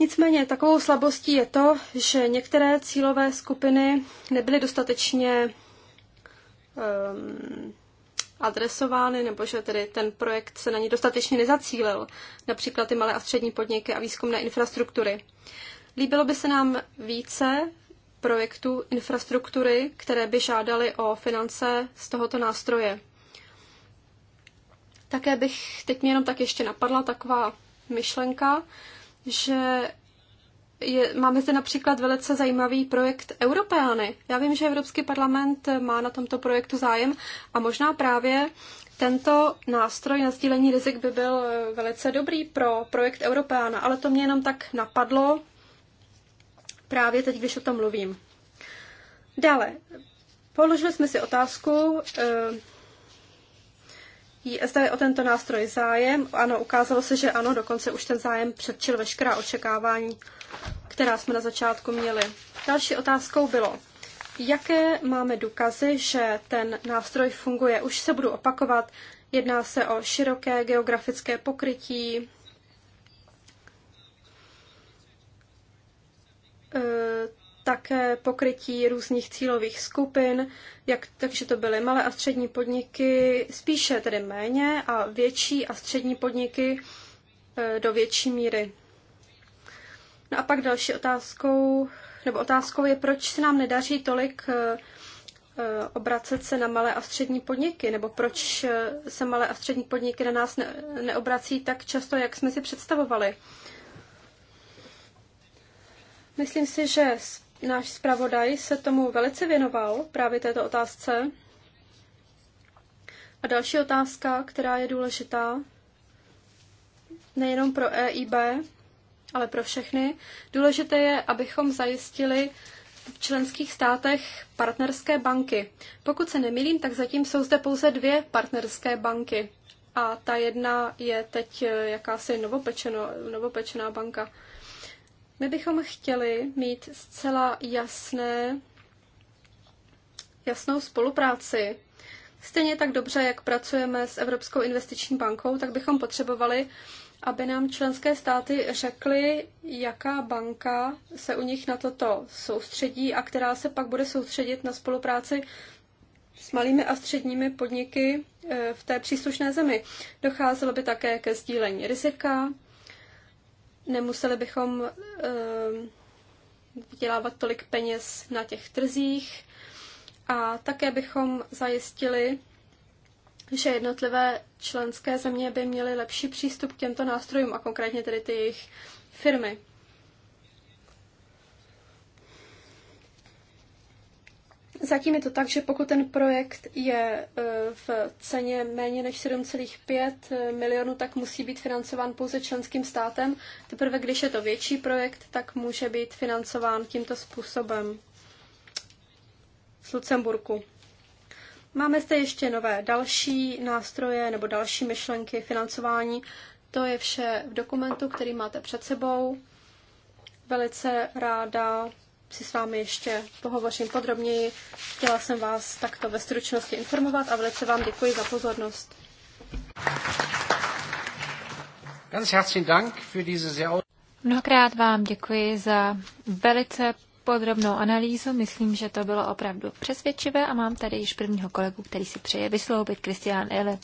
Nicméně takovou slabostí je to, že některé cílové skupiny nebyly dostatečně um, adresovány, nebo že tedy ten projekt se na ně dostatečně nezacílil, například ty malé a střední podniky a výzkumné infrastruktury. Líbilo by se nám více projektů infrastruktury, které by žádaly o finance z tohoto nástroje. Také bych, teď mě jenom tak ještě napadla taková myšlenka, že je, máme zde například velice zajímavý projekt Europeány. Já vím, že Evropský parlament má na tomto projektu zájem a možná právě tento nástroj na sdílení rizik by byl eh, velice dobrý pro projekt Europeána, ale to mě jenom tak napadlo právě teď, když o tom mluvím. Dále, položili jsme si otázku, eh, zda je o tento nástroj zájem. Ano, ukázalo se, že ano, dokonce už ten zájem předčil veškerá očekávání která jsme na začátku měli. Další otázkou bylo, jaké máme důkazy, že ten nástroj funguje. Už se budu opakovat, jedná se o široké geografické pokrytí, e, také pokrytí různých cílových skupin, jak, takže to byly malé a střední podniky, spíše tedy méně a větší a střední podniky e, do větší míry. No a pak další otázkou, nebo otázkou je, proč se nám nedaří tolik eh, eh, obracet se na malé a střední podniky, nebo proč eh, se malé a střední podniky na nás ne, neobrací tak často, jak jsme si představovali. Myslím si, že náš zpravodaj se tomu velice věnoval, právě této otázce. A další otázka, která je důležitá, nejenom pro EIB, ale pro všechny. Důležité je, abychom zajistili v členských státech partnerské banky. Pokud se nemýlím, tak zatím jsou zde pouze dvě partnerské banky. A ta jedna je teď eh, jakási novopečeno, novopečená banka. My bychom chtěli mít zcela jasné, jasnou spolupráci. Stejně tak dobře, jak pracujeme s Evropskou investiční bankou, tak bychom potřebovali aby nám členské státy řekly, jaká banka se u nich na toto soustředí a která se pak bude soustředit na spolupráci s malými a středními podniky e, v té příslušné zemi. Docházelo by také ke sdílení rizika, nemuseli bychom e, vydělávat tolik peněz na těch trzích a také bychom zajistili, že jednotlivé členské země by měly lepší přístup k těmto nástrojům a konkrétně tedy ty jejich firmy. Zatím je to tak, že pokud ten projekt je e, v ceně méně než 7,5 milionů, tak musí být financován pouze členským státem. Teprve když je to větší projekt, tak může být financován tímto způsobem z Lucemburku. Máme zde ještě nové další nástroje nebo další myšlenky financování. To je vše v dokumentu, který máte před sebou. Velice ráda si s vámi ještě pohovořím podrobněji. Chtěla jsem vás takto ve stručnosti informovat a velice vám děkuji za pozornost. Mnohokrát vám děkuji za velice podrobnou analýzu. Myslím, že to bylo opravdu přesvědčivé a mám tady již prvního kolegu, který si přeje vysloubit, Kristián Ele.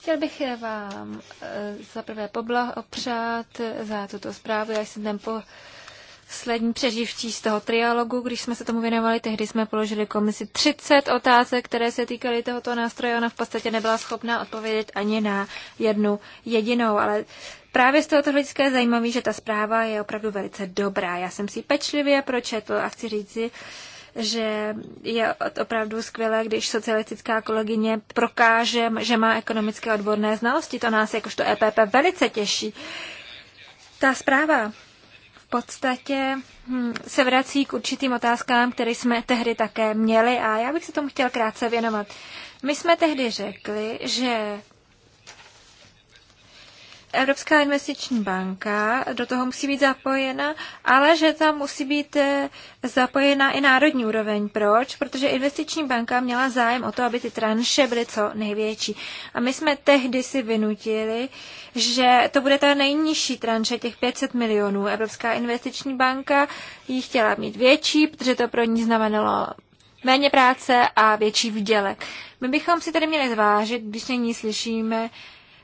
Chtěl bych vám eh, za prvé poblahopřát za tuto zprávu. Já jsem ten po Slední přeživčí z toho trialogu, když jsme se tomu věnovali, tehdy jsme položili komisi 30 otázek, které se týkaly tohoto nástroje. Ona v podstatě nebyla schopná odpovědět ani na jednu jedinou, ale Právě z tohoto hlediska je zajímavé, že ta zpráva je opravdu velice dobrá. Já jsem si pečlivě pročetl a chci říci, že je opravdu skvělé, když socialistická kolegyně prokáže, že má ekonomické odborné znalosti. To nás jakožto EPP velice těší. Ta zpráva v podstatě hm, se vrací k určitým otázkám, které jsme tehdy také měli a já bych se tomu chtěl krátce věnovat. My jsme tehdy řekli, že Evropská investiční banka do toho musí být zapojena, ale že tam musí být eh, zapojena i národní úroveň. Proč? Protože investiční banka měla zájem o to, aby ty tranše byly co největší. A my jsme tehdy si vynutili, že to bude ta nejnižší tranše, těch 500 milionů. Evropská investiční banka ji chtěla mít větší, protože to pro ní znamenalo méně práce a větší výdělek. My bychom si tedy měli zvážit, když nyní slyšíme,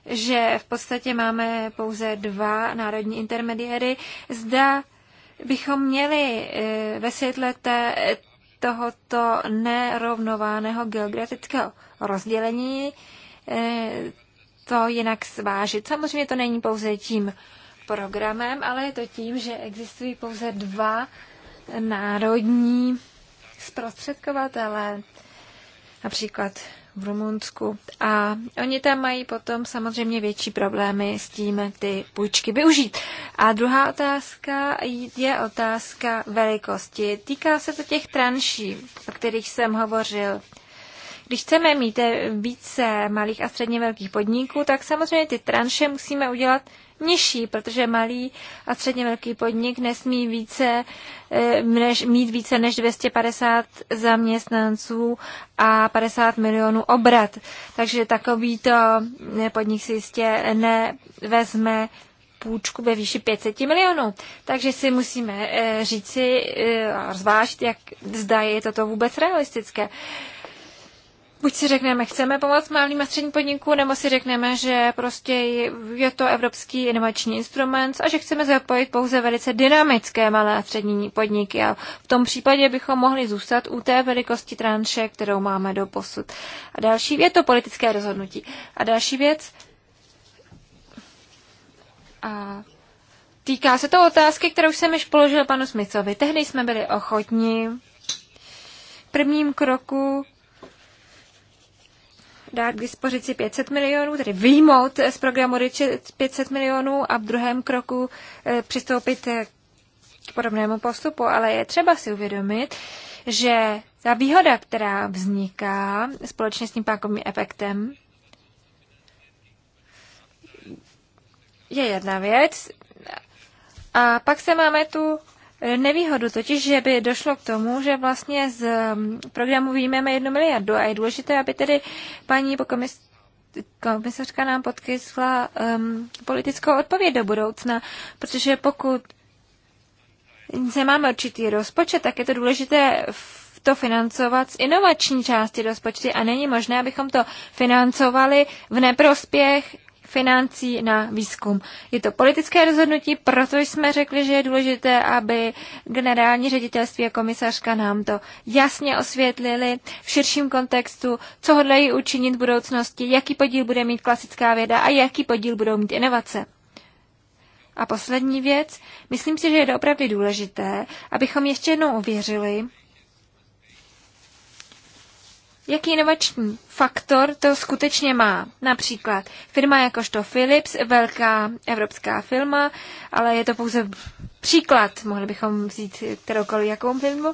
že v podstatě máme pouze dva národní intermediéry. Zda bychom měli eh, ve světle tohoto nerovnováného geografického rozdělení eh, to jinak svážit. Samozřejmě to není pouze tím programem, ale je to tím, že existují pouze dva národní zprostředkovatele, například v Rumunsku. A oni tam mají potom samozřejmě větší problémy s tím ty půjčky využít. A druhá otázka je otázka velikosti. Týká se to těch tranší, o kterých jsem hovořil. Když chceme mít více malých a středně velkých podniků, tak samozřejmě ty tranše musíme udělat nižší, protože malý a středně velký podnik nesmí více, eh, než, mít více než 250 zaměstnanců a 50 milionů obrat. Takže takovýto eh, podnik si jistě nevezme půjčku ve výši 500 milionů. Takže si musíme eh, říci a zvážit, jak zda je toto vůbec realistické buď si řekneme, chceme pomoct malým a středním podnikům, nebo si řekneme, že prostě je to evropský inovační instrument a že chceme zapojit pouze velice dynamické malé a střední podniky. A v tom případě bychom mohli zůstat u té velikosti tranše, kterou máme do posud. A další je to politické rozhodnutí. A další věc. A týká se to otázky, kterou jsem již položil panu Smicovi. Tehdy jsme byli ochotní prvním kroku dát k dispozici 500 milionů, tedy výjmout z programu Richard 500 milionů a v druhém kroku eh, přistoupit eh, k podobnému postupu. Ale je třeba si uvědomit, že ta výhoda, která vzniká společně s tím pákovým efektem, je jedna věc. A pak se máme tu nevýhodu, totiž, že by došlo k tomu, že vlastně z mm, programu výjmeme jednu miliardu a je důležité, aby tedy paní komis komisařka nám podkysla um, politickou odpověď do budoucna, protože pokud se máme určitý rozpočet, tak je to důležité to financovat z inovační části rozpočty a není možné, abychom to financovali v neprospěch financí na výzkum. Je to politické rozhodnutí, proto jsme řekli, že je důležité, aby generální ředitelství a komisařka nám to jasně osvětlili v širším kontextu, co hodlají učinit v budoucnosti, jaký podíl bude mít klasická věda a jaký podíl budou mít inovace. A poslední věc, myslím si, že je to opravdu důležité, abychom ještě jednou uvěřili, Jaký inovační faktor to skutečně má? Například firma jakožto Philips, velká evropská firma, ale je to pouze příklad, mohli bychom vzít kteroukoliv jakou firmu.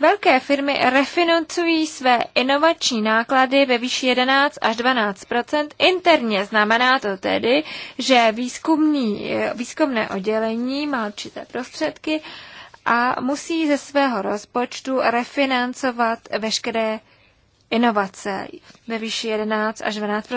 Velké firmy refinancují své inovační náklady ve výši 11 až 12 Interně znamená to tedy, že výzkumní, výzkumné oddělení má určité prostředky a musí ze svého rozpočtu refinancovat veškeré inovace ve výši 11 až 12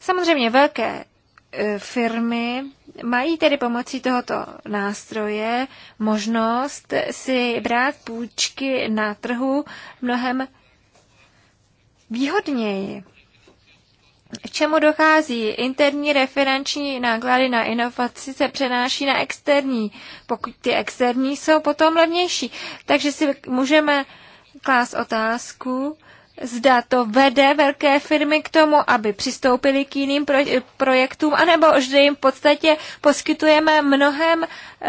Samozřejmě velké e, firmy mají tedy pomocí tohoto nástroje možnost si brát půjčky na trhu mnohem výhodněji. K čemu dochází? Interní referenční náklady na inovaci se přenáší na externí, pokud ty externí jsou potom levnější. Takže si můžeme klást otázku, zda to vede velké firmy k tomu, aby přistoupili k jiným pro, projektům, anebo že jim v podstatě poskytujeme mnohem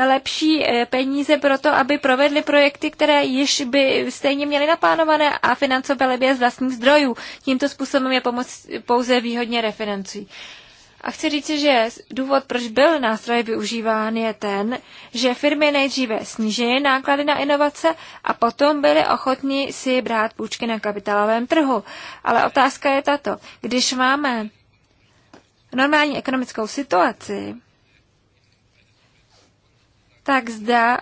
lepší eh, peníze pro to, aby provedli projekty, které již by stejně měly naplánované a financovali by je z vlastních zdrojů. Tímto způsobem je pomoc pouze výhodně refinancují. A chci říci, že důvod, proč byl nástroj využíván, je ten, že firmy nejdříve snížily náklady na inovace a potom byly ochotní si brát půjčky na kapitálovém trhu. Ale otázka je tato. Když máme normální ekonomickou situaci, tak zda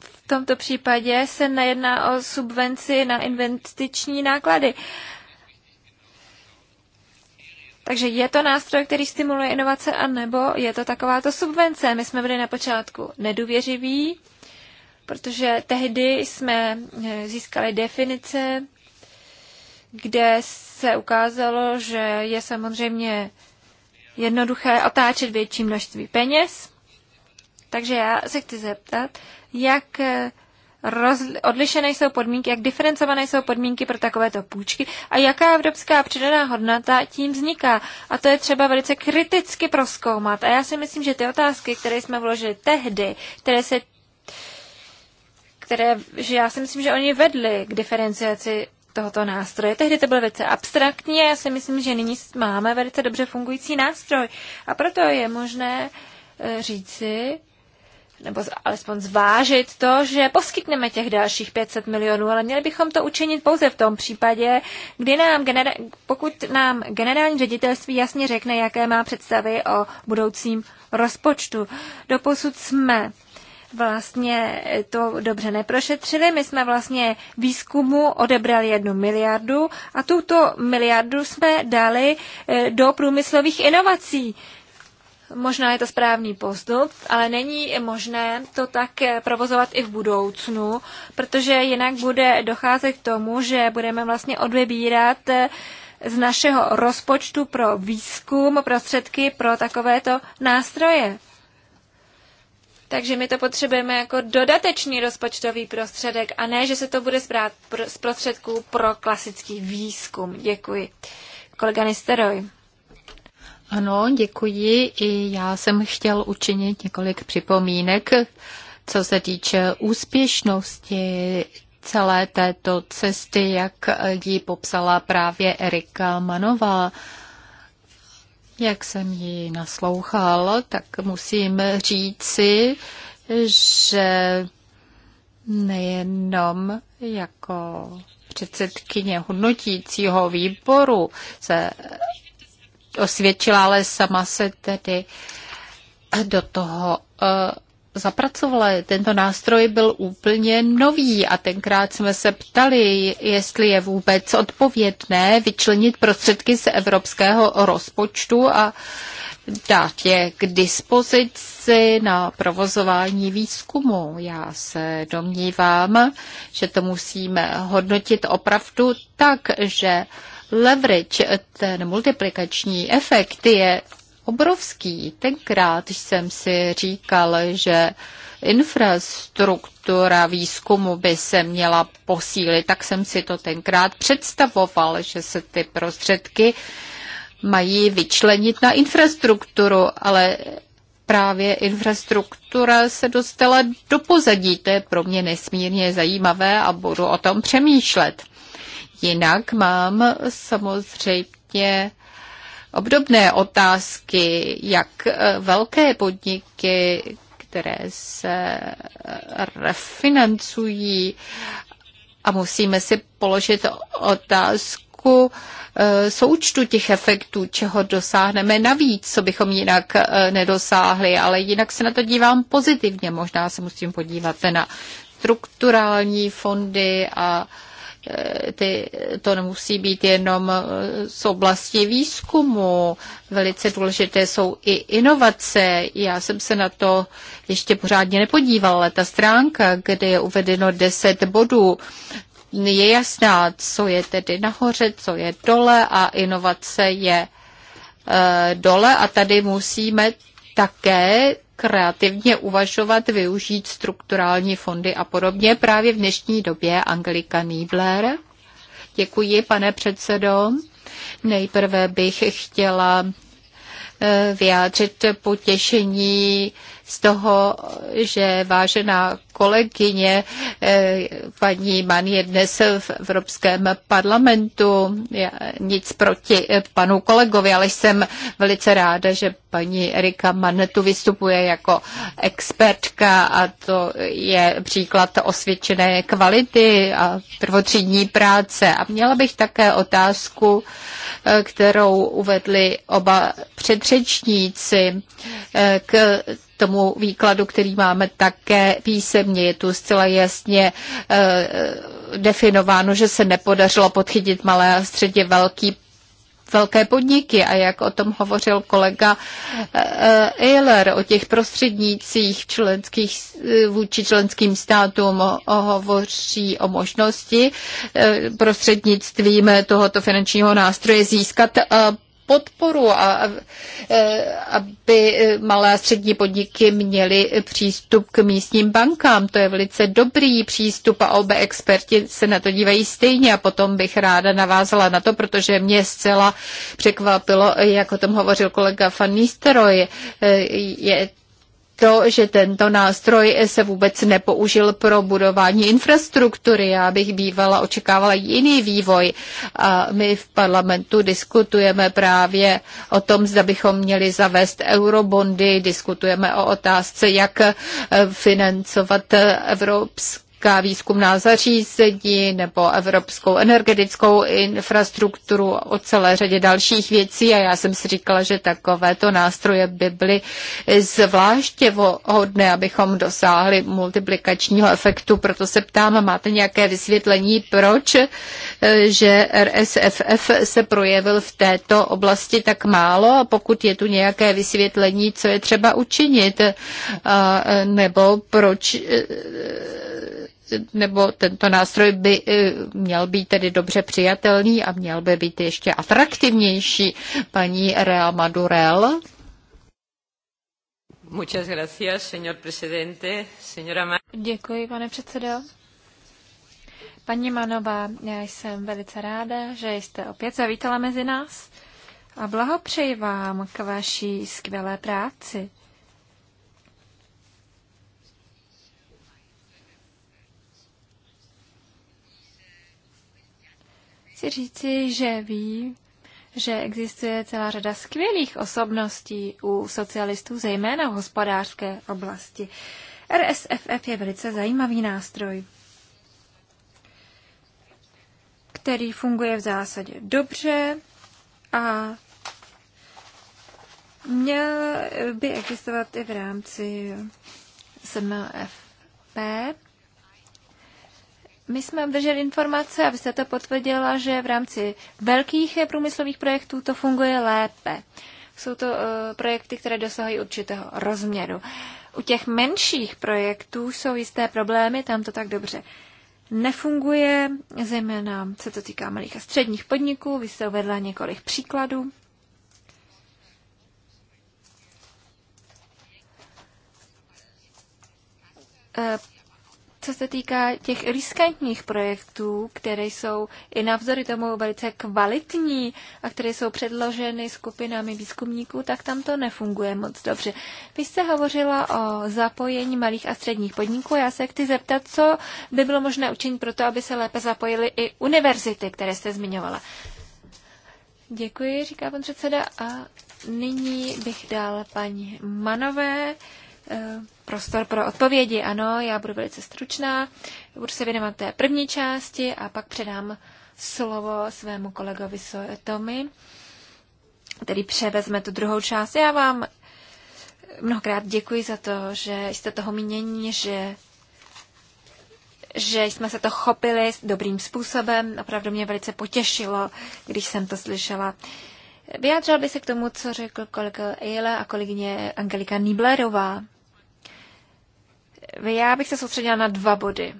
v tomto případě se nejedná o subvenci na investiční náklady. Takže je to nástroj, který stimuluje inovace, anebo je to takováto subvence. My jsme byli na počátku nedůvěřiví, protože tehdy jsme eh, získali definice, kde se ukázalo, že je samozřejmě jednoduché otáčet větší množství peněz. Takže já se chci zeptat, jak eh, odlišené jsou podmínky, jak diferencované jsou podmínky pro takovéto půjčky a jaká evropská přidaná hodnota tím vzniká. A to je třeba velice kriticky proskoumat. A já si myslím, že ty otázky, které jsme vložili tehdy, které se které, že já si myslím, že oni vedli k diferenciaci tohoto nástroje. Tehdy to bylo velice abstraktní a já si myslím, že nyní máme velice dobře fungující nástroj. A proto je možné eh, říci, nebo alespoň zvážit to, že poskytneme těch dalších 500 milionů, ale měli bychom to učinit pouze v tom případě, kdy nám genera- pokud nám generální ředitelství jasně řekne, jaké má představy o budoucím rozpočtu. Doposud jsme vlastně to dobře neprošetřili. My jsme vlastně výzkumu odebrali jednu miliardu a tuto miliardu jsme dali eh, do průmyslových inovací. Možná je to správný postup, ale není možné to tak eh, provozovat i v budoucnu, protože jinak bude docházet k tomu, že budeme vlastně odvybírat eh, z našeho rozpočtu pro výzkum prostředky pro takovéto nástroje. Takže my to potřebujeme jako dodatečný rozpočtový prostředek a ne, že se to bude zprát z prostředků pro klasický výzkum. Děkuji. Kolega Nisteroj. Ano, děkuji. I já jsem chtěl učinit několik připomínek, co se týče úspěšnosti celé této cesty, jak ji popsala právě Erika Manová. Jak jsem ji naslouchal, tak musím říci, že nejenom jako předsedkyně hodnotícího výboru se osvědčila, ale sama se tedy do toho eh, zapracovala. Tento nástroj byl úplně nový a tenkrát jsme se ptali, jestli je vůbec odpovědné vyčlenit prostředky z evropského rozpočtu a dát je k dispozici na provozování výzkumu. Já se domnívám, že to musíme hodnotit opravdu tak, že leverage, ten multiplikační efekt je obrovský. Tenkrát jsem si říkal, že infrastruktura výzkumu by se měla posílit, tak jsem si to tenkrát představoval, že se ty prostředky mají vyčlenit na infrastrukturu, ale právě infrastruktura se dostala do pozadí. To je pro mě nesmírně zajímavé a budu o tom přemýšlet. Jinak mám samozřejmě obdobné otázky, jak eh, velké podniky, které se eh, refinancují a musíme si položit otázku eh, součtu těch efektů, čeho dosáhneme navíc, co bychom jinak nedosáhli, ale jinak se na to dívám pozitivně. Možná se musím podívat na strukturální fondy a uh, Eh, ty, to nemusí být jenom eh, z oblasti výzkumu. Velice důležité jsou i inovace. Já jsem se na to ještě pořádně nepodívala, ale ta stránka, kde je uvedeno 10 bodů, je jasná, co je tedy nahoře, co je dole a inovace je eh, dole a tady musíme také kreativně uvažovat, využít strukturální fondy a podobně právě v dnešní době Angelika Niebler. Děkuji, pane předsedo. Nejprve bych chtěla eh, vyjádřit potěšení z toho, že vážená kolegyně eh, paní Man je dnes v Evropském parlamentu. Já nic proti eh, panu kolegovi, ale jsem velice ráda, že paní Erika Manetu vystupuje jako expertka a to je příklad osvědčené kvality a prvotřídní práce. A měla bych také otázku, eh, kterou uvedli oba předřečníci k tomu výkladu, který máme také písemně. Je tu zcela jasně eh, definováno, že se nepodařilo podchytit malé a středně velký velké podniky a jak o tom hovořil kolega Eiler eh, o těch prostřednících členských, eh, vůči členským státům hovoří o možnosti prostřednictvím tohoto finančního nástroje získat podporu a e, aby e, malé a střední podniky měly přístup k místním bankám. To je velice dobrý přístup a obě experti se na to dívají stejně a potom bych ráda navázala na to, protože mě zcela překvapilo, jak o tom hovořil kolega Van Nistelrooy, e, je to, že tento nástroj se vůbec nepoužil pro budování infrastruktury. Já bych bývala očekávala jiný vývoj. A my v parlamentu diskutujeme právě o tom, zda bychom měli zavést eurobondy, diskutujeme o otázce, jak financovat evropské energetika, výzkumná zařízení nebo evropskou energetickou infrastrukturu o celé řadě dalších věcí a já jsem si říkala, že takovéto nástroje by byly zvláště vhodné, abychom dosáhli multiplikačního efektu. Proto se ptám, máte nějaké vysvětlení, proč, eh, že RSFF se projevil v této oblasti tak málo a pokud je tu nějaké vysvětlení, co je třeba učinit, eh, nebo proč eh, nebo tento nástroj by eh, měl být tedy dobře přijatelný a měl by být ještě atraktivnější. Paní Rea Madurel. Muchas gracias, señor presidente. Señora Děkuji, pane předsedo. Paní Manová, já jsem velice ráda, že jste opět zavítala mezi nás a blahopřeji vám k vaší skvělé práci. chci říci, že ví, že existuje celá řada skvělých osobností u socialistů, zejména v hospodářské oblasti. RSFF je velice zajímavý nástroj, který funguje v zásadě dobře a měl by existovat i v rámci SMFP. My jsme obdrželi informace, a vy jste to potvrdila, že v rámci velkých průmyslových projektů to funguje lépe. Jsou to eh, projekty, které dosahují určitého rozměru. U těch menších projektů jsou jisté problémy, tam to tak dobře nefunguje, zejména se to týká malých a středních podniků. Vy jste uvedla několik příkladů. Eh, co se týká těch riskantních projektů, které jsou i navzory tomu velice kvalitní a které jsou předloženy skupinami výzkumníků, tak tam to nefunguje moc dobře. Vy jste hovořila o zapojení malých a středních podniků. Já se chci zeptat, co by bylo možné učinit pro to, aby se lépe zapojily i univerzity, které jste zmiňovala. Děkuji, říká pan předseda. A nyní bych dal paní Manové. Eh, prostor pro odpovědi. Ano, já budu velice stručná, budu se věnovat té první části a pak předám slovo svému kolegovi Sojotomi, který převezme tu druhou část. Já vám mnohokrát děkuji za to, že jste toho mínění, že že jsme se to chopili dobrým způsobem. Opravdu mě velice potěšilo, když jsem to slyšela. Vyjádřila by se k tomu, co řekl kolega Eile a kolegyně Angelika Niblerová. Já bych se soustředila na dva body.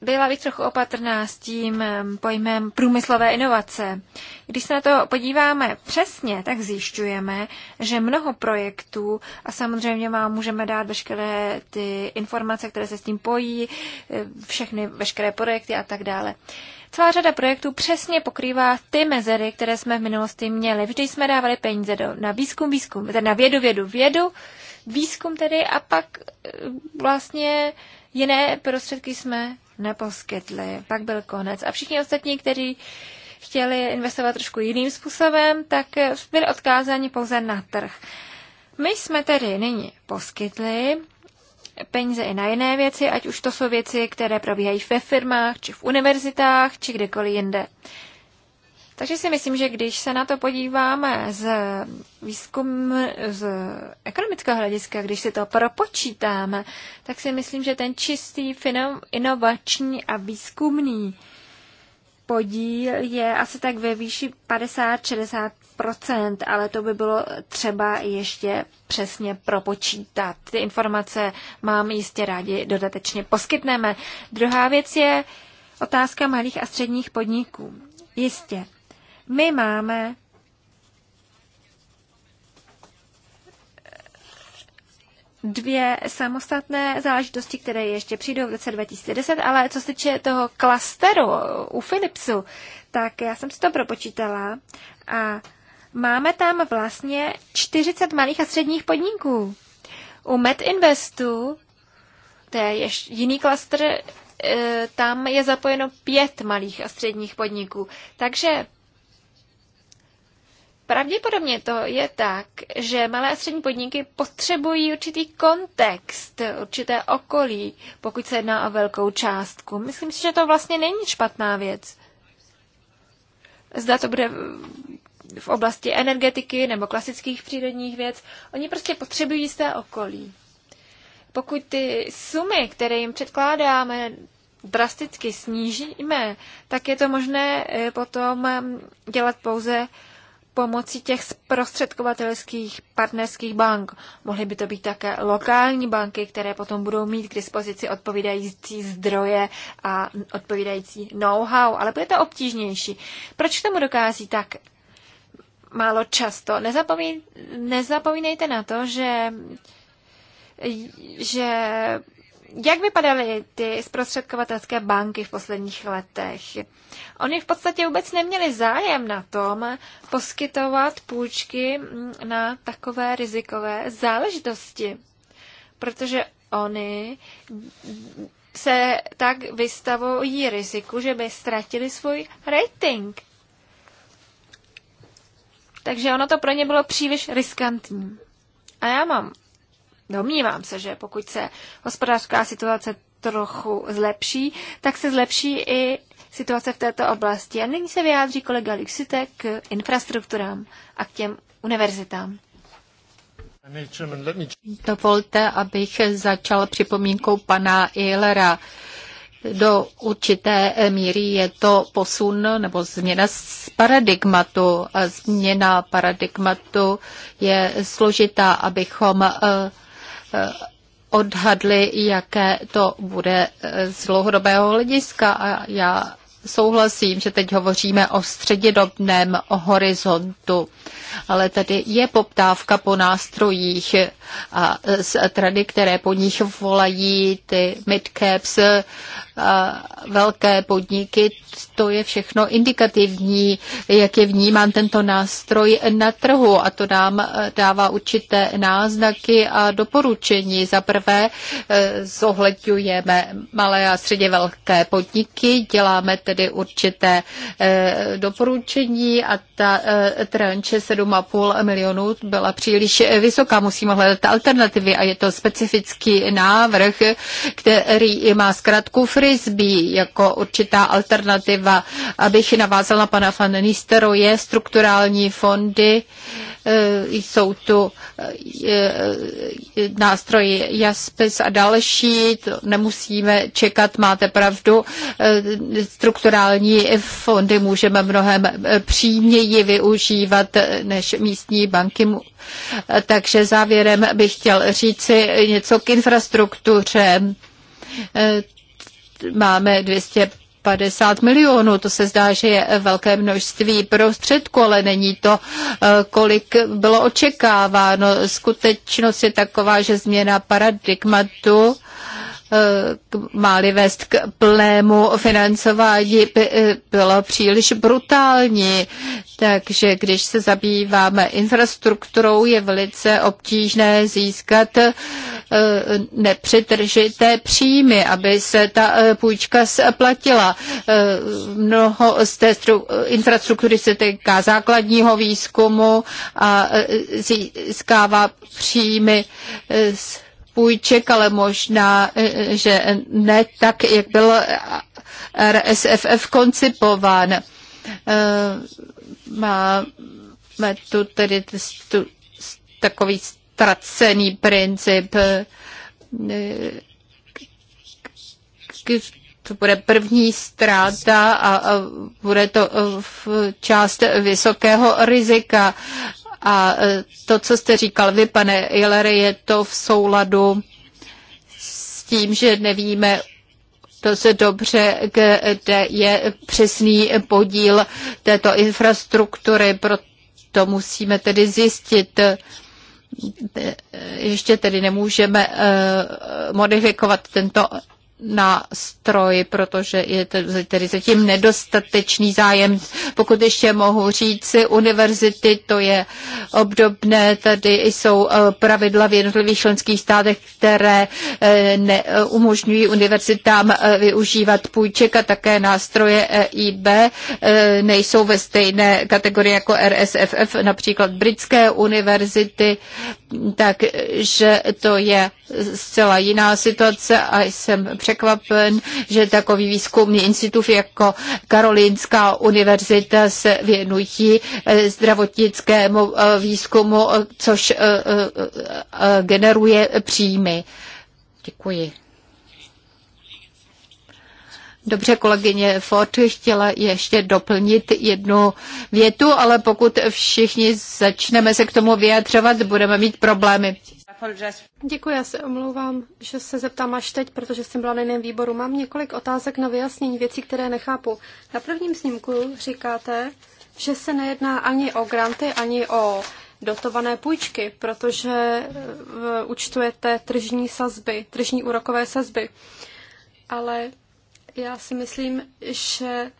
Byla bych trochu opatrná s tím pojmem průmyslové inovace. Když se na to podíváme přesně, tak zjišťujeme, že mnoho projektů, a samozřejmě vám můžeme dát veškeré ty informace, které se s tím pojí, e, všechny veškeré projekty a tak dále. Celá řada projektů přesně pokrývá ty mezery, které jsme v minulosti měli. Vždy jsme dávali peníze do, na výzkum, výzkum, na vědu, vědu, vědu, výzkum tedy a pak eh, vlastně jiné prostředky jsme neposkytli. Pak byl konec. A všichni ostatní, kteří chtěli investovat trošku jiným způsobem, tak eh, byli odkázáni pouze na trh. My jsme tedy nyní poskytli peníze i na jiné věci, ať už to jsou věci, které probíhají ve firmách, či v univerzitách, či kdekoliv jinde. Takže si myslím, že když se na to podíváme z výzkum z ekonomického hlediska, když si to propočítáme, tak si myslím, že ten čistý inovační a výzkumný podíl je asi tak ve výši 50-60%, ale to by bylo třeba ještě přesně propočítat. Ty informace mám jistě rádi dodatečně poskytneme. Druhá věc je otázka malých a středních podniků. Jistě, my máme eh, dvě samostatné záležitosti, které ještě přijdou v roce 2010, ale co se týče toho klasteru eh, u Philipsu, tak já jsem si to propočítala a máme tam vlastně 40 malých a středních podniků. U MedInvestu, to je ještě jiný klaster, eh, tam je zapojeno pět malých a středních podniků. Takže Pravděpodobně to je tak, že malé a střední podniky potřebují určitý kontext, určité okolí, pokud se jedná o velkou částku. Myslím si, že to vlastně není špatná věc. Zda to bude v oblasti energetiky nebo klasických přírodních věc. Oni prostě potřebují jisté okolí. Pokud ty sumy, které jim předkládáme, drasticky snížíme, tak je to možné eh, potom mm, dělat pouze pomocí těch zprostředkovatelských partnerských bank. Mohly by to být také lokální banky, které potom budou mít k dispozici odpovídající zdroje a odpovídající know-how, ale bude to obtížnější. Proč tomu dokází tak málo často? nezapomínejte na to, že že jak vypadaly ty zprostředkovatelské banky v posledních letech? Oni v podstatě vůbec neměli zájem na tom poskytovat půjčky mm, na takové rizikové záležitosti, protože oni se tak vystavují riziku, že by ztratili svůj rating. Takže ono to pro ně bylo příliš riskantní. A já mám Domnívám se, že pokud se hospodářská situace trochu zlepší, tak se zlepší i situace v této oblasti. A nyní se vyjádří kolega Lixitek k infrastrukturám a k těm univerzitám. Dovolte, abych začal připomínkou pana Ehlera. Do určité míry je to posun nebo změna z paradigmatu. Změna paradigmatu je složitá, abychom eh, Eh, odhadli, jaké to bude eh, z dlouhodobého hlediska. A já souhlasím, že teď hovoříme o střednědobém horizontu ale tady je poptávka po nástrojích a trady, které po nich volají, ty midcaps, velké podniky, to je všechno indikativní, jak je vnímán tento nástroj na trhu a to nám dává určité náznaky a doporučení. Za prvé e, zohledňujeme malé a středně velké podniky, děláme tedy určité e, doporučení a ta e, tranče 7,5 milionů byla příliš vysoká. Musíme hledat alternativy a je to specifický návrh, který má zkrátku frisbee jako určitá alternativa. Abych navázala pana Van je strukturální fondy Eh, jsou tu eh, eh, nástroji JASPIS a další, to nemusíme čekat, máte pravdu. Strukturální fondy můžeme mnohem přímněji využívat než místní banky. Takže závěrem bych chtěl říci něco k infrastruktuře máme 200 50 milionů. To se zdá, že je velké množství prostředků, ale není to, eh, kolik bylo očekáváno. Skutečnost je taková, že změna paradigmatu máli vést k plnému financování, by eh, bylo příliš brutální. Takže když se zabýváme infrastrukturou, je velice obtížné získat eh, nepřetržité příjmy, aby se ta eh, půjčka splatila. Mnoho z té infrastruktury se týká základního výzkumu a získává příjmy z půjček, ale možná, e, e, že ne tak, jak byl RSFF koncipován. E, máme tu tedy tu, takový ztracený princip. To bude první ztráta a, a bude to v část vysokého rizika. A e, to, co jste říkal vy, pane Hillary, je to v souladu s tím, že nevíme dost dobře, kde je přesný podíl této infrastruktury, proto musíme tedy zjistit, e, ještě tedy nemůžeme e, modifikovat tento na stroj, protože je tedy zatím nedostatečný zájem. Pokud ještě mohu říct univerzity, to je obdobné, tady jsou eh, pravidla v jednotlivých členských státech, které eh, neumožňují umožňují univerzitám eh, využívat půjček a také nástroje EIB nejsou ve stejné kategorii jako RSFF, například britské univerzity, takže to je zcela jiná situace a jsem překvapená, překvapen, že takový výzkumný institut jako Karolínská univerzita se věnují eh, zdravotnickému eh, výzkumu, eh, což generuje příjmy. Děkuji. Dobře, kolegyně Ford chtěla ještě doplnit jednu větu, ale pokud všichni začneme se k tomu vyjadřovat, budeme mít problémy. Děkuji, já se omlouvám, že se zeptám až teď, protože jsem byla na jiném výboru. Mám několik otázek na vyjasnění věcí, které nechápu. Na prvním snímku říkáte, že se nejedná ani o granty, ani o dotované půjčky, protože eh, účtujete tržní sazby, tržní úrokové sazby. Ale já si myslím, že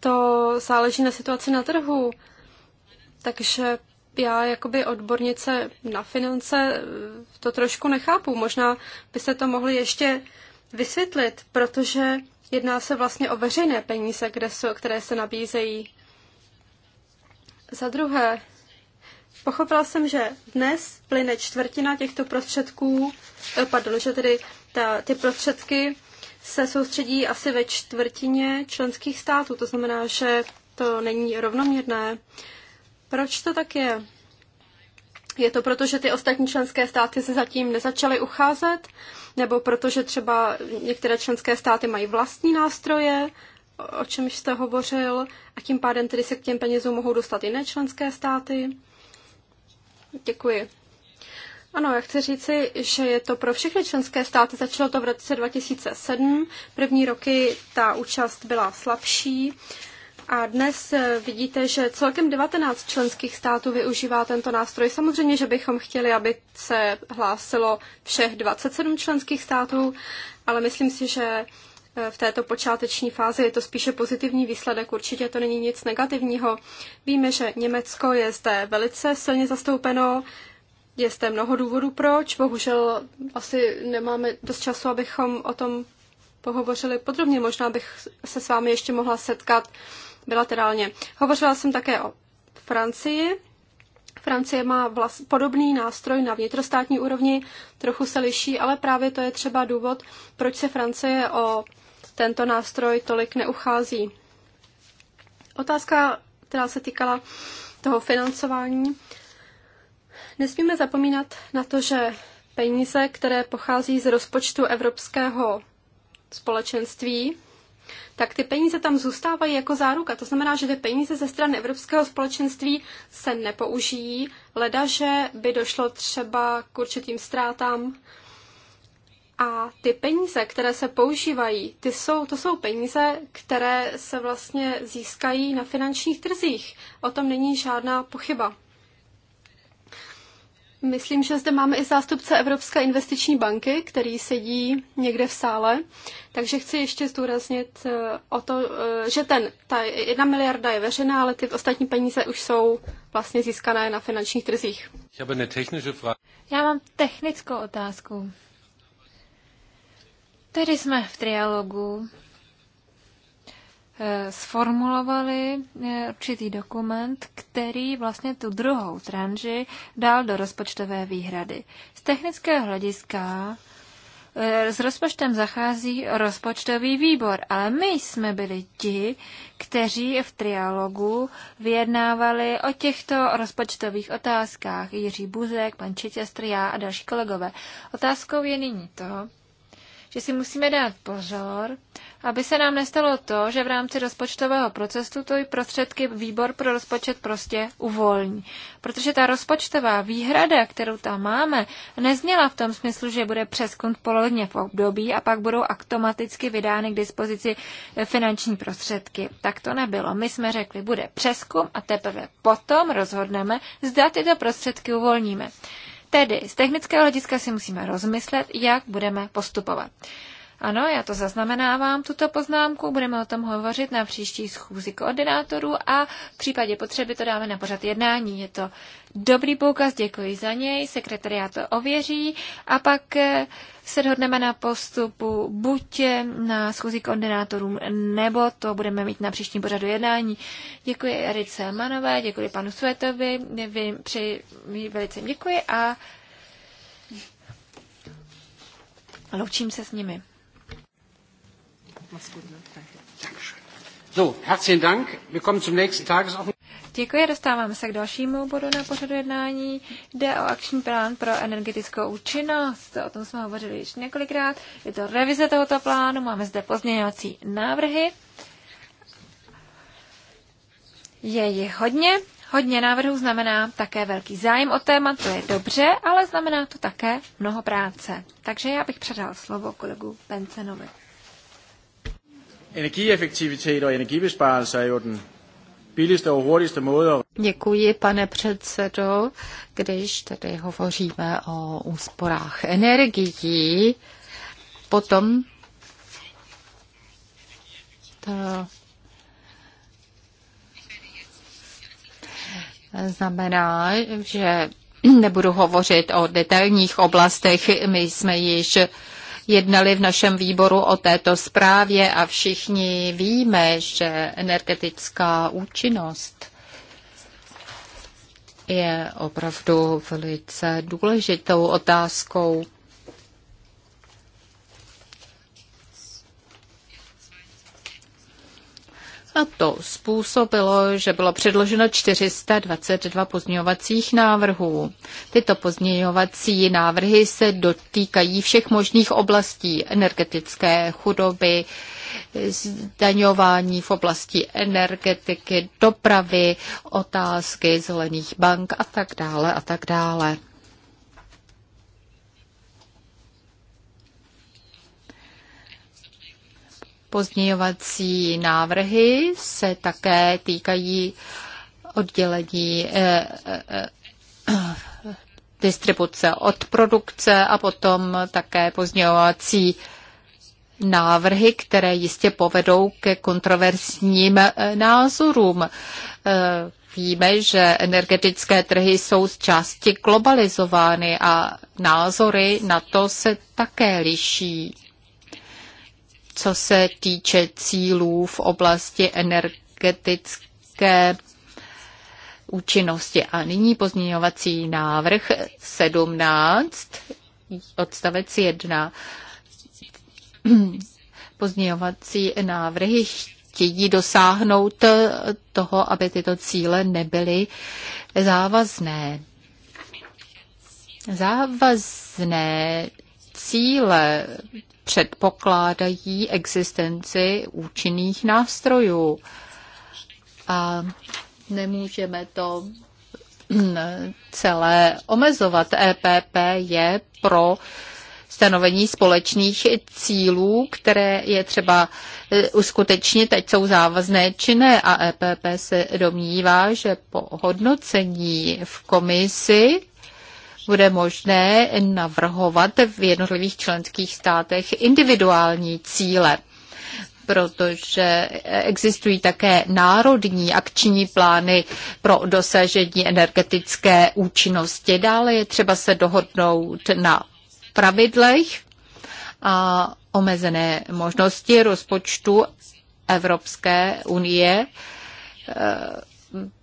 to záleží na situaci na trhu. Takže já jakoby odbornice na finance to trošku nechápu. Možná byste to mohli ještě vysvětlit, protože jedná se vlastně o veřejné peníze, kde jsou, které se nabízejí. Za druhé, pochopila jsem, že dnes plyne čtvrtina těchto prostředků, eh, pardon, že tedy ta, ty prostředky se soustředí asi ve čtvrtině členských států, to znamená, že to není rovnoměrné. Uh, proč to tak je? Je to proto, že ty ostatní členské státy se zatím nezačaly ucházet? Nebo proto, že třeba některé členské státy mají vlastní nástroje, o čem jste hovořil, a tím pádem tedy se k těm penězům mohou dostat jiné členské státy? Děkuji. Ano, já chci říci, že je to pro všechny členské státy. Začalo to v roce 2007. První roky ta účast byla slabší. A dnes eh, vidíte, že celkem 19 členských států využívá tento nástroj. Samozřejmě, že bychom chtěli, aby se hlásilo všech 27 členských států, ale myslím si, že eh, v této počáteční fázi je to spíše pozitivní výsledek, určitě to není nic negativního. Víme, že Německo je zde velice silně zastoupeno, je zde mnoho důvodů proč, bohužel asi nemáme dost času, abychom o tom pohovořili podrobně. Možná bych se s vámi ještě mohla setkat bilaterálně. Hovořila jsem také o Francii. Francie má vlast, podobný nástroj na vnitrostátní úrovni, trochu se liší, ale právě to je třeba důvod, proč se Francie o tento nástroj tolik neuchází. Otázka, která se týkala toho financování. Nesmíme zapomínat na to, že peníze, které pochází z rozpočtu Evropského společenství, tak ty peníze tam zůstávají jako záruka. To znamená, že ty peníze ze strany Evropského společenství se nepoužijí, ledaže by došlo třeba k určitým ztrátám. A ty peníze, které se používají, ty jsou, to jsou peníze, které se vlastně získají na finančních trzích. O tom není žádná pochyba. Myslím, že zde máme i zástupce Evropské investiční banky, který sedí někde v sále, takže chci ještě zdůraznit eh, o to, eh, že ten, ta jedna miliarda je veřejná, ale ty ostatní peníze už jsou vlastně získané na finančních trzích. Já mám technickou otázku. Tady jsme v trialogu sformulovali eh, určitý dokument, který vlastně tu druhou tranži dal do rozpočtové výhrady. Z technického hlediska eh, s rozpočtem zachází rozpočtový výbor, ale my jsme byli ti, kteří v trialogu vyjednávali o těchto rozpočtových otázkách. Jiří Buzek, pan Čitěstr, já a další kolegové. Otázkou je nyní to, že si musíme dát pozor, aby se nám nestalo to, že v rámci rozpočtového procesu to i prostředky výbor pro rozpočet prostě uvolní. Protože ta rozpočtová výhrada, kterou tam máme, nezněla v tom smyslu, že bude přeskont polovně v období a pak budou automaticky vydány k dispozici eh, finanční prostředky. Tak to nebylo. My jsme řekli, bude přeskum a teprve potom rozhodneme, zda tyto prostředky uvolníme. Tedy z technického hlediska si musíme rozmyslet, jak budeme postupovat. Ano, já to zaznamenávám, tuto poznámku, budeme o tom hovořit na příští schůzi koordinátorů a v případě potřeby to dáme na pořad jednání. Je to dobrý poukaz, děkuji za něj, sekretariát to ověří a pak eh, se dohodneme na postupu buď na schůzi koordinátorů, nebo to budeme mít na příští pořadu jednání. Děkuji Erice Manové, děkuji panu Svetovi, Vím, při, velice děkuji a loučím se s nimi. Mach's gut, Děkuji, dostáváme se k dalšímu bodu na pořadu jednání. Jde o akční plán pro energetickou účinnost. O tom jsme hovořili již několikrát. Je to revize tohoto plánu, máme zde pozměňovací návrhy. Je jich hodně. Hodně návrhů znamená také velký zájem o téma, to je dobře, ale znamená to také mnoho práce. Takže já bych předal slovo kolegu Pencenovi. Energieffektivitet a energibesparelser er jo den billigste a hurtigste måde at Děkuji, pane předsedo. Když tady hovoříme o úsporách energií, potom to znamená, že nebudu hovořit o detailních oblastech. My jsme již jednali v našem výboru o této zprávě a všichni víme, že energetická účinnost je opravdu velice důležitou otázkou. A to způsobilo, že bylo předloženo 422 pozměňovacích návrhů. Tyto pozměňovací návrhy se dotýkají všech možných oblastí energetické chudoby, zdaňování v oblasti energetiky, dopravy, otázky zelených bank a tak dále a tak dále. Pozměňovací návrhy se také týkají oddělení eh, eh, distribuce od produkce a potom také pozměňovací návrhy, které jistě povedou ke kontroverzním eh, názorům. Víme, že energetické trhy jsou z části globalizovány a názory na to se také liší co se týče cílů v oblasti energetické účinnosti. A nyní pozměňovací návrh 17, odstavec 1. Pozměňovací návrhy chtějí dosáhnout toho, aby tyto cíle nebyly závazné. Závazné cíle předpokládají existenci účinných nástrojů. A nemůžeme to mm, celé omezovat. EPP je pro stanovení společných cílů, které je třeba e, uskutečnit, teď jsou závazné či ne. A EPP se domnívá, že po hodnocení v komisi bude možné navrhovat v jednotlivých členských státech individuální cíle protože existují také národní akční plány pro dosažení energetické účinnosti. Dále je třeba se dohodnout na pravidlech a omezené možnosti rozpočtu Evropské unie eh,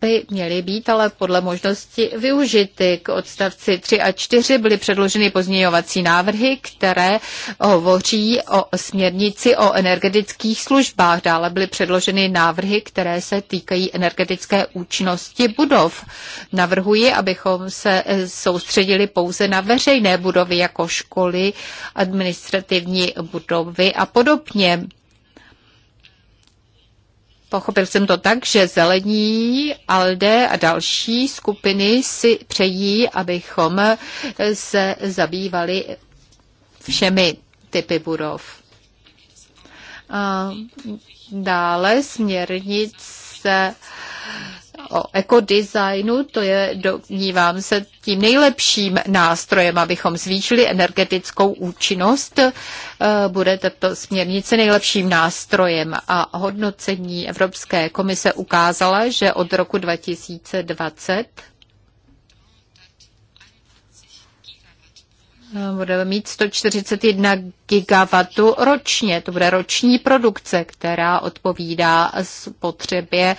by měly být ale podle možnosti využity. K odstavci 3 a 4 byly předloženy pozměňovací návrhy, které hovoří o směrnici o energetických službách. Dále byly předloženy návrhy, které se týkají energetické účinnosti budov. Navrhuji, abychom se soustředili pouze na veřejné budovy jako školy, administrativní budovy a podobně Pochopil jsem to tak, že zelení, ALDE a další skupiny si přejí, abychom se zabývali všemi typy budov. A dále směrnice o ekodesignu, to je, domnívám se, tím nejlepším nástrojem, abychom zvýšili energetickou účinnost. Eh, bude tato směrnice nejlepším nástrojem a hodnocení Evropské komise ukázala, že od roku 2020 budeme mít 141 gigawatu ročně. To bude roční produkce, která odpovídá spotřebě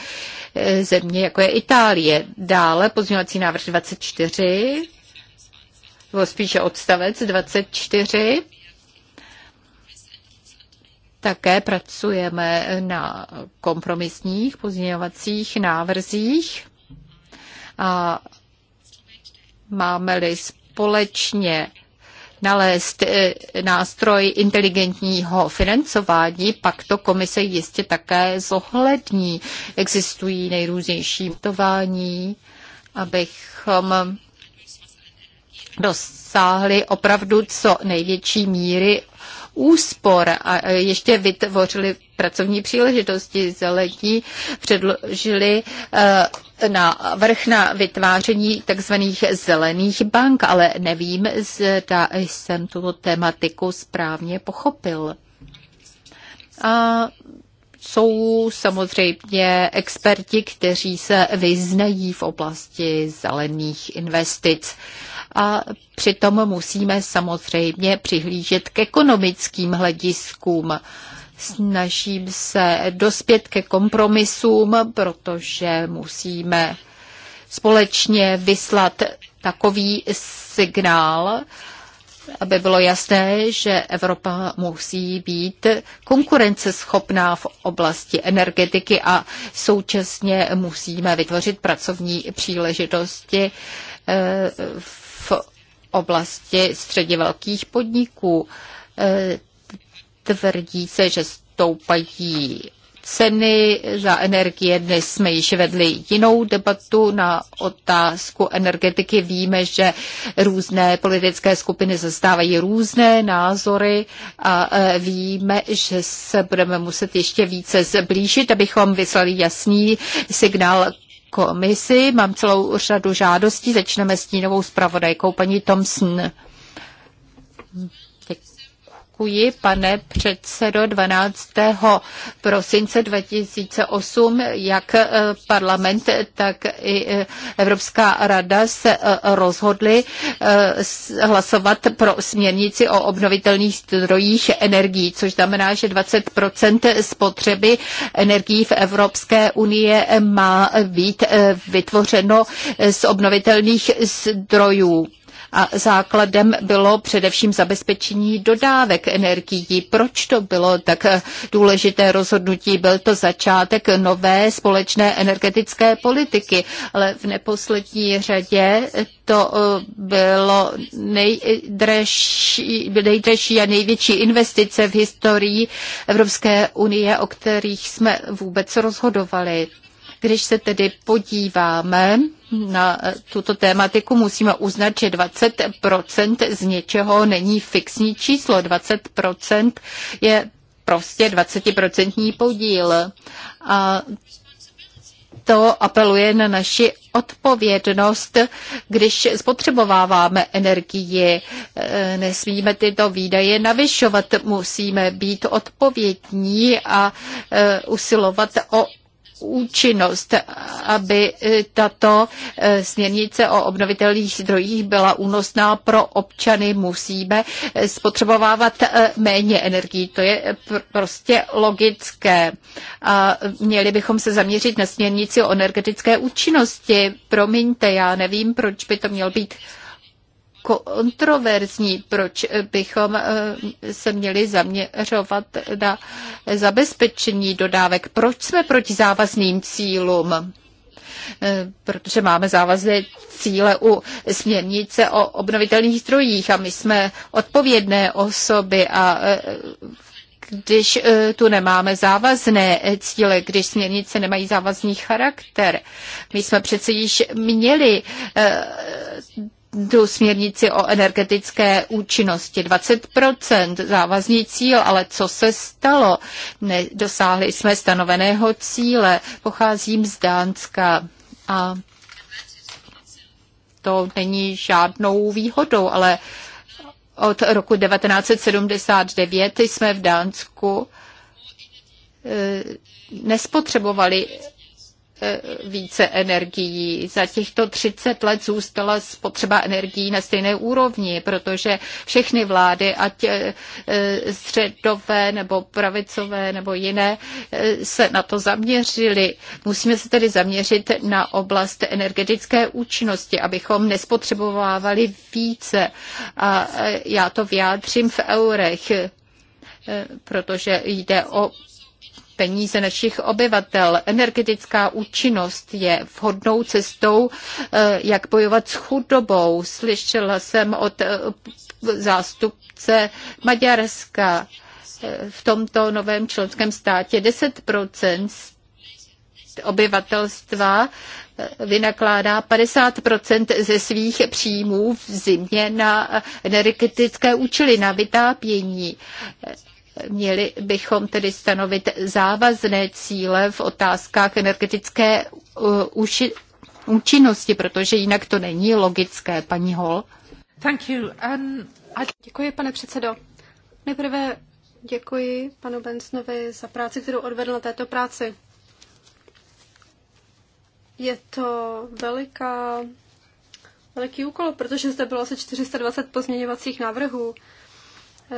eh, země, jako je Itálie. Dále pozměňovací návrh 24, nebo spíše odstavec 24. Také pracujeme na kompromisních pozměňovacích návrzích. A máme-li společně nalézt eh, nástroj inteligentního financování, pak to komise jistě také zohlední. Existují nejrůznější tování, abychom dosáhli opravdu co největší míry úspor a eh, ještě vytvořili pracovní příležitosti zelení, předložili eh, na vrch na vytváření tzv. zelených bank, ale nevím, zda jsem tuto tematiku správně pochopil. A jsou samozřejmě experti, kteří se vyznají v oblasti zelených investic. A přitom musíme samozřejmě přihlížet k ekonomickým hlediskům. Snažím se dospět ke kompromisům, protože musíme společně vyslat takový signál, aby bylo jasné, že Evropa musí být konkurenceschopná v oblasti energetiky a současně musíme vytvořit pracovní příležitosti eh, v oblasti středně velkých podniků. Eh, Tvrdí se, že stoupají ceny za energie. Dnes jsme již vedli jinou debatu na otázku energetiky. Víme, že různé politické skupiny zastávají různé názory a e, víme, že se budeme muset ještě více zblížit, abychom vyslali jasný signál komisi. Mám celou řadu žádostí. Začneme s tínovou zpravodajkou paní Thompson. Děkuji, pane předsedo. 12. prosince 2008 jak eh, parlament, tak i eh, Evropská rada se eh, rozhodly hlasovat pro směrnici o obnovitelných zdrojích energií, což znamená, že 20 spotřeby energií v Evropské unie má být vytvořeno z obnovitelných zdrojů. A základem bylo především zabezpečení dodávek energií. Proč to bylo tak důležité rozhodnutí? Byl to začátek nové společné energetické politiky, ale v neposlední řadě to eh, bylo nejdražší, nejdražší a největší investice v historii Evropské unie, o kterých jsme vůbec rozhodovali. Když se tedy podíváme na eh, tuto tématiku, musíme uznat, že 20% z něčeho není fixní číslo. 20% je prostě 20% podíl. A to apeluje na naši odpovědnost, když spotřebováváme energii. Eh, nesmíme tyto výdaje navyšovat, musíme být odpovědní a eh, usilovat o účinnost, aby e, tato e, směrnice o obnovitelných zdrojích byla únosná pro občany, musíme e, spotřebovávat méně energii. To je prostě logické. A měli bychom se zaměřit na směrnici o energetické účinnosti. Promiňte, já nevím, proč by to měl být kontroverzní, proč bychom eh, se měli zaměřovat na zabezpečení dodávek. Proč jsme proti závazným cílům? Eh, protože máme závazné cíle u směrnice o obnovitelných zdrojích a my jsme odpovědné osoby a eh, když tu nemáme závazné cíle, když směrnice nemají závazný charakter. My jsme přece již měli tu směrnici o energetické účinnosti. 20% závazný cíl, ale co se stalo? Nedosáhli jsme stanoveného cíle. Pocházím z Dánska a to není žádnou výhodou, ale od roku 1979 jsme v Dánsku eh, nespotřebovali Eh, více energií. Za těchto 30 let zůstala spotřeba energií na stejné úrovni, protože všechny vlády, ať eh, středové nebo pravicové nebo jiné, eh, se na to zaměřily. Musíme se tedy zaměřit na oblast energetické účinnosti, abychom nespotřebovávali více. A já to vyjádřím v eurech protože jde o peníze našich obyvatel. Energetická účinnost je vhodnou cestou, eh, jak bojovat s chudobou. Slyšela jsem od eh, zástupce Maďarska eh, v tomto novém členském státě 10 obyvatelstva vynakládá 50 ze svých příjmů v zimě na energetické účely, na vytápění. Měli bychom tedy stanovit závazné cíle v otázkách energetické uh, uši, účinnosti, protože jinak to není logické, paní Hol. Thank you. Um, I... Děkuji, pane předsedo. Nejprve děkuji panu Bensnovi za práci, kterou odvedl na této práci. Je to veliká, veliký úkol, protože zde bylo asi 420 pozměňovacích návrhů.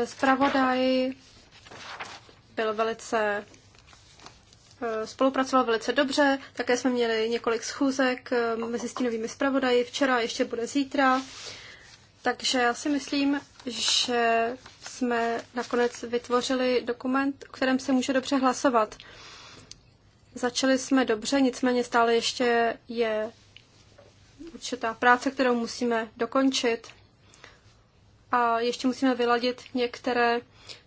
Zpravodaj byl velice eh, spolupracoval velice dobře, také jsme měli několik schůzek eh, mezi stínovými zpravodaji, včera ještě bude zítra. Takže já si myslím, že jsme nakonec vytvořili dokument, o kterém se může dobře hlasovat. Začali jsme dobře, nicméně stále ještě je určitá práce, kterou musíme dokončit. A ještě musíme vyladit některé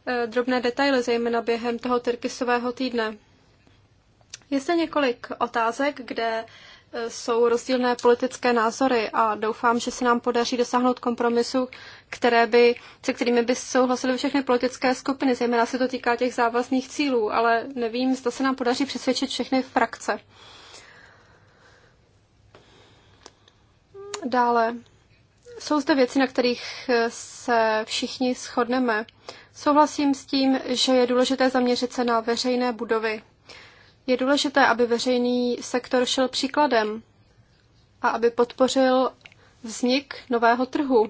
Eh, drobné detaily, zejména během toho tyrkisového týdne. Je se několik otázek, kde eh, jsou rozdílné politické názory a doufám, že se nám podaří dosáhnout kompromisu, které by, se kterými by souhlasily všechny politické skupiny. Zejména se to týká těch závazných cílů, ale nevím, zda se nám podaří přesvědčit všechny frakce. Dále jsou zde věci, na kterých eh, se všichni shodneme. Souhlasím s tím, že je důležité zaměřit se na veřejné budovy. Je důležité, aby veřejný sektor šel příkladem a aby podpořil vznik nového trhu,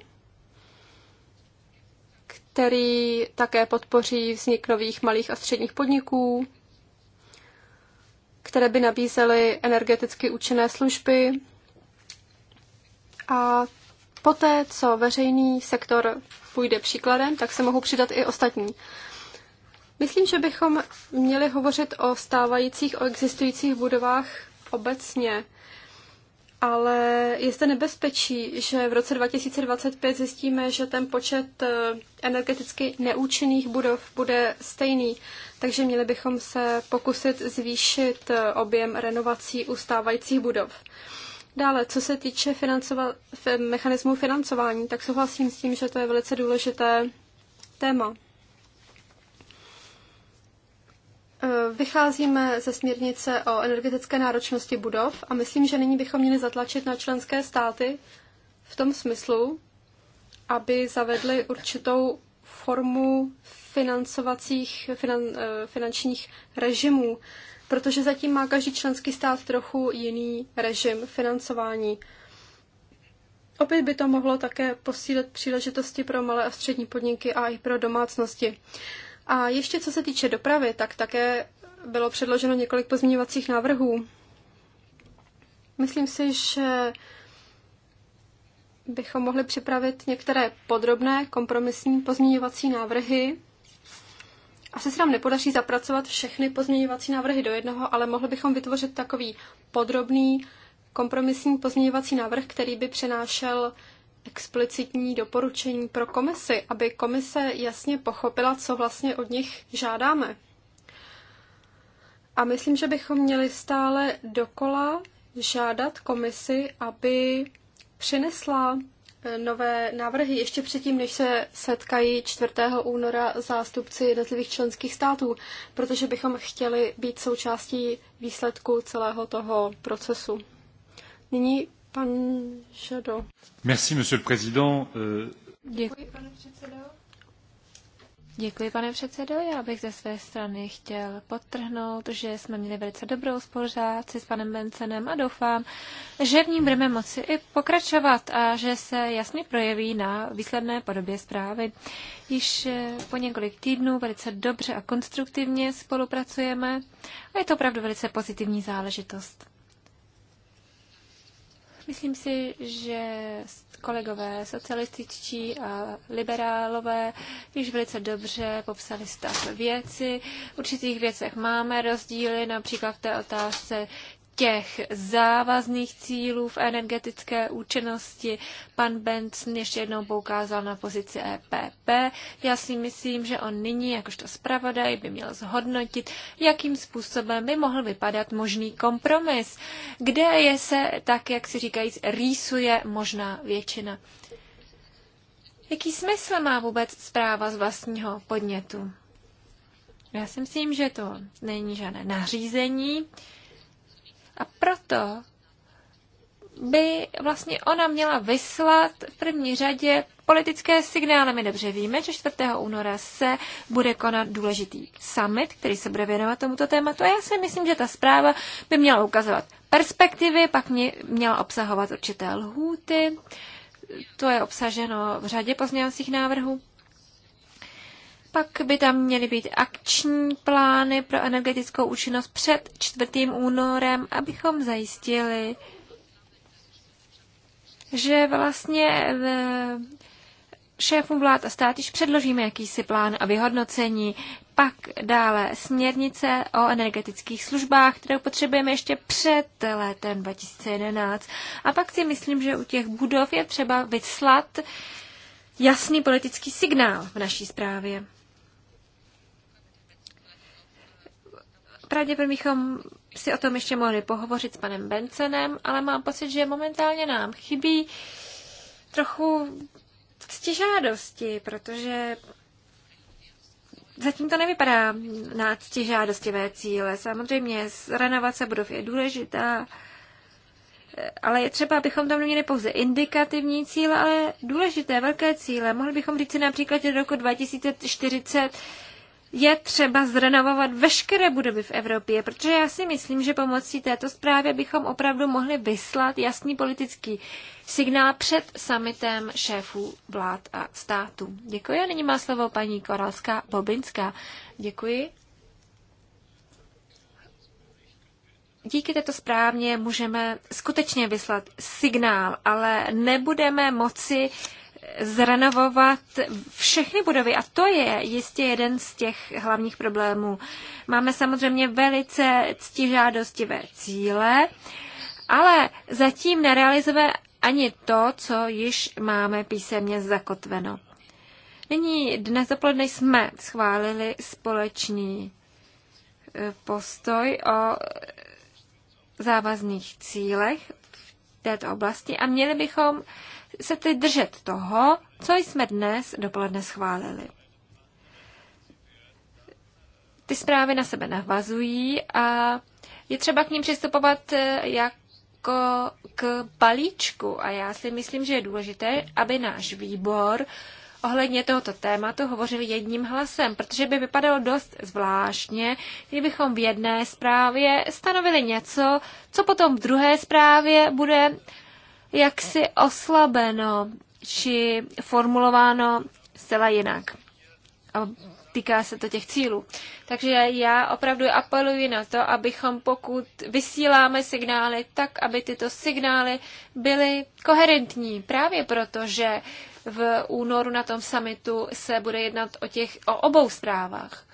který také podpoří vznik nových malých a středních podniků, které by nabízely energeticky účinné služby a Poté, co veřejný sektor půjde příkladem, tak se mohou přidat i ostatní. Myslím, že bychom měli hovořit o stávajících, o existujících budovách obecně, ale je zde nebezpečí, že v roce 2025 zjistíme, že ten počet eh, energeticky neúčinných budov bude stejný, takže měli bychom se pokusit zvýšit eh, objem renovací u stávajících budov. Dále, co se týče financova- mechanismů financování, tak souhlasím s tím, že to je velice důležité téma. E, vycházíme ze směrnice o energetické náročnosti budov a myslím, že nyní bychom měli zatlačit na členské státy v tom smyslu, aby zavedly určitou formu financovacích, finan, e, finančních režimů, protože zatím má každý členský stát trochu jiný režim financování. Opět by to mohlo také posílit příležitosti pro malé a střední podniky a i pro domácnosti. A ještě co se týče dopravy, tak také bylo předloženo několik pozměňovacích návrhů. Myslím si, že bychom mohli připravit některé podrobné kompromisní pozměňovací návrhy, asi se nám nepodaří zapracovat všechny pozměňovací návrhy do jednoho, ale mohli bychom vytvořit takový podrobný kompromisní pozměňovací návrh, který by přenášel explicitní doporučení pro komisi, aby komise jasně pochopila, co vlastně od nich žádáme. A myslím, že bychom měli stále dokola žádat komisi, aby přinesla nové návrhy ještě předtím, než se setkají 4. února zástupci jednotlivých členských států, protože bychom chtěli být součástí výsledku celého toho procesu. Nyní pan Žado. Merci, monsieur le président. Euh, Děkuji, pane předsedo. Děkuji, pane předsedo. Já bych ze své strany chtěl podtrhnout, že jsme měli velice dobrou spolupráci s panem Bencenem a doufám, že v ní budeme moci i pokračovat a že se jasně projeví na výsledné podobě zprávy. Již eh, po několik týdnů velice dobře a konstruktivně spolupracujeme a je to opravdu velice pozitivní záležitost. Myslím si, že Kolegové socialističtí a liberálové již velice dobře popsali stav věci. V určitých věcech máme rozdíly, například v té otázce těch závazných cílů v energetické účinnosti. Pan Benz ještě jednou poukázal na pozici EPP. Já si myslím, že on nyní, jakožto zpravodaj, by měl zhodnotit, jakým způsobem by mohl vypadat možný kompromis, kde je se, tak jak si říkají, rýsuje možná většina. Jaký smysl má vůbec zpráva z vlastního podnětu? Já si myslím, že to není žádné nařízení. A proto by vlastně ona měla vyslat v první řadě politické signály. My dobře víme, že 4. února se bude konat důležitý summit, který se bude věnovat tomuto tématu. A já si myslím, že ta zpráva by měla ukazovat perspektivy, pak mě, měla obsahovat určité lhůty. To je obsaženo v řadě pozměňovacích návrhů. Pak by tam měly být akční plány pro energetickou účinnost před 4. únorem, abychom zajistili, že vlastně eh, šéfům vlád a stát již předložíme jakýsi plán a vyhodnocení. Pak dále směrnice o energetických službách, kterou potřebujeme ještě před létem 2011. A pak si myslím, že u těch budov je třeba vyslat jasný politický signál v naší zprávě. Pravděpodobně bychom si o tom ještě mohli pohovořit s panem Bencenem, ale mám pocit, že momentálně nám chybí trochu ctižádosti, protože zatím to nevypadá na ctižádostivé cíle. Samozřejmě zrenovace budov je důležitá, ale je třeba, abychom tam neměli pouze indikativní cíle, ale důležité, velké cíle. Mohli bychom říct si například, že do roku 2040 je třeba zrenovovat veškeré budovy v Evropě, protože já si myslím, že pomocí této zprávy bychom opravdu mohli vyslat jasný politický signál před summitem šéfů vlád a států. Děkuji a nyní má slovo paní Koralská Bobinská. Děkuji. díky této správně můžeme skutečně vyslat signál, ale nebudeme moci zrenovovat všechny budovy a to je jistě jeden z těch hlavních problémů. Máme samozřejmě velice ctižádostivé cíle, ale zatím nerealizuje ani to, co již máme písemně zakotveno. Nyní dnes dopoledne jsme schválili společný eh, postoj o závazných cílech v této oblasti a měli bychom se tedy držet toho, co jsme dnes dopoledne schválili. Ty zprávy na sebe navazují a je třeba k ním přistupovat eh, jako k balíčku a já si myslím, že je důležité, aby náš výbor ohledně tohoto tématu hovořil jedním hlasem, protože by vypadalo dost zvláštně, kdybychom v jedné zprávě stanovili něco, co potom v druhé zprávě bude jaksi oslabeno či formulováno zcela jinak. A týká se to těch cílů. Takže já opravdu apeluji na to, abychom pokud vysíláme signály, tak aby tyto signály byly koherentní. Právě proto, že v únoru na tom samitu se bude jednat o, těch, o obou zprávách.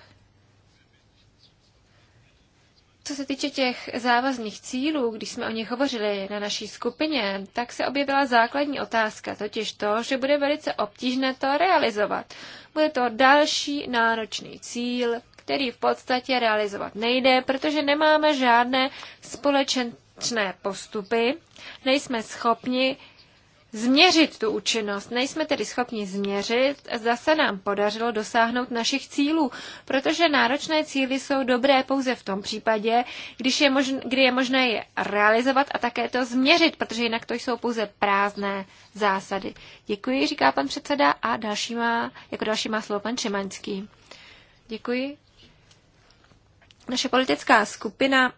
Co se týče těch závazných cílů, když jsme o nich hovořili na naší skupině, tak se objevila základní otázka, totiž to, že bude velice obtížné to realizovat. Bude to další náročný cíl, který v podstatě realizovat nejde, protože nemáme žádné společenské postupy, nejsme schopni změřit tu účinnost. Nejsme tedy schopni změřit, zda se nám podařilo dosáhnout našich cílů, protože náročné cíly jsou dobré pouze v tom případě, když je možn- kdy je možné je realizovat a také to změřit, protože jinak to jsou pouze prázdné zásady. Děkuji, říká pan předseda a další má, jako další má slovo pan Čemaňský. Děkuji. Naše politická skupina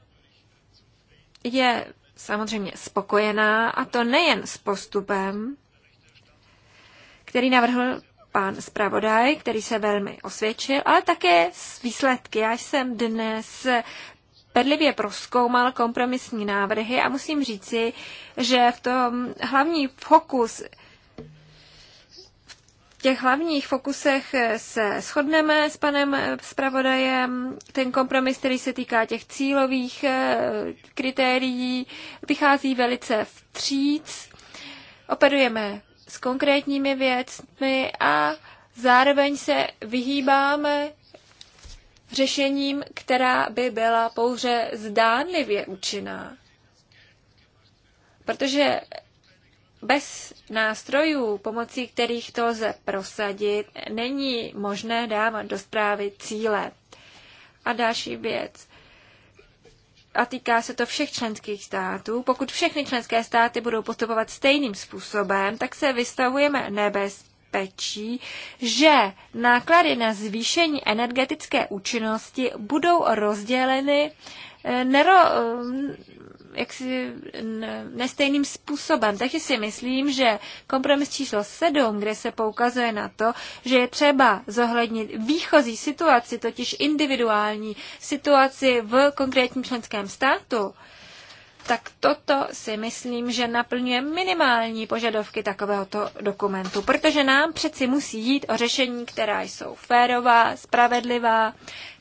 je samozřejmě spokojená, a to nejen s postupem, který navrhl pan zpravodaj, který se velmi osvědčil, ale také s výsledky. Já jsem dnes pedlivě proskoumal kompromisní návrhy a musím říci, že v tom hlavní fokus těch hlavních fokusech eh, se shodneme s panem eh, zpravodajem. Ten kompromis, který se týká těch cílových eh, kritérií, vychází velice vstříc. Operujeme s konkrétními věcmi a zároveň se vyhýbáme řešením, která by byla pouze zdánlivě účinná. Protože bez nástrojů, pomocí kterých to lze prosadit, není možné dávat do zprávy cíle. A další věc. A týká se to všech členských států. Pokud všechny členské státy budou postupovat stejným způsobem, tak se vystavujeme nebezpečí, že náklady na zvýšení energetické účinnosti budou rozděleny eh, nero, jaksi nestejným způsobem. Takže si myslím, že kompromis číslo 7, kde se poukazuje na to, že je třeba zohlednit výchozí situaci, totiž individuální situaci v konkrétním členském státu, tak toto si myslím, že naplňuje minimální požadovky takovéhoto dokumentu, protože nám přeci musí jít o řešení, která jsou férová, spravedlivá,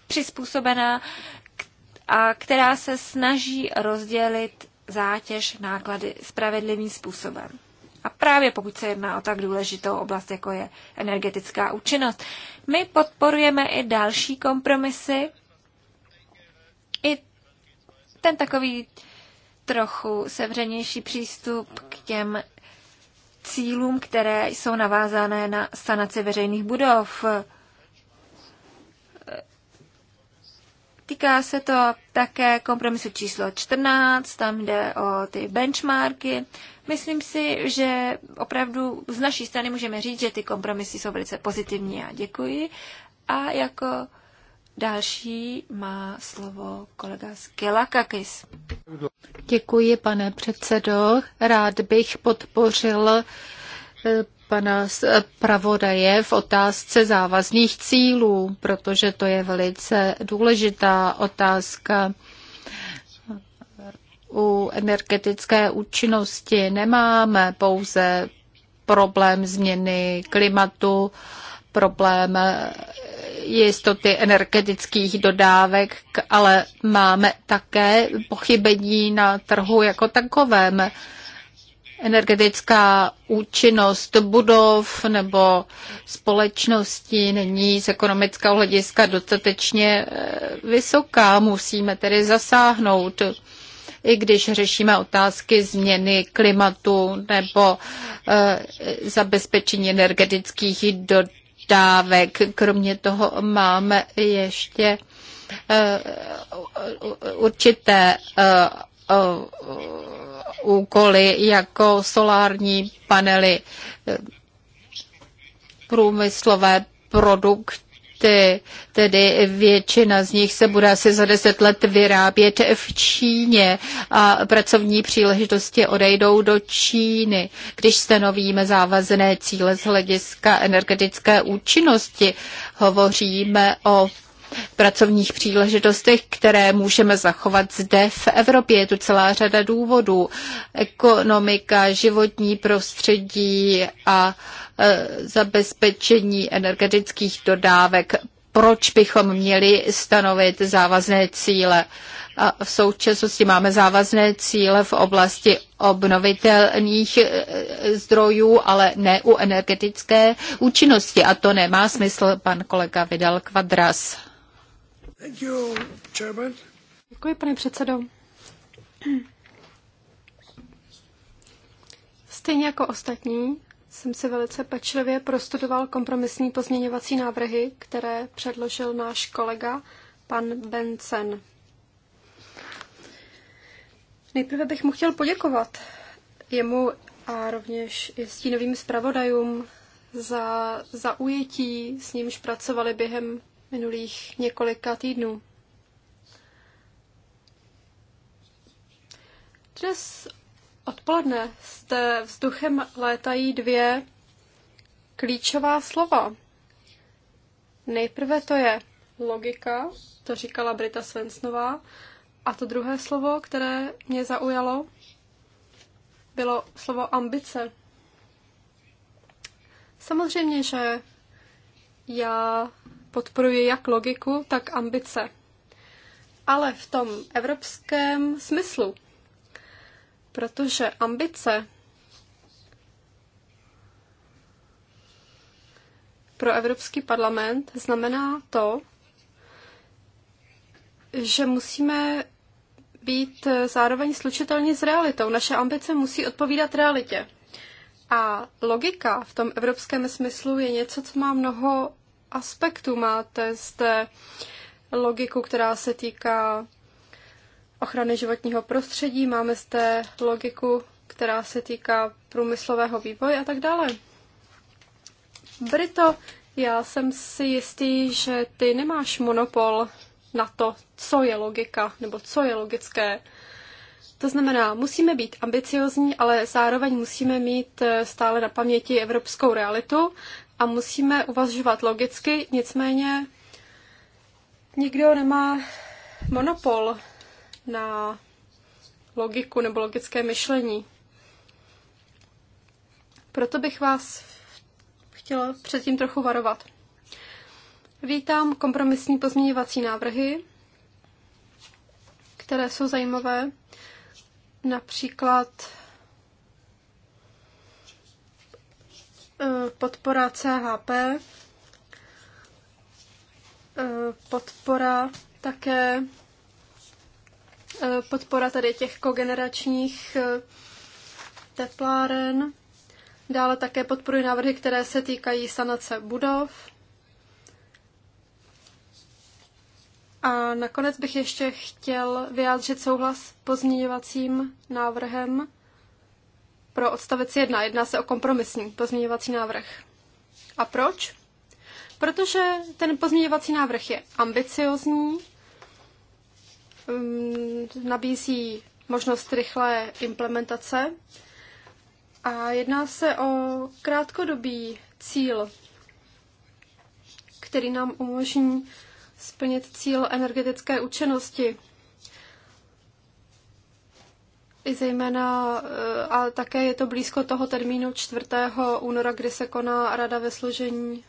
přizpůsobená a která se snaží rozdělit zátěž náklady spravedlivým způsobem. A právě pokud se jedná o tak důležitou oblast, jako je energetická účinnost, my podporujeme i další kompromisy, i ten takový trochu sevřenější přístup k těm cílům, které jsou navázané na sanaci veřejných budov, Týká se to také kompromisu číslo 14, tam jde o ty benchmarky. Myslím si, že opravdu z naší strany můžeme říct, že ty kompromisy jsou velice pozitivní a děkuji. A jako Další má slovo kolega Kakis. Děkuji, pane předsedo. Rád bych podpořil pana eh, Pravodaje v otázce závazných cílů, protože to je velice důležitá otázka. U energetické účinnosti nemáme pouze problém změny klimatu, problém eh, jistoty energetických dodávek, ale máme také pochybení na trhu jako takovém energetická účinnost budov nebo společnosti není z ekonomického hlediska dostatečně eh, vysoká. Musíme tedy zasáhnout, i když řešíme otázky změny klimatu nebo eh, zabezpečení energetických dodávek. Kromě toho máme ještě eh, určité úkoly jako solární panely, průmyslové produkty, tedy většina z nich se bude asi za deset let vyrábět v Číně a pracovní příležitosti odejdou do Číny. Když stanovíme závazné cíle z hlediska energetické účinnosti, hovoříme o pracovních příležitostech, které můžeme zachovat zde v Evropě. Je tu celá řada důvodů. Ekonomika, životní prostředí a e, zabezpečení energetických dodávek. Proč bychom měli stanovit závazné cíle? A v současnosti máme závazné cíle v oblasti obnovitelných e, zdrojů, ale ne u energetické účinnosti. A to nemá smysl, pan kolega Vidal Kvadras. Děkuji, pane předsedo. Stejně jako ostatní jsem si velice pečlivě prostudoval kompromisní pozměňovací návrhy, které předložil náš kolega pan Benson. Nejprve bych mu chtěl poděkovat jemu a rovněž i stínovým zpravodajům za zaujetí, s nímž pracovali během minulých několika týdnů. Dnes odpoledne jste vzduchem létají dvě klíčová slova. Nejprve to je logika, to říkala Brita Svensnová, a to druhé slovo, které mě zaujalo, bylo slovo ambice. Samozřejmě, že já podporuje jak logiku, tak ambice. Ale v tom evropském smyslu. Protože ambice pro Evropský parlament znamená to, že musíme být zároveň slučitelní s realitou. Naše ambice musí odpovídat realitě. A logika v tom evropském smyslu je něco, co má mnoho aspektů. Máte zde logiku, která se týká ochrany životního prostředí, máme zde logiku, která se týká průmyslového vývoje a tak dále. Brito, já jsem si jistý, že ty nemáš monopol na to, co je logika nebo co je logické. To znamená, musíme být ambiciozní, ale zároveň musíme mít eh, stále na paměti evropskou realitu a musíme uvažovat logicky, nicméně nikdo nemá monopol na logiku nebo logické myšlení. Proto bych vás chtěla předtím trochu varovat. Vítám kompromisní pozměňovací návrhy, které jsou zajímavé. Například Eh, podpora CHP, eh, podpora také eh, podpora tady těch kogeneračních tepláren, dále také podporuji návrhy, které se týkají sanace budov. A nakonec bych ještě chtěl vyjádřit souhlas pozměňovacím návrhem pro odstavec 1. Jedná se o kompromisní pozměňovací návrh. A proč? Protože ten pozměňovací návrh je ambiciozní, um, nabízí možnost rychlé implementace a jedná se o krátkodobý cíl, který nám umožní splnit cíl energetické účinnosti i zejména, eh, ale také je to blízko toho termínu 4. února, kdy se koná rada ve složení.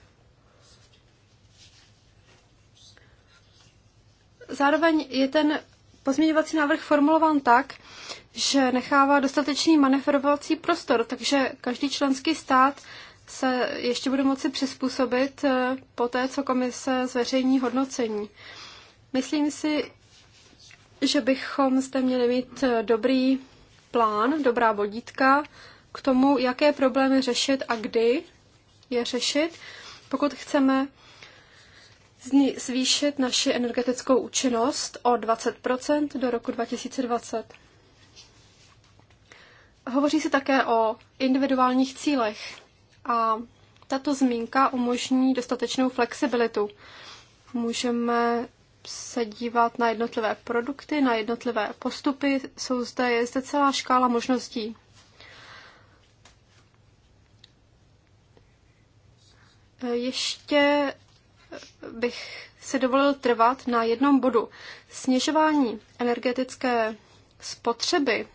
Zároveň je ten pozměňovací návrh formulovan tak, že nechává dostatečný manevrovací prostor, takže každý členský stát se ještě bude moci přizpůsobit eh, po té, co komise zveřejní hodnocení. Myslím si, že bychom zde měli mít eh, dobrý plán, dobrá vodítka k tomu, jaké problémy řešit a kdy je řešit, pokud chceme zvýšit naši energetickou účinnost o 20 do roku 2020. Hovoří se také o individuálních cílech a tato zmínka umožní dostatečnou flexibilitu. Můžeme se dívat na jednotlivé produkty, na jednotlivé postupy. Jsou zde, je zde celá škála možností. Ještě bych si dovolil trvat na jednom bodu. Snižování energetické spotřeby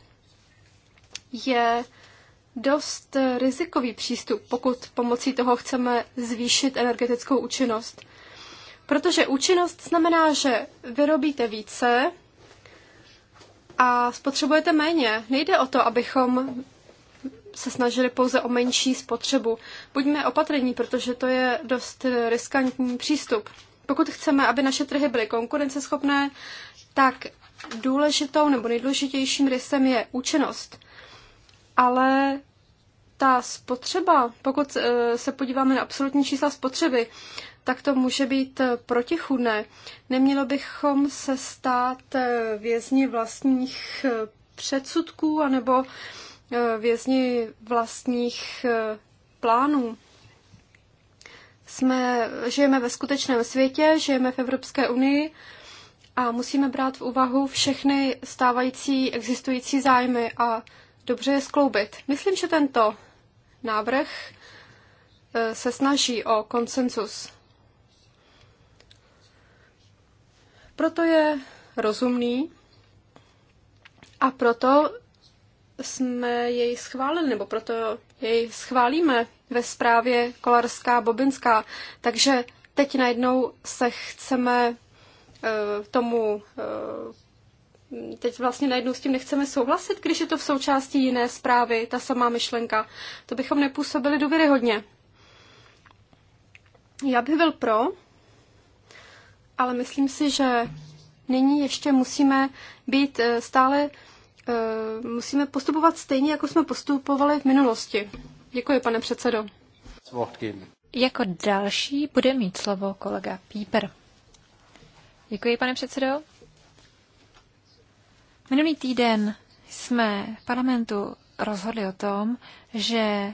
je dost rizikový přístup, pokud pomocí toho chceme zvýšit energetickou účinnost. Protože účinnost znamená, že vyrobíte více a spotřebujete méně. Nejde o to, abychom se snažili pouze o menší spotřebu. Buďme opatrní, protože to je dost riskantní přístup. Pokud chceme, aby naše trhy byly konkurenceschopné, tak důležitou nebo nejdůležitějším rysem je účinnost. Ale ta spotřeba, pokud eh, se podíváme na absolutní čísla spotřeby, tak to může být eh, protichudné. Nemělo bychom se stát eh, vězni vlastních eh, předsudků anebo vězni vlastních plánů. Jsme, žijeme ve skutečném světě, žijeme v Evropské unii a musíme brát v úvahu všechny stávající existující zájmy a dobře je skloubit. Myslím, že tento návrh se snaží o konsenzus. Proto je rozumný a proto jsme jej schválili, nebo proto jej schválíme ve zprávě Kolarská Bobinská. Takže teď najednou se chceme eh, tomu, eh, teď vlastně najednou s tím nechceme souhlasit, když je to v součástí jiné zprávy, ta samá myšlenka. To bychom nepůsobili důvěryhodně. Já bych byl pro, ale myslím si, že nyní ještě musíme být eh, stále, eh, musíme postupovat stejně, jako jsme postupovali v minulosti. Děkuji, pane předsedo. Jako další bude mít slovo kolega Píper. Děkuji, pane předsedo. Minulý týden jsme v parlamentu rozhodli o tom, že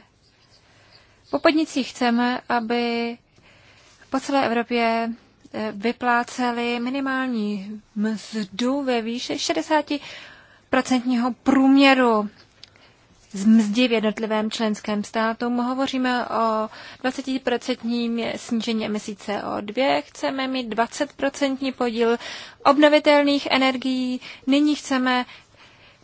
po podnicích chceme, aby po celé Evropě vypláceli minimální mzdu ve výši 60% průměru z mzdy v jednotlivém členském státu. Hovoříme o 20% snížení emisí CO2, chceme mít 20% podíl obnovitelných energií, nyní chceme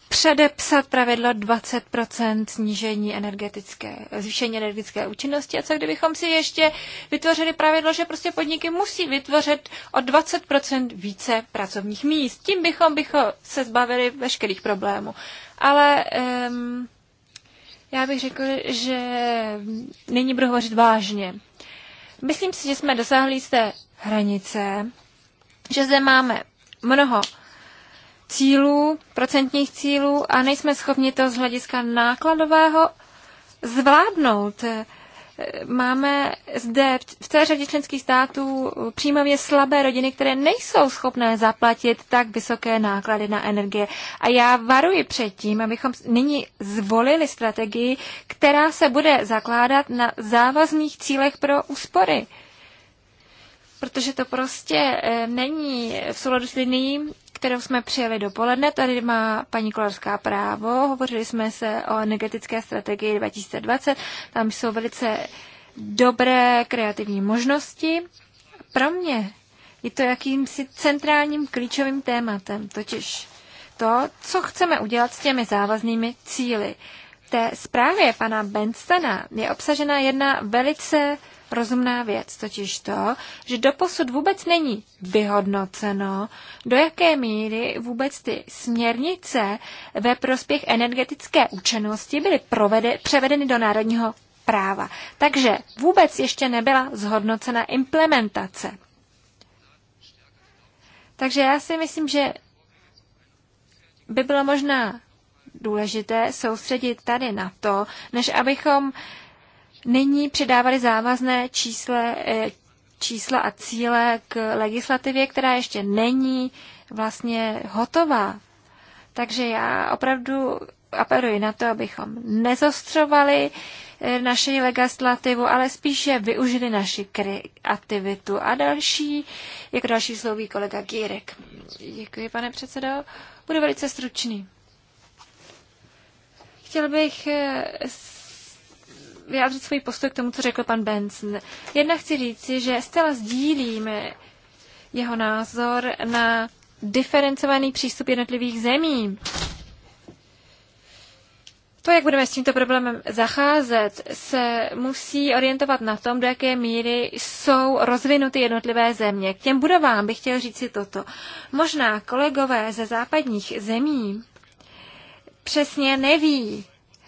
předepsat pravidlo 20% snížení energetické, zvýšení energetické účinnosti a co kdybychom si ještě vytvořili pravidlo, že prostě podniky musí vytvořit o 20% více pracovních míst. Tím bychom, bychom se zbavili veškerých problémů. Ale um, já bych řekl, že nyní budu hovořit vážně. Myslím si, že jsme dosáhli z té hranice, že zde máme mnoho cílů, procentních cílů a nejsme schopni to z hlediska nákladového zvládnout. Máme zde v celé řadě členských států příjmově slabé rodiny, které nejsou schopné zaplatit tak vysoké náklady na energie. A já varuji před tím, abychom nyní zvolili strategii, která se bude zakládat na závazných cílech pro úspory protože to prostě eh, není v souladu s linií kterou jsme přijeli dopoledne. Tady má paní Kolarská právo. Hovořili jsme se o energetické strategii 2020. Tam jsou velice dobré kreativní možnosti. Pro mě je to jakýmsi centrálním klíčovým tématem, totiž to, co chceme udělat s těmi závaznými cíly té zprávě pana Benstana je obsažena jedna velice rozumná věc, totiž to, že doposud vůbec není vyhodnoceno, do jaké míry vůbec ty směrnice ve prospěch energetické účinnosti byly provede, převedeny do národního práva. Takže vůbec ještě nebyla zhodnocena implementace. Takže já si myslím, že by bylo možná důležité soustředit tady na to, než abychom nyní přidávali závazné čísle, eh, čísla a cíle k legislativě, která ještě není vlastně hotová. Takže já opravdu apeluji na to, abychom nezostřovali eh, naši legislativu, ale spíše využili naši kreativitu. A další, jako další slouví kolega Gírek. Děkuji, pane předsedo. Budu velice stručný. Chtěl bych eh, vyjádřit svůj postoj k tomu, co řekl pan Benson. Jednak chci říci, že zcela sdílíme jeho názor na diferencovaný přístup jednotlivých zemí. To, jak budeme s tímto problémem zacházet, se musí orientovat na tom, do jaké míry jsou rozvinuty jednotlivé země. K těm budovám bych chtěl říct si toto. Možná kolegové ze západních zemí přesně neví,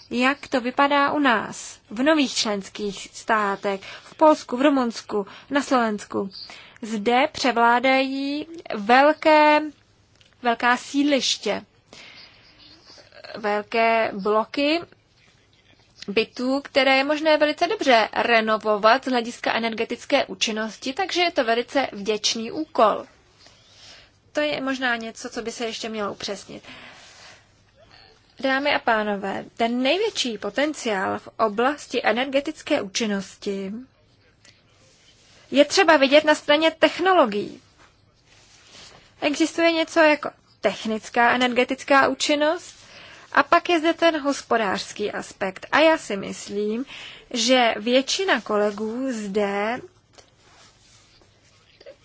jak to vypadá u nás, v nových členských státech, v Polsku, v Rumunsku, na Slovensku. Zde převládají velké, velká sídliště, velké bloky bytů, které je možné velice dobře renovovat z hlediska energetické účinnosti, takže je to velice vděčný úkol. To je možná něco, co by se ještě mělo upřesnit. Uh, Dámy a pánové, ten největší potenciál v oblasti energetické účinnosti je třeba vidět na straně technologií. Existuje něco jako technická energetická účinnost a pak je zde ten hospodářský aspekt. A já si myslím, že většina kolegů zde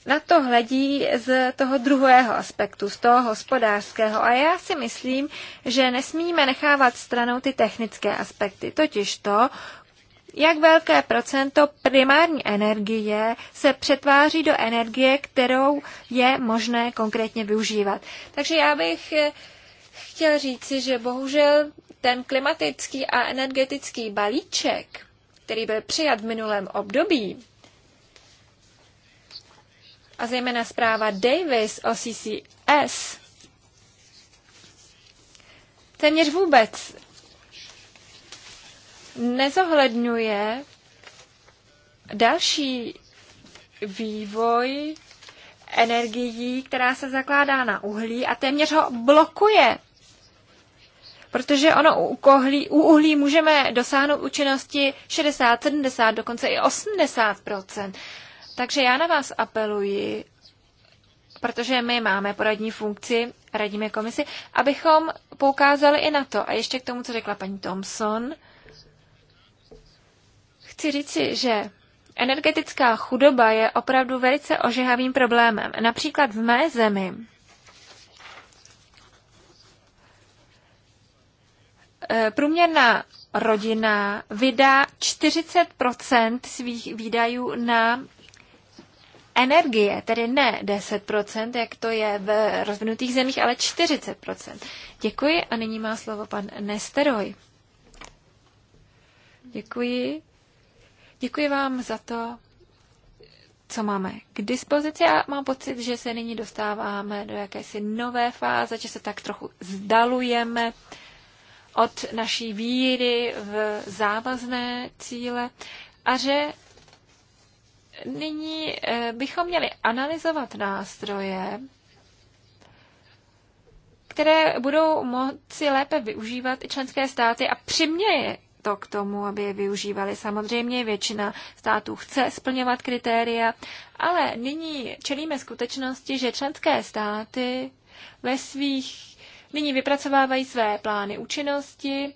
na to hledí z toho druhého aspektu, z toho hospodářského. A já si myslím, že nesmíme nechávat stranou ty technické aspekty, totiž to, jak velké procento primární energie se přetváří do energie, kterou je možné konkrétně využívat. Takže já bych eh, chtěl říci, že bohužel ten klimatický a energetický balíček, který byl přijat v minulém období, a zejména zpráva Davis o CCS téměř vůbec nezohledňuje další vývoj energií, která se zakládá na uhlí a téměř ho blokuje. Protože ono u, kohlí, u uhlí můžeme dosáhnout účinnosti 60, 70, dokonce i 80 takže já na vás apeluji, protože my máme poradní funkci, radíme komisi, abychom poukázali i na to. A ještě k tomu, co řekla paní Thompson, chci říci, že energetická chudoba je opravdu velice ožehavým problémem. Například v mé zemi eh, průměrná rodina vydá 40 svých výdajů na energie, tedy ne 10%, jak to je v rozvinutých zemích, ale 40%. Děkuji a nyní má slovo pan Nesteroj. Děkuji. Děkuji vám za to, co máme k dispozici a mám pocit, že se nyní dostáváme do jakési nové fáze, že se tak trochu zdalujeme od naší víry v závazné cíle a že nyní eh, bychom měli analyzovat nástroje, které budou moci lépe využívat i členské státy a přiměje to k tomu, aby je využívali. Samozřejmě většina států chce splňovat kritéria, ale nyní čelíme skutečnosti, že členské státy ve svých nyní vypracovávají své plány účinnosti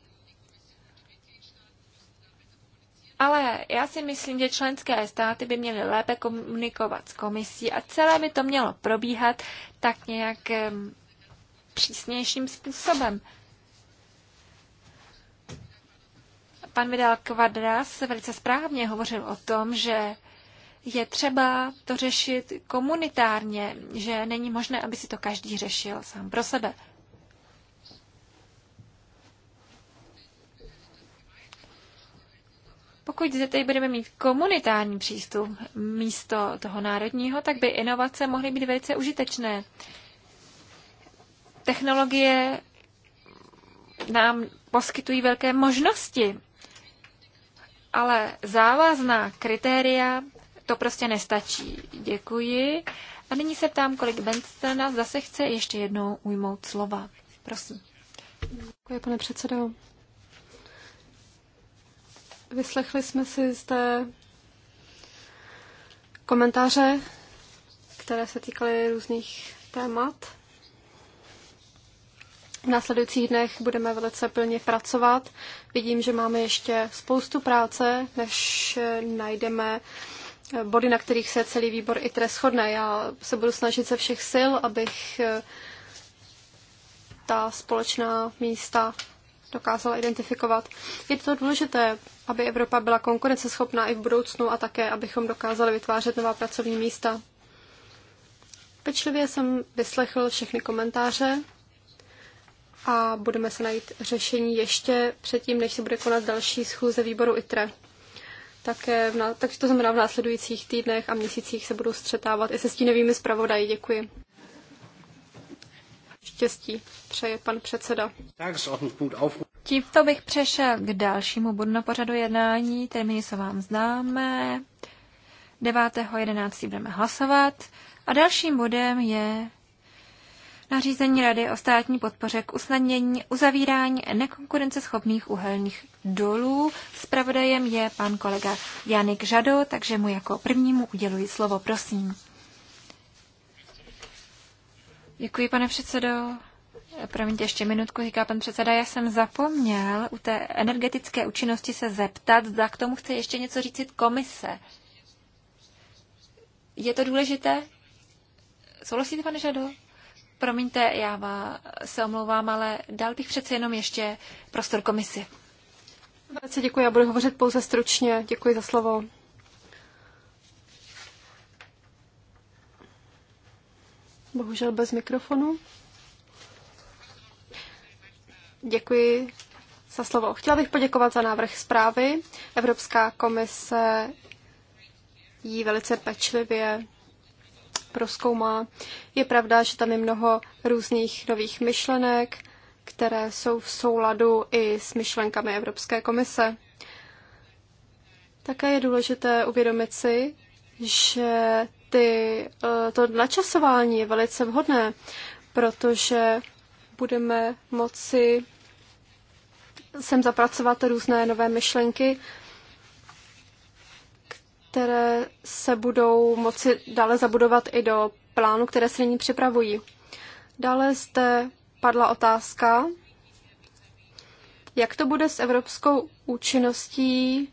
Ale já si myslím, že členské státy by měly lépe komunikovat s komisí a celé by to mělo probíhat tak nějak přísnějším způsobem. Pan Vidal Kvadras velice správně hovořil o tom, že je třeba to řešit komunitárně, že není možné, aby si to každý řešil sám pro sebe. Pokud zde tady budeme mít komunitární přístup místo toho národního, tak by inovace mohly být velice užitečné. Technologie nám poskytují velké možnosti, ale závazná kritéria to prostě nestačí. Děkuji. A nyní se ptám, kolik Benstena zase chce ještě jednou ujmout slova. Prosím. Děkuji, pane předsedo. Vyslechli jsme si zde komentáře, které se týkaly různých témat. V následujících dnech budeme velice plně pracovat. Vidím, že máme ještě spoustu práce, než najdeme body, na kterých se celý výbor i shodne. Já se budu snažit ze všech sil, abych ta společná místa dokázala identifikovat. Je to důležité, aby Evropa byla konkurenceschopná i v budoucnu a také, abychom dokázali vytvářet nová pracovní místa. Pečlivě jsem vyslechl všechny komentáře a budeme se najít řešení ještě předtím, než se bude konat další schůze výboru ITRE. Také v, takže to znamená v následujících týdnech a měsících se budou střetávat i se stínovými zpravodají. Děkuji. Štěstí přeje pan předseda. Tímto bych přešel k dalšímu bodu na pořadu jednání. Termíny se vám známé. 9.11. budeme hlasovat. A dalším bodem je nařízení Rady o státní podpoře k usnadnění uzavírání nekonkurenceschopných uhelných dolů. Spravodajem je pan kolega Janik Žado, takže mu jako prvnímu uděluji slovo, prosím. Děkuji, pane předsedo. Promiňte ještě minutku, říká pan předseda, já jsem zapomněl u té energetické účinnosti se zeptat, zda k tomu chce ještě něco říct komise. Je to důležité? Souhlasíte, pane Žado? Promiňte, já vás se omlouvám, ale dal bych přece jenom ještě prostor komisi. Velice děkuji, já budu hovořit pouze stručně. Děkuji za slovo. bohužel bez mikrofonu. Děkuji za slovo. Chtěla bych poděkovat za návrh zprávy. Evropská komise ji velice pečlivě proskoumá. Je pravda, že tam je mnoho různých nových myšlenek, které jsou v souladu i s myšlenkami Evropské komise. Také je důležité uvědomit si, že ty, eh, to načasování je velice vhodné, protože budeme moci sem zapracovat různé nové myšlenky, které se budou moci dále zabudovat i do plánu, které se nyní připravují. Dále zde padla otázka, jak to bude s evropskou účinností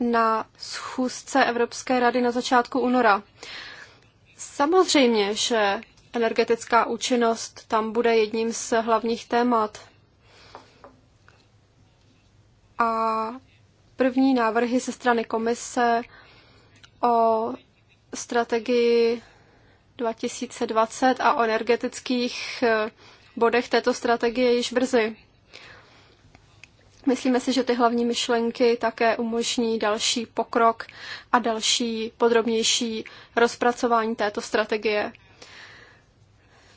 na schůzce Evropské rady na začátku února. Samozřejmě, že energetická účinnost tam bude jedním z hlavních témat. A první návrhy ze strany komise o strategii 2020 a o energetických bodech této strategie již brzy. Myslíme si, že ty hlavní myšlenky také umožní další pokrok a další podrobnější rozpracování této strategie.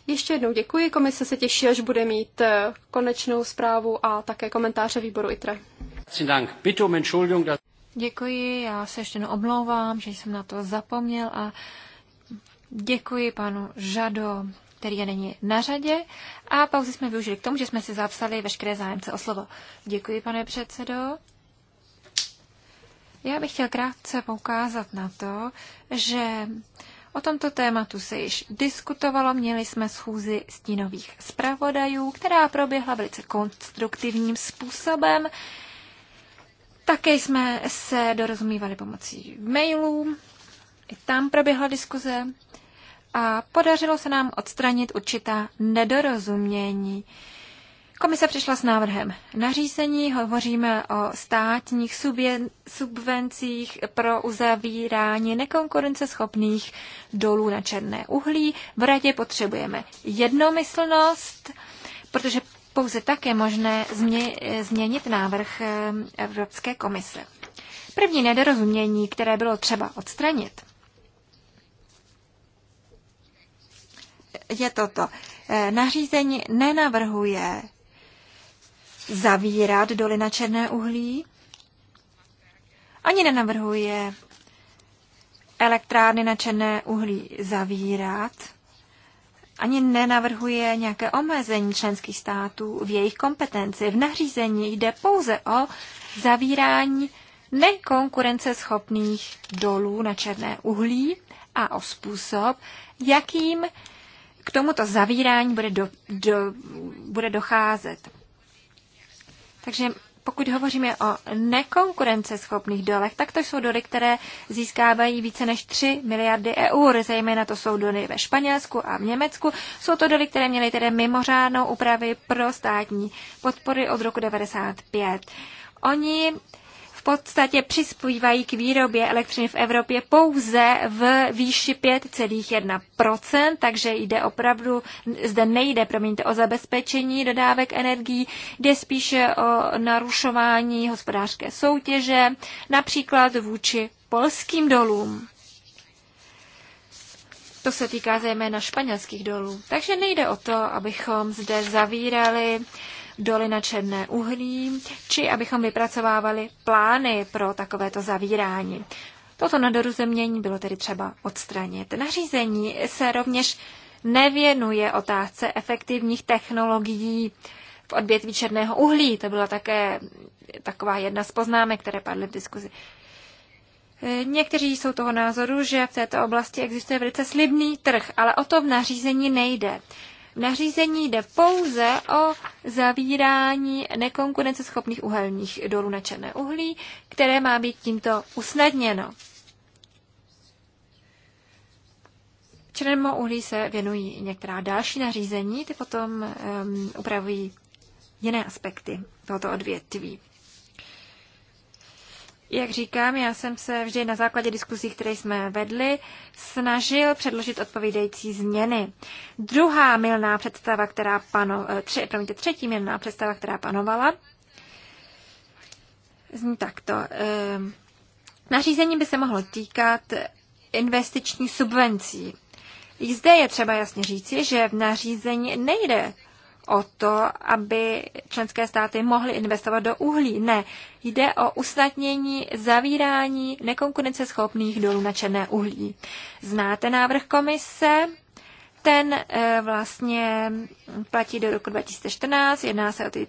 Ještě jednou děkuji. Komise se těší, až bude mít eh, konečnou zprávu a také komentáře výboru ITRE. Um děkuji, já se ještě jednou omlouvám, že jsem na to zapomněl a děkuji panu Žado který je není na řadě. A pauzy jsme využili k tomu, že jsme si zapsali veškeré zájemce o slovo. Děkuji, pane předsedo. Já bych chtěl krátce poukázat na to, že o tomto tématu se již diskutovalo. Měli jsme schůzi stínových zpravodajů, která proběhla velice konstruktivním způsobem. Také jsme se dorozumívali pomocí mailů. I tam proběhla diskuze a podařilo se nám odstranit určitá nedorozumění. Komise přišla s návrhem nařízení, hovoříme o státních subvencích pro uzavírání nekonkurenceschopných dolů na černé uhlí. V radě potřebujeme jednomyslnost, protože pouze tak je možné změnit návrh eh, Evropské komise. První nedorozumění, které bylo třeba odstranit, je toto. E, nařízení nenavrhuje zavírat doly na černé uhlí, ani nenavrhuje elektrárny na černé uhlí zavírat, ani nenavrhuje nějaké omezení členských států v jejich kompetenci. V nařízení jde pouze o zavírání nekonkurenceschopných dolů na černé uhlí a o způsob, jakým k tomuto zavírání bude, do, do, bude docházet. Takže pokud hovoříme o nekonkurenceschopných dolech, tak to jsou doly, které získávají více než 3 miliardy eur. Zejména to jsou doly ve Španělsku a v Německu. Jsou to doly, které měly tedy mimořádnou úpravy pro státní podpory od roku 1995. Oni v podstatě přispívají k výrobě elektřiny v Evropě pouze v výši 5,1%, takže jde opravdu, zde nejde, promiňte, o zabezpečení dodávek energií, jde spíše o narušování hospodářské soutěže, například vůči polským dolům. To se týká zejména španělských dolů. Takže nejde o to, abychom zde zavírali uh, doly na černé uhlí, či abychom vypracovávali plány pro takovéto zavírání. Toto nedorozumění bylo tedy třeba odstranit. Nařízení se rovněž nevěnuje otázce efektivních technologií v odvětví černého uhlí. To byla také taková jedna z poznámek, které padly v diskuzi. Někteří jsou toho názoru, že v této oblasti existuje velice slibný trh, ale o to v nařízení nejde nařízení jde pouze o zavírání nekonkurenceschopných uhelných dolů na černé uhlí, které má být tímto usnadněno. Černému uhlí se věnují některá další nařízení, ty potom um, upravují jiné aspekty tohoto odvětví. Jak říkám, já jsem se vždy na základě diskuzí, které jsme vedli, snažil předložit odpovídající změny. Druhá milná představa, která pano, eh, tři, promiňte, třetí milná představa, která panovala, zní takto. Ehm, nařízení by se mohlo týkat investiční subvencí. I zde je třeba jasně říci, že v nařízení nejde o to, aby členské státy mohly investovat do uhlí. Ne, jde o usnadnění zavírání nekonkurenceschopných dolů na černé uhlí. Znáte návrh komise? Ten eh, vlastně platí do roku 2014, jedná se o ty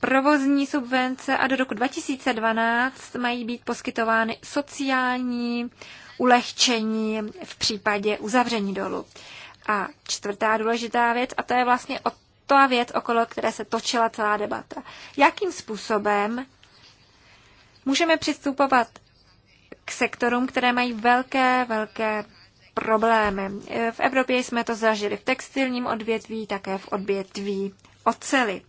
provozní subvence a do roku 2012 mají být poskytovány sociální ulehčení v případě uzavření dolu. A čtvrtá důležitá věc, a to je vlastně od to je věc, okolo které se točila celá debata. Jakým způsobem můžeme přistupovat k sektorům, které mají velké, velké problémy. V Evropě jsme to zažili v textilním odvětví, také v odvětví oceli.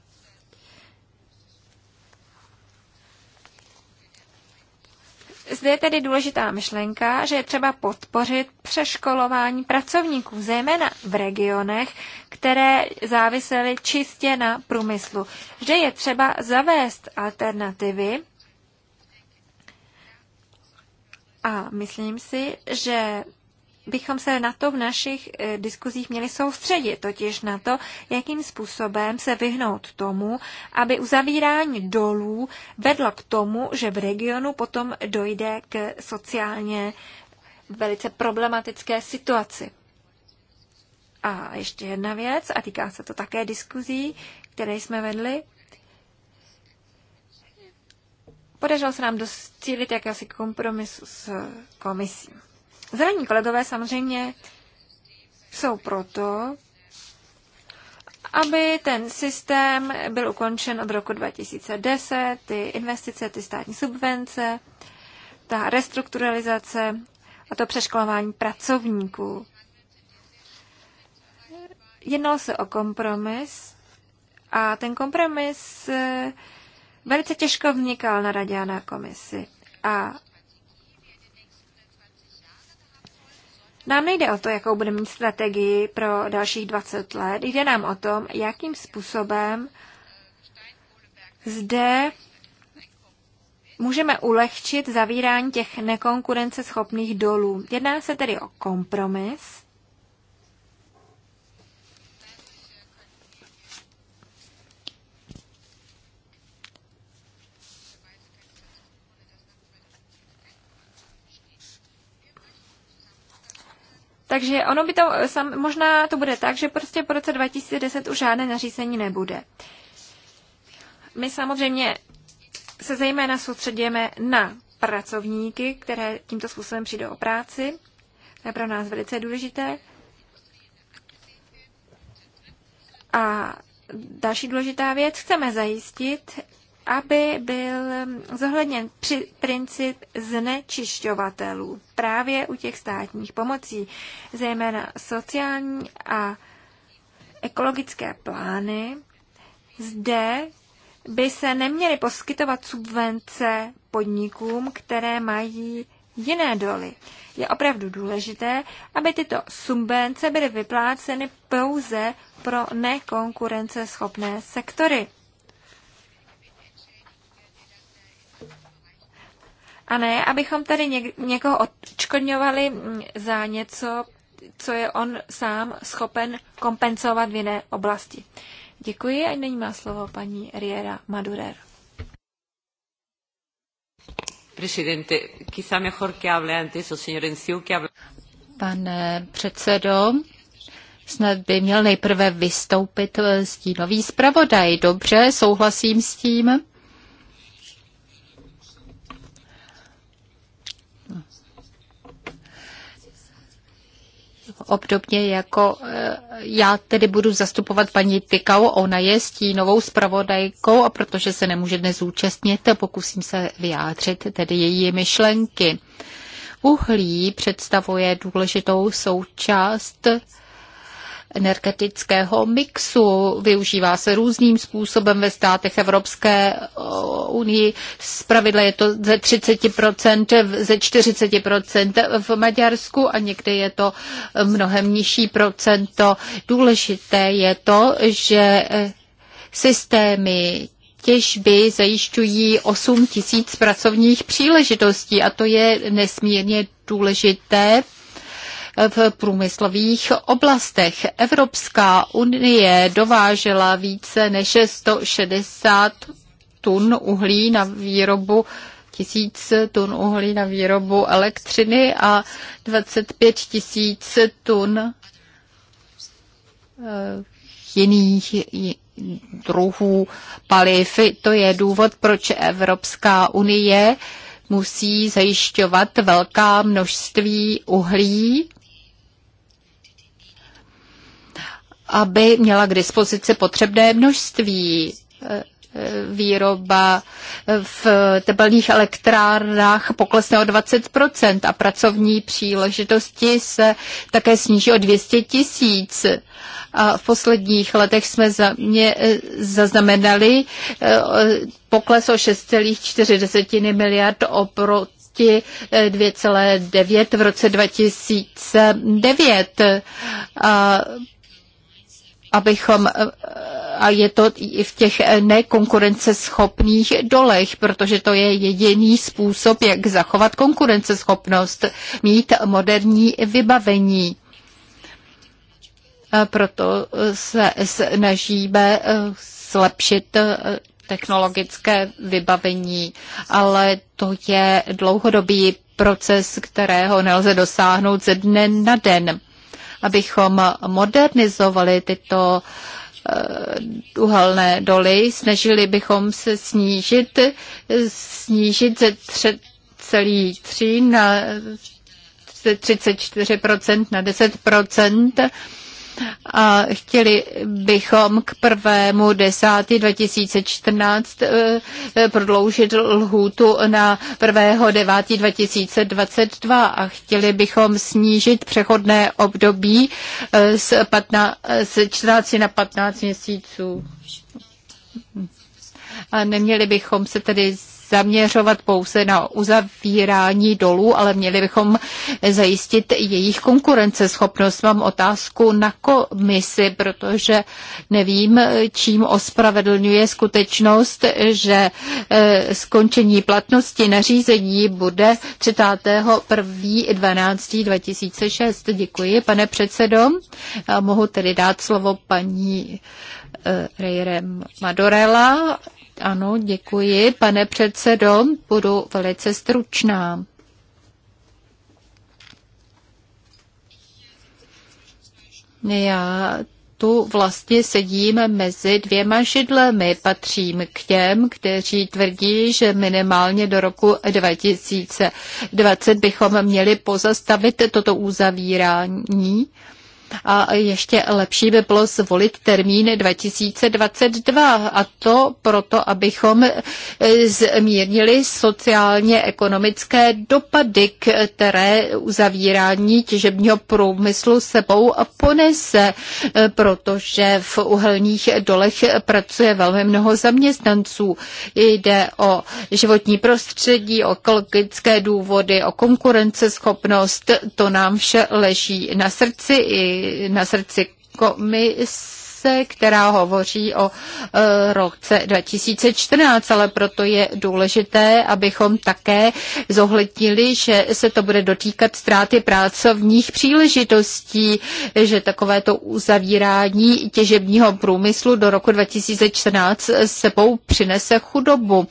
Zde je tedy důležitá myšlenka, že je třeba podpořit přeškolování pracovníků, zejména v regionech, které závisely čistě na průmyslu. že je třeba zavést alternativy a myslím si, že bychom se na to v našich eh, diskuzích měli soustředit, totiž na to, jakým způsobem se vyhnout tomu, aby uzavírání dolů vedlo k tomu, že v regionu potom dojde k sociálně velice problematické situaci. A ještě jedna věc, a týká se to také diskuzí, které jsme vedli. Podařilo se nám docílit jakési kompromisu s komisí. Zraní kolegové samozřejmě jsou proto, aby ten systém byl ukončen od roku 2010, ty investice, ty státní subvence, ta restrukturalizace a to přeškolování pracovníků. Jednalo se o kompromis a ten kompromis eh, velice těžko vnikal na radě a na komisi. A Nám nejde o to, jakou budeme mít strategii pro dalších 20 let, jde nám o tom, jakým způsobem zde můžeme ulehčit zavírání těch nekonkurenceschopných dolů. Jedná se tedy o kompromis, Takže ono by to, sam, možná to bude tak, že prostě po roce 2010 už žádné nařízení nebude. My samozřejmě se zejména soustředíme na pracovníky, které tímto způsobem přijdou o práci. To je pro nás velice důležité. A další důležitá věc, chceme zajistit, aby byl zohledněn při princip znečišťovatelů právě u těch státních pomocí, zejména sociální a ekologické plány. Zde by se neměly poskytovat subvence podnikům, které mají jiné doly. Je opravdu důležité, aby tyto subvence byly vypláceny pouze pro nekonkurenceschopné sektory. A ne, abychom tady něk- někoho odškodňovali mm, za něco, co je on sám schopen kompenzovat v jiné oblasti. Děkuji a nyní má slovo paní Riera Madurer. Presidente, quizá mejor que hable antes o señor Enciu que hable... Pane předsedo, Snad by měl nejprve vystoupit stínový zpravodaj. Dobře, souhlasím s tím. obdobně jako eh, já tedy budu zastupovat paní Tykau, ona je stínovou zpravodajkou a protože se nemůže dnes zúčastnit, pokusím se vyjádřit tedy její myšlenky. Uhlí představuje důležitou součást energetického mixu. Využívá se různým způsobem ve státech Evropské unii. Zpravidla je to ze 30%, ze 40% v Maďarsku a někdy je to mnohem nižší procento. Důležité je to, že e, systémy těžby zajišťují 8 tisíc pracovních příležitostí a to je nesmírně důležité v průmyslových oblastech. Evropská unie dovážela více než 160 tun uhlí na výrobu tisíc tun uhlí na výrobu elektřiny a 25 tisíc tun eh, jiných druhů paliv. To je důvod, proč Evropská unie musí zajišťovat velká množství uhlí aby měla k dispozici potřebné množství eh, eh, výroba v tepelných elektrárnách poklesne o 20% a pracovní příležitosti se také sníží o 200 tisíc. A v posledních letech jsme za mě eh, zaznamenali pokles o 6,4 miliard oproti 2,9 v roce 2009. A abychom eh, a je to i v těch eh, nekonkurenceschopných dolech, protože to je jediný způsob, jak zachovat konkurenceschopnost, mít moderní vybavení. A eh, proto se snažíme zlepšit technologické vybavení, ale to je dlouhodobý proces, kterého nelze dosáhnout ze dne na den abychom modernizovali tyto eh, uhelné doly. Snažili bychom se snížit, snížit ze 3,3 na 34% na 10% a chtěli bychom k prvému desátý 2014 eh, eh, prodloužit lhůtu na prvého 9. 2022 a chtěli bychom snížit přechodné období eh, z, 15, z 14 na 15 měsíců. A neměli bychom se tedy zaměřovat pouze na uzavírání dolů, ale měli bychom zajistit jejich konkurenceschopnost. Mám otázku na komisi, protože nevím, čím ospravedlňuje skutečnost, že eh, skončení platnosti nařízení bude 31.12.2006. Děkuji, pane předsedo. Mohu tedy dát slovo paní eh, Rejre Madorela ano, děkuji, pane předsedo, budu velice stručná. Já tu vlastně sedím mezi dvěma židlemi. Patřím k těm, kteří tvrdí, že minimálně do roku 2020 bychom měli pozastavit toto uzavírání a ještě lepší by bylo zvolit termín 2022 a to proto, abychom e, zmírnili sociálně-ekonomické dopady, které uzavírání těžebního průmyslu sebou ponese, e, protože v uhelných dolech pracuje velmi mnoho zaměstnanců. Jde o životní prostředí, o ekologické důvody, o konkurenceschopnost, to nám vše leží na srdci i na srdci komise komise, která hovoří o e, roce 2014, ale proto je důležité, abychom také zohlednili, že se to bude dotýkat ztráty pracovních příležitostí, že takovéto uzavírání těžebního průmyslu do roku 2014 sebou přinese chudobu.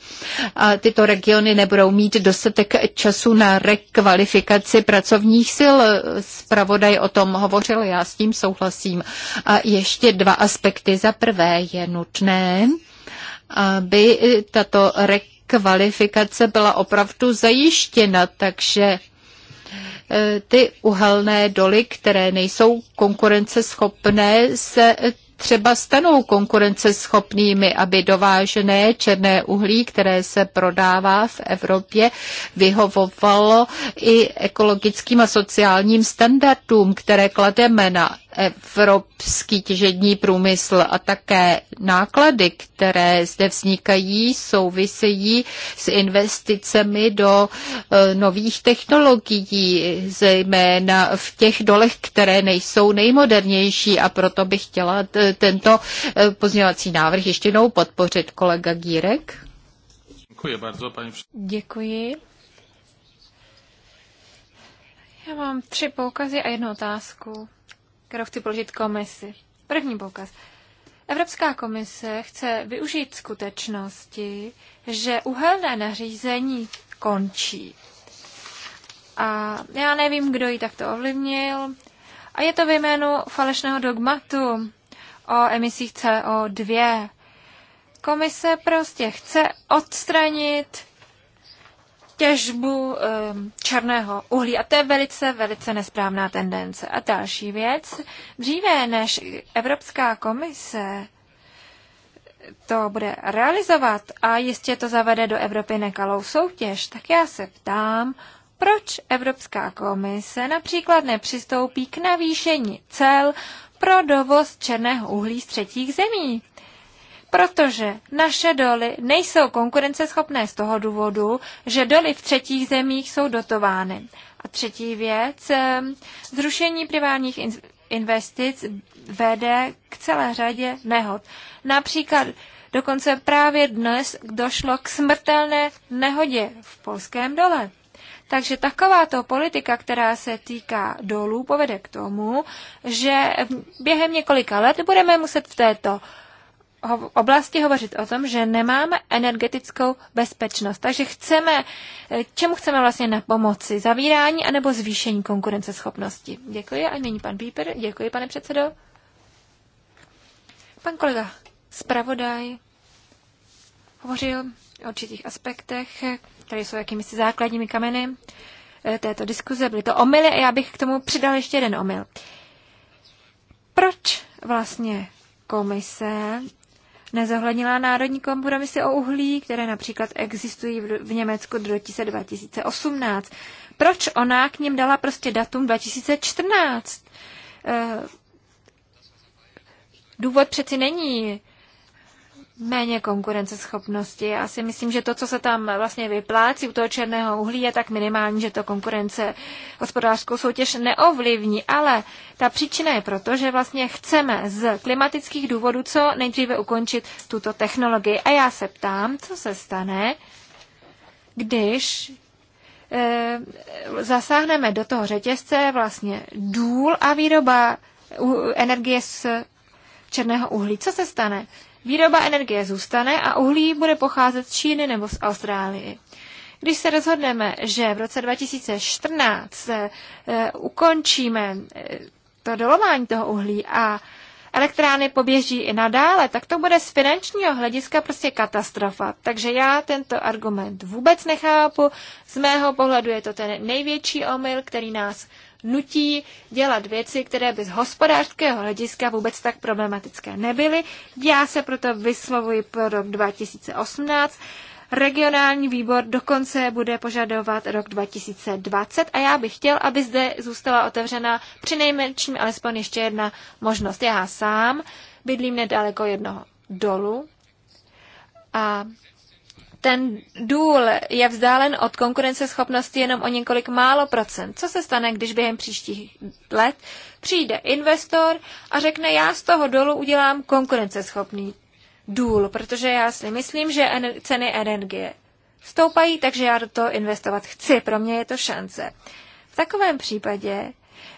A tyto regiony nebudou mít dostatek času na rekvalifikaci pracovních sil. Spravodaj o tom hovořil, já s tím souhlasím. A ještě dva aspekty. Za prvé je nutné, aby tato rekvalifikace byla opravdu zajištěna, takže eh, ty uhelné doly, které nejsou konkurenceschopné, se třeba stanou konkurenceschopnými, aby dovážené černé uhlí, které se prodává v Evropě, vyhovovalo i ekologickým a sociálním standardům, které klademe na evropský těžební průmysl a také náklady, které zde vznikají, souvisejí s investicemi do e, nových technologií, zejména v těch dolech, které nejsou nejmodernější a proto bych chtěla e, tento e, pozměňovací návrh ještě jednou podpořit. Kolega Gírek. Děkuji bardzo, paní... Děkuji. Já mám tři poukazy a jednu otázku kterou chci položit komisi. První poukaz. Evropská komise chce využít skutečnosti, že uhelné nařízení končí. A já nevím, kdo ji takto ovlivnil. A je to v jménu falešného dogmatu o emisích CO2. Komise prostě chce odstranit těžbu ehm, černého uhlí. A to je velice, velice nesprávná tendence. A další věc, dříve než Evropská komise to bude realizovat a jistě to zavede do Evropy nekalou soutěž, tak já se ptám, proč Evropská komise například nepřistoupí k navýšení cel pro dovoz černého uhlí z třetích zemí? protože naše doly nejsou konkurenceschopné z toho důvodu, že doly v třetích zemích jsou dotovány. A třetí věc, eh, zrušení privátních investic vede k celé řadě nehod. Například dokonce právě dnes došlo k smrtelné nehodě v polském dole. Takže takováto politika, která se týká dolů, povede k tomu, že během několika let budeme muset v této oblasti hovořit o tom, že nemáme energetickou bezpečnost. Takže chceme, eh, čemu chceme vlastně na pomoci? Zavírání anebo zvýšení konkurenceschopnosti? Děkuji a nyní pan Píper. Děkuji, pane předsedo. Pan kolega zpravodaj hovořil o určitých aspektech, které jsou jakýmisi základními kameny eh, této diskuze. Byly to omily a já bych k tomu přidal ještě jeden omyl. Proč vlastně komise nezohlednila národní kompromisy o uhlí, které například existují v Německu do 2018. Proč ona k ním dala prostě datum 2014? Eh, důvod přeci není méně konkurenceschopnosti. Já si myslím, že to, co se tam vlastně vyplácí u toho černého uhlí, je tak minimální, že to konkurence hospodářskou soutěž neovlivní. Ale ta příčina je proto, že vlastně chceme z klimatických důvodů co nejdříve ukončit tuto technologii. A já se ptám, co se stane, když e, zasáhneme do toho řetězce vlastně důl a výroba energie z černého uhlí. Co se stane? Výroba energie zůstane a uhlí bude pocházet z Číny nebo z Austrálie. Když se rozhodneme, že v roce 2014 e, eh, eh, ukončíme eh, to dolování toho uhlí a elektrárny poběží i nadále, tak to bude z finančního hlediska prostě katastrofa. Takže já tento argument vůbec nechápu. Z mého pohledu je to ten největší omyl, který nás nutí dělat věci, které by z hospodářského hlediska vůbec tak problematické nebyly. Já se proto vyslovuji pro rok 2018. Regionální výbor dokonce bude požadovat rok 2020 a já bych chtěl, aby zde zůstala otevřena přinejmenším alespoň ještě jedna možnost. Já sám bydlím nedaleko jednoho dolu a ten důl je vzdálen od konkurenceschopnosti jenom o několik málo procent. Co se stane, když během příštích let přijde investor a řekne, já z toho dolu udělám konkurenceschopný důl, protože já si myslím, že ceny energie stoupají, takže já do toho investovat chci. Pro mě je to šance. V takovém případě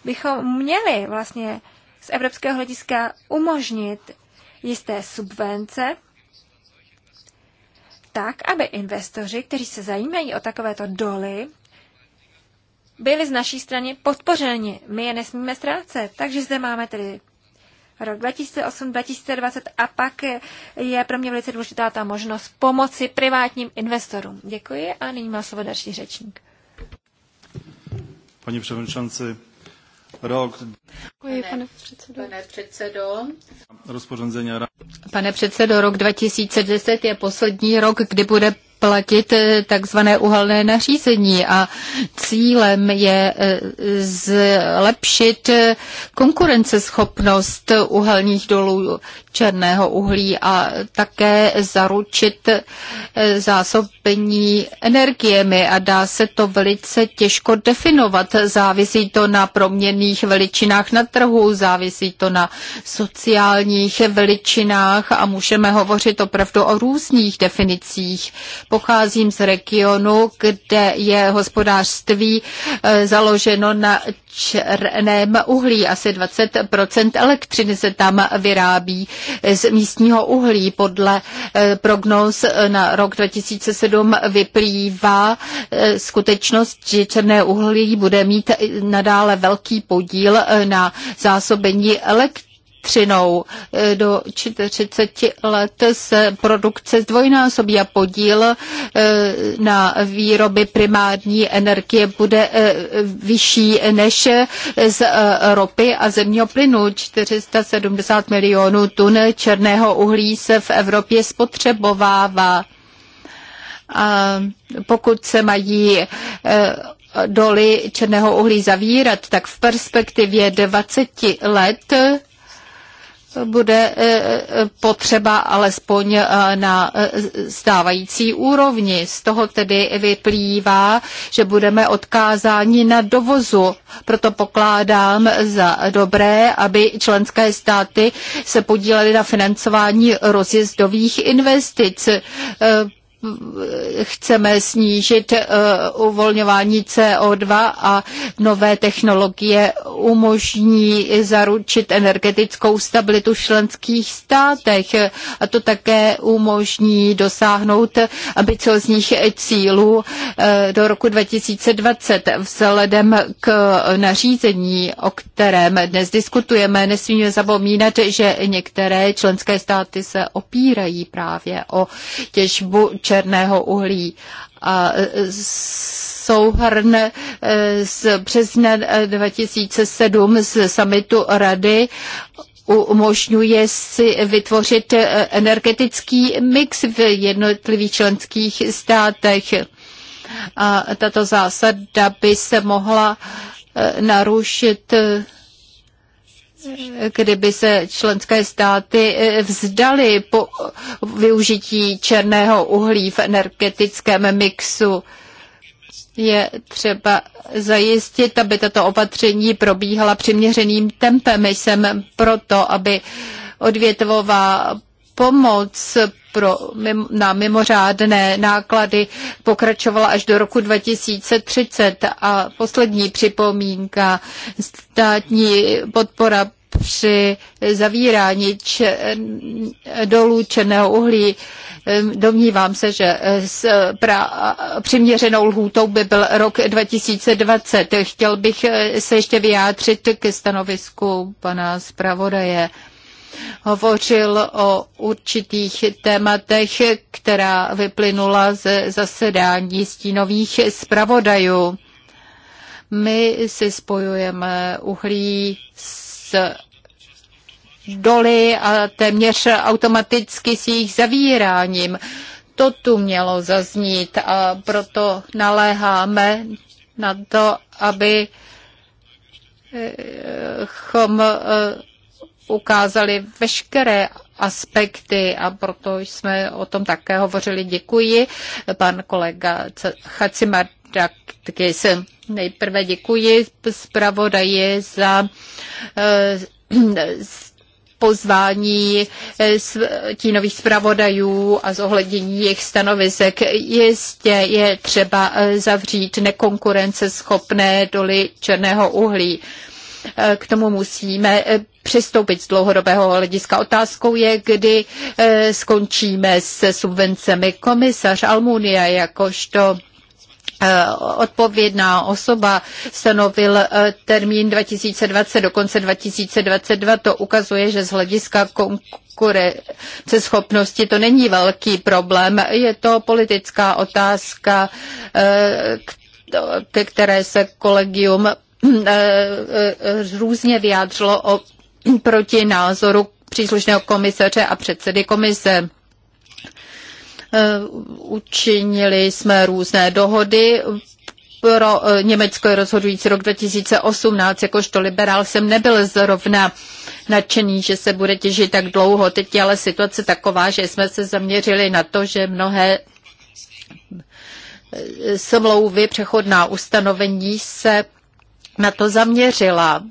bychom měli vlastně z evropského hlediska umožnit jisté subvence tak, aby investoři, kteří se zajímají o takovéto doly, byli z naší strany podpořeni. My je nesmíme ztrácet. Takže zde máme tedy rok 2008, 2020 a pak je pro mě velice důležitá ta možnost pomoci privátním investorům. Děkuji a nyní má slovo další řečník. Pane předsedající, rok. Děkuji, pane, předsedo. Pane předsedo. Rozpořenzení Pane předsedo, rok 2010 je poslední rok, kdy bude platit eh, takzvané uhelné nařízení a cílem je eh, zlepšit eh, konkurenceschopnost uhelných dolů černého uhlí a také zaručit eh, zásobení energiemi a dá se to velice těžko definovat. Závisí to na proměnných veličinách na trhu, závisí to na sociálních veličinách a můžeme hovořit opravdu o různých definicích. Pocházím z regionu, kde je hospodářství eh, založeno na černém uhlí. Asi 20% elektřiny se tam vyrábí z místního uhlí. Podle eh, prognóz eh, na rok 2007 vyplývá eh, skutečnost, že černé uhlí bude mít nadále velký podíl na zásobení elektřiny elektřinou. E, do 40 let se produkce zdvojnásobí a podíl e, na výroby primární energie bude e, vyšší než z ropy a zemního plynu. 470 milionů tun černého uhlí se v Evropě spotřebovává. A pokud se mají doly černého uhlí zavírat, tak v perspektivě 20 let bude e, e, potřeba alespoň e, na stávající úrovni. Z toho tedy vyplývá, že budeme odkázáni na dovozu. Proto pokládám za dobré, aby členské státy se podílely na financování rozjezdových investic chceme snížit eh, uvolňování CO2 a nové technologie umožní zaručit energetickou stabilitu v členských státech a to také umožní dosáhnout ambiciozních cílů eh, do roku 2020 vzhledem k nařízení, o kterém dnes diskutujeme. Nesmíme zapomínat, že některé členské státy se opírají právě o těžbu čer černého uhlí. A e, souhrn e, z března 2007 e, z samitu Rady umožňuje si vytvořit energetický mix v jednotlivých členských státech. A tato zásada by se mohla narušit kdyby se členské státy eh, vzdali po využití černého uhlí v energetickém mixu. Je třeba zajistit, aby tato opatření probíhala přiměřeným tempem. Jsem proto, aby odvětvová pomoc pro, na mimořádné náklady pokračovala až do roku 2030. A poslední připomínka, státní podpora při zavírání če- dolů černého uhlí. Domnívám se, že s pra- přiměřenou lhůtou by byl rok 2020. Chtěl bych eh, se ještě vyjádřit ke stanovisku pana zpravodaje hovořil o určitých tématech, která vyplynula ze zasedání stínových zpravodajů. My si spojujeme uhlí s doly a téměř automaticky s jejich zavíráním. To tu mělo zaznít a proto naléháme na to, aby eh, chom eh, ukázali veškeré aspekty a proto jsme o tom také hovořili. Děkuji, pan kolega taky se Nejprve děkuji zpravodaji za eh, pozvání eh, tínových zpravodajů a zohlednění jejich stanovisek. Jistě je třeba eh, zavřít nekonkurenceschopné doly černého uhlí. Eh, k tomu musíme přistoupit z dlouhodobého hlediska. Otázkou je, kdy skončíme se subvencemi. Komisař Almunia jakožto Eh, odpovědná osoba stanovil eh, termín 2020 do konce 2022. To ukazuje, že z hlediska konkurence schopnosti to není velký problém. Je to politická otázka, eh, ke které se kolegium různě vyjádřilo o proti názoru příslušného komisaře a předsedy komise. Eh, učinili jsme různé dohody, pro eh, Německo je rozhodující rok 2018, jakožto liberál jsem nebyl zrovna nadšený, že se bude těžit tak dlouho. Teď je ale situace taková, že jsme se zaměřili na to, že mnohé eh, smlouvy, přechodná ustanovení se na to zaměřila.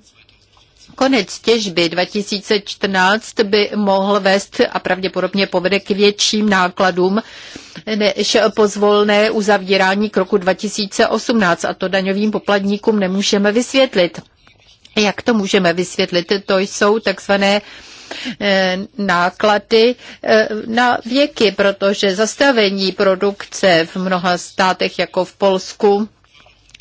Konec těžby 2014 by mohl vést a pravděpodobně povede k větším nákladům než pozvolné uzavírání k roku 2018 a to daňovým poplatníkům nemůžeme vysvětlit. Jak to můžeme vysvětlit? To jsou takzvané eh, náklady eh, na věky, protože zastavení produkce v mnoha státech, jako v Polsku,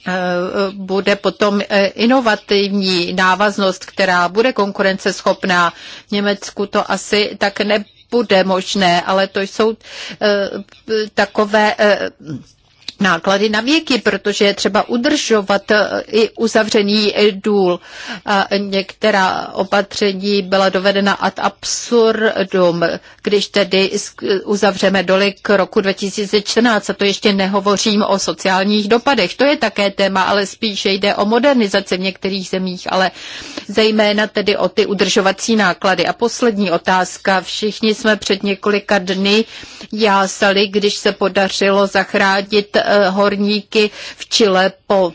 Eh, bude potom eh, inovativní návaznost, která bude konkurenceschopná. V Německu to asi tak nebude možné, ale to jsou eh, takové náklady na věky, protože je třeba udržovat eh, i uzavřený eh, důl. některá opatření byla dovedena ad absurdum, když tedy uzavřeme doly k roku 2014, a to ještě nehovořím o sociálních dopadech. To je také téma, ale spíše jde o modernizaci v některých zemích, ale zejména tedy o ty udržovací náklady. A poslední otázka. Všichni jsme před několika dny jásali, když se podařilo zachránit Eh, horníky v Chile po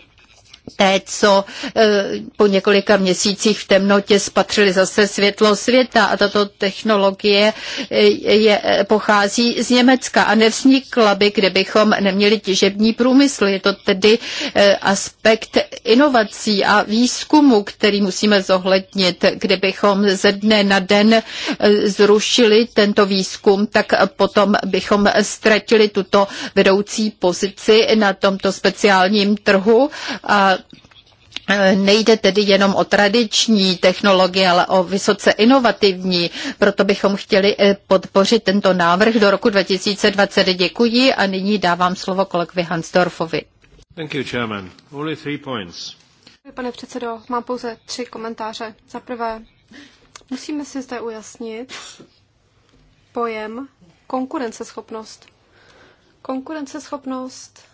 té, co e, po několika měsících v temnotě spatřili zase světlo světa a tato technologie e, je, e, pochází z Německa a nevznikla by, kdybychom neměli těžební průmysl. Je to tedy aspekt inovací a výzkumu, který musíme zohlednit. Kdybychom ze dne na den zrušili tento výzkum, tak potom bychom ztratili tuto vedoucí pozici na tomto speciálním trhu a Nejde tedy jenom o tradiční technologie, ale o vysoce inovativní. Proto bychom chtěli eh, podpořit tento návrh do roku 2020. Děkuji a nyní dávám slovo kolegovi Hansdorfovi. Thank you, Chairman. Only three points. Pane předsedo, mám pouze tři komentáře. Za prvé, musíme si zde ujasnit pojem konkurenceschopnost. Konkurenceschopnost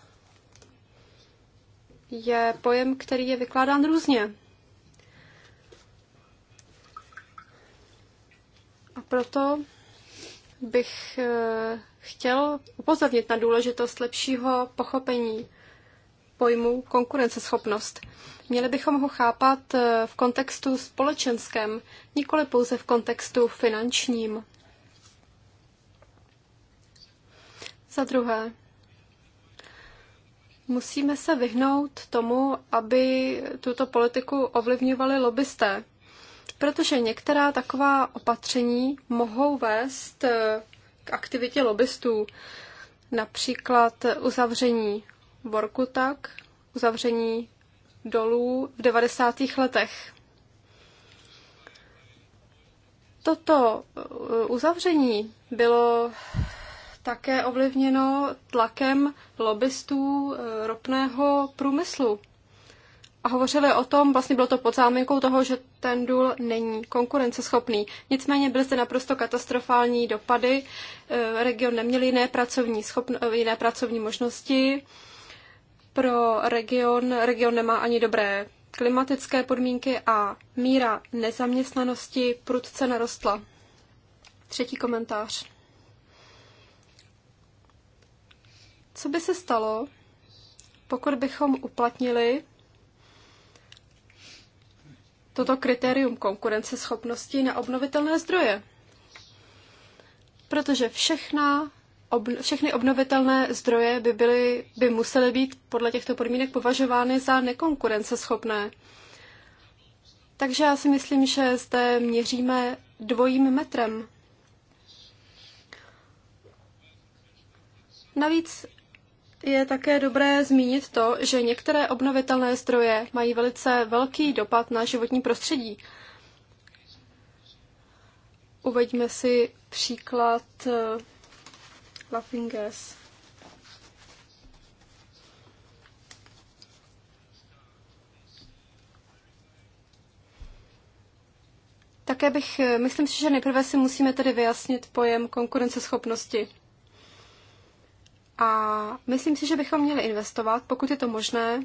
je pojem, který je vykládán různě. A proto bych eh, chtěl upozornit na důležitost lepšího pochopení pojmu konkurenceschopnost. Měli bychom ho chápat eh, v kontextu společenském, nikoli pouze v kontextu finančním. Za druhé, Musíme se vyhnout tomu, aby tuto politiku ovlivňovali lobbysté, protože některá taková opatření mohou vést eh, k aktivitě lobbystů, například uzavření Borkutak, uzavření dolů v 90. letech. Toto eh, uzavření bylo také ovlivněno tlakem lobbystů eh, ropného průmyslu. A hovořili o tom, vlastně bylo to pod záminkou toho, že ten důl není konkurenceschopný. Nicméně byly zde naprosto katastrofální dopady. Eh, region neměl jiné pracovní, schopno, eh, jiné pracovní možnosti. Pro region, region nemá ani dobré klimatické podmínky a míra nezaměstnanosti prudce narostla. Třetí komentář. Co by se stalo, pokud bychom uplatnili toto kritérium konkurenceschopnosti na obnovitelné zdroje? Protože všechna obno, všechny obnovitelné zdroje by, byly, by musely být podle těchto podmínek považovány za nekonkurenceschopné. Takže já si myslím, že zde měříme dvojím metrem. Navíc je také dobré zmínit to, že některé obnovitelné zdroje mají velice velký dopad na životní prostředí. Uveďme si příklad eh, laughing gas. Také bych, eh, myslím si, že nejprve si musíme tedy vyjasnit pojem konkurenceschopnosti. A myslím si, že bychom měli investovat, pokud je to možné,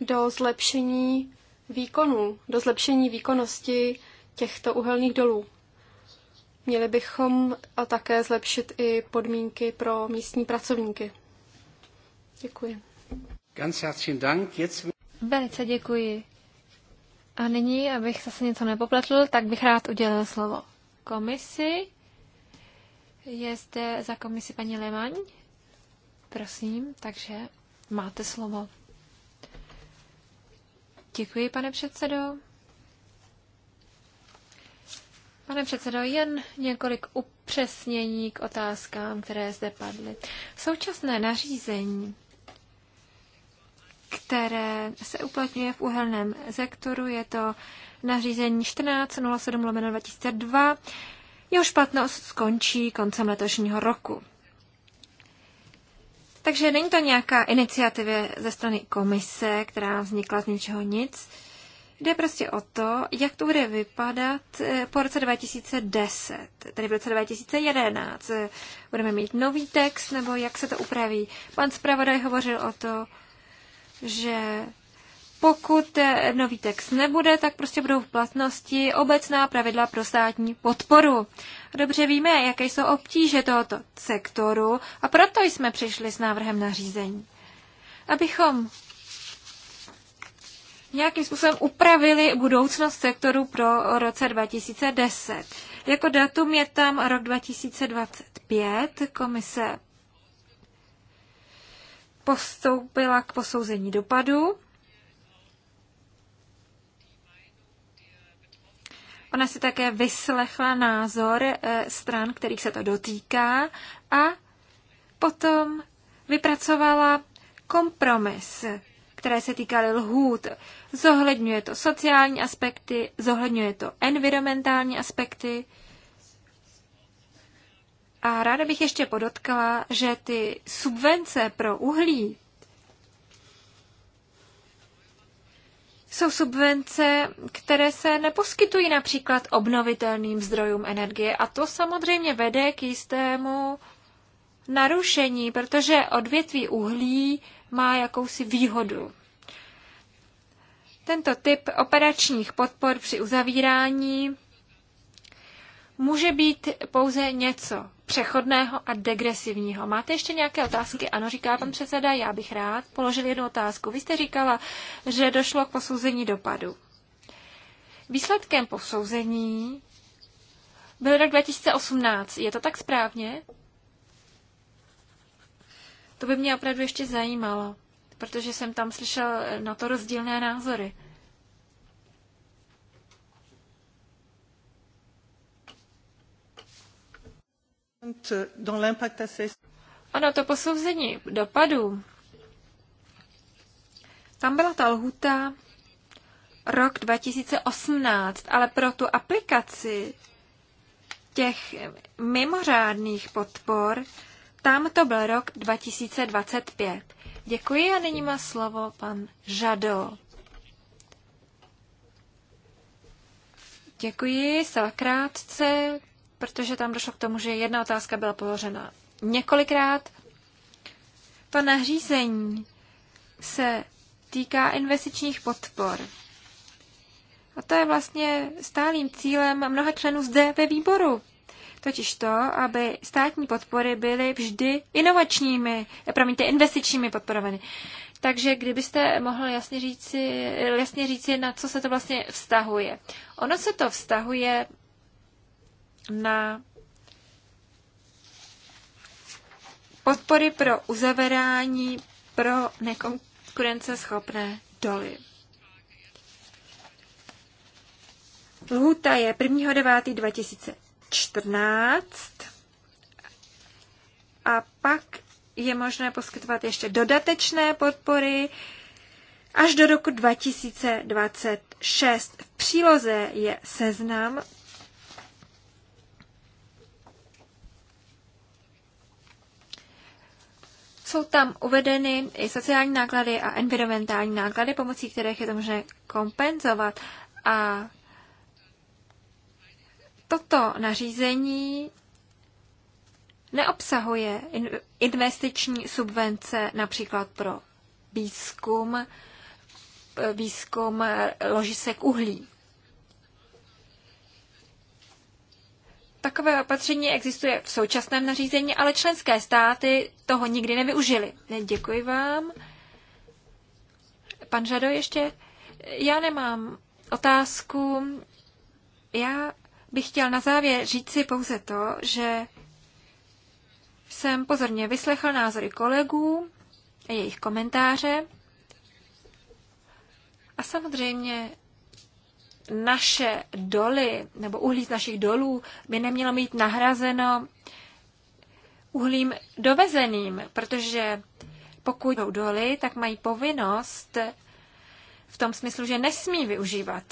do zlepšení výkonu, do zlepšení výkonnosti těchto uhelných dolů. Měli bychom a také zlepšit i podmínky pro místní pracovníky. Děkuji. Ganz herzlichen Dank. Jetzt... Velice děkuji. A nyní, abych zase něco nepopletl, tak bych rád udělal slovo komisi. Je zde za komisi paní Lemaň? Prosím, takže máte slovo. Děkuji, pane předsedo. Pane předsedo, jen několik upřesnění k otázkám, které zde padly. Současné nařízení, které se uplatňuje v uhelném sektoru, je to nařízení 1407 2002, jeho špatnost skončí koncem letošního roku. Takže není to nějaká iniciativa ze strany komise, která vznikla z ničeho nic. Jde prostě o to, jak to bude vypadat eh, po roce 2010, tedy v roce 2011. Budeme mít nový text, nebo jak se to upraví. Pan zpravodaj hovořil o to, že pokud eh, nový text nebude, tak prostě budou v platnosti obecná pravidla pro státní podporu. Dobře víme, jaké jsou obtíže tohoto sektoru a proto jsme přišli s návrhem nařízení. Abychom nějakým způsobem upravili budoucnost sektoru pro roce 2010. Jako datum je tam rok 2025. Komise postoupila k posouzení dopadu Ona si také vyslechla názor eh, stran, kterých se to dotýká a potom vypracovala kompromis, které se týkaly lhůt. Zohledňuje to sociální aspekty, zohledňuje to environmentální aspekty. A ráda bych ještě podotkala, že ty subvence pro uhlí jsou subvence, které se neposkytují například obnovitelným zdrojům energie. A to samozřejmě vede k jistému narušení, protože odvětví uhlí má jakousi výhodu. Tento typ operačních podpor při uzavírání může být pouze něco přechodného a degresivního. Máte ještě nějaké otázky? Ano, říká pan předseda, já bych rád položil jednu otázku. Vy jste říkala, že došlo k posouzení dopadu. Výsledkem posouzení byl rok 2018. Je to tak správně? To by mě opravdu ještě zajímalo, protože jsem tam slyšel na to rozdílné názory. Ano, to posouzení dopadu. Tam byla ta lhuta rok 2018, ale pro tu aplikaci těch mimořádných podpor, tam to byl rok 2025. Děkuji a nyní má slovo pan Žado. Děkuji, zcela krátce protože tam došlo k tomu, že jedna otázka byla položena několikrát. To nařízení se týká investičních podpor. A to je vlastně stálým cílem mnoha členů zde ve výboru. Totiž to, aby státní podpory byly vždy inovačními, eh, promiňte, investičními podporovany. Takže kdybyste mohl jasně říci, jasně říci, na co se to vlastně vztahuje. Ono se to vztahuje na podpory pro uzavírání pro nekonkurenceschopné doly. Lhuta je 1.9.2014 a pak je možné poskytovat ještě dodatečné podpory až do roku 2026. V příloze je seznam Jsou tam uvedeny i sociální náklady a environmentální náklady, pomocí kterých je to možné kompenzovat. A toto nařízení neobsahuje investiční subvence například pro výzkum, výzkum ložisek uhlí. Takové opatření existuje v současném nařízení, ale členské státy toho nikdy nevyužili. Děkuji vám. Pan Žado, ještě já nemám otázku. Já bych chtěl na závěr říct si pouze to, že jsem pozorně vyslechl názory kolegů a jejich komentáře. A samozřejmě naše doly nebo uhlí z našich dolů by nemělo mít nahrazeno uhlím dovezeným, protože pokud jsou doly, tak mají povinnost v tom smyslu, že nesmí využívat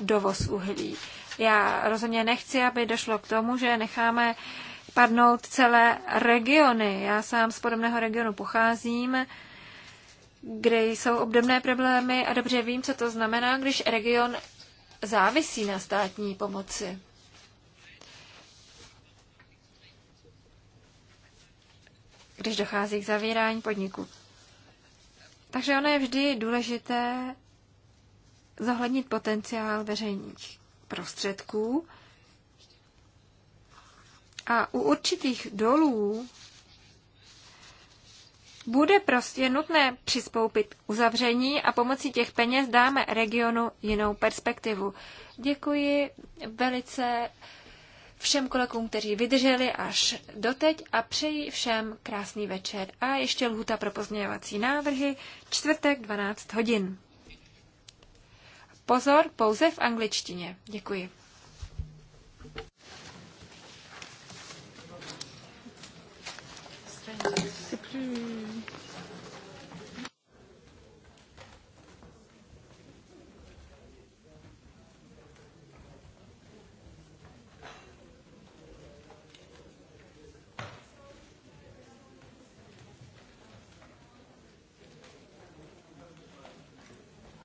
dovoz uhlí. Já rozhodně nechci, aby došlo k tomu, že necháme padnout celé regiony. Já sám z podobného regionu pocházím, kde jsou obdobné problémy a dobře vím, co to znamená, když region závisí na státní pomoci. když dochází k zavírání podniku. Takže ono je vždy důležité zohlednit potenciál veřejných prostředků a u určitých dolů bude prostě nutné přispoupit k uzavření a pomocí těch peněz dáme regionu jinou perspektivu. Děkuji velice všem kolegům, kteří vydrželi až doteď a přeji všem krásný večer. A ještě lhuta pro pozměňovací návrhy, čtvrtek 12 hodin. Pozor, pouze v angličtině. Děkuji. C'est plus...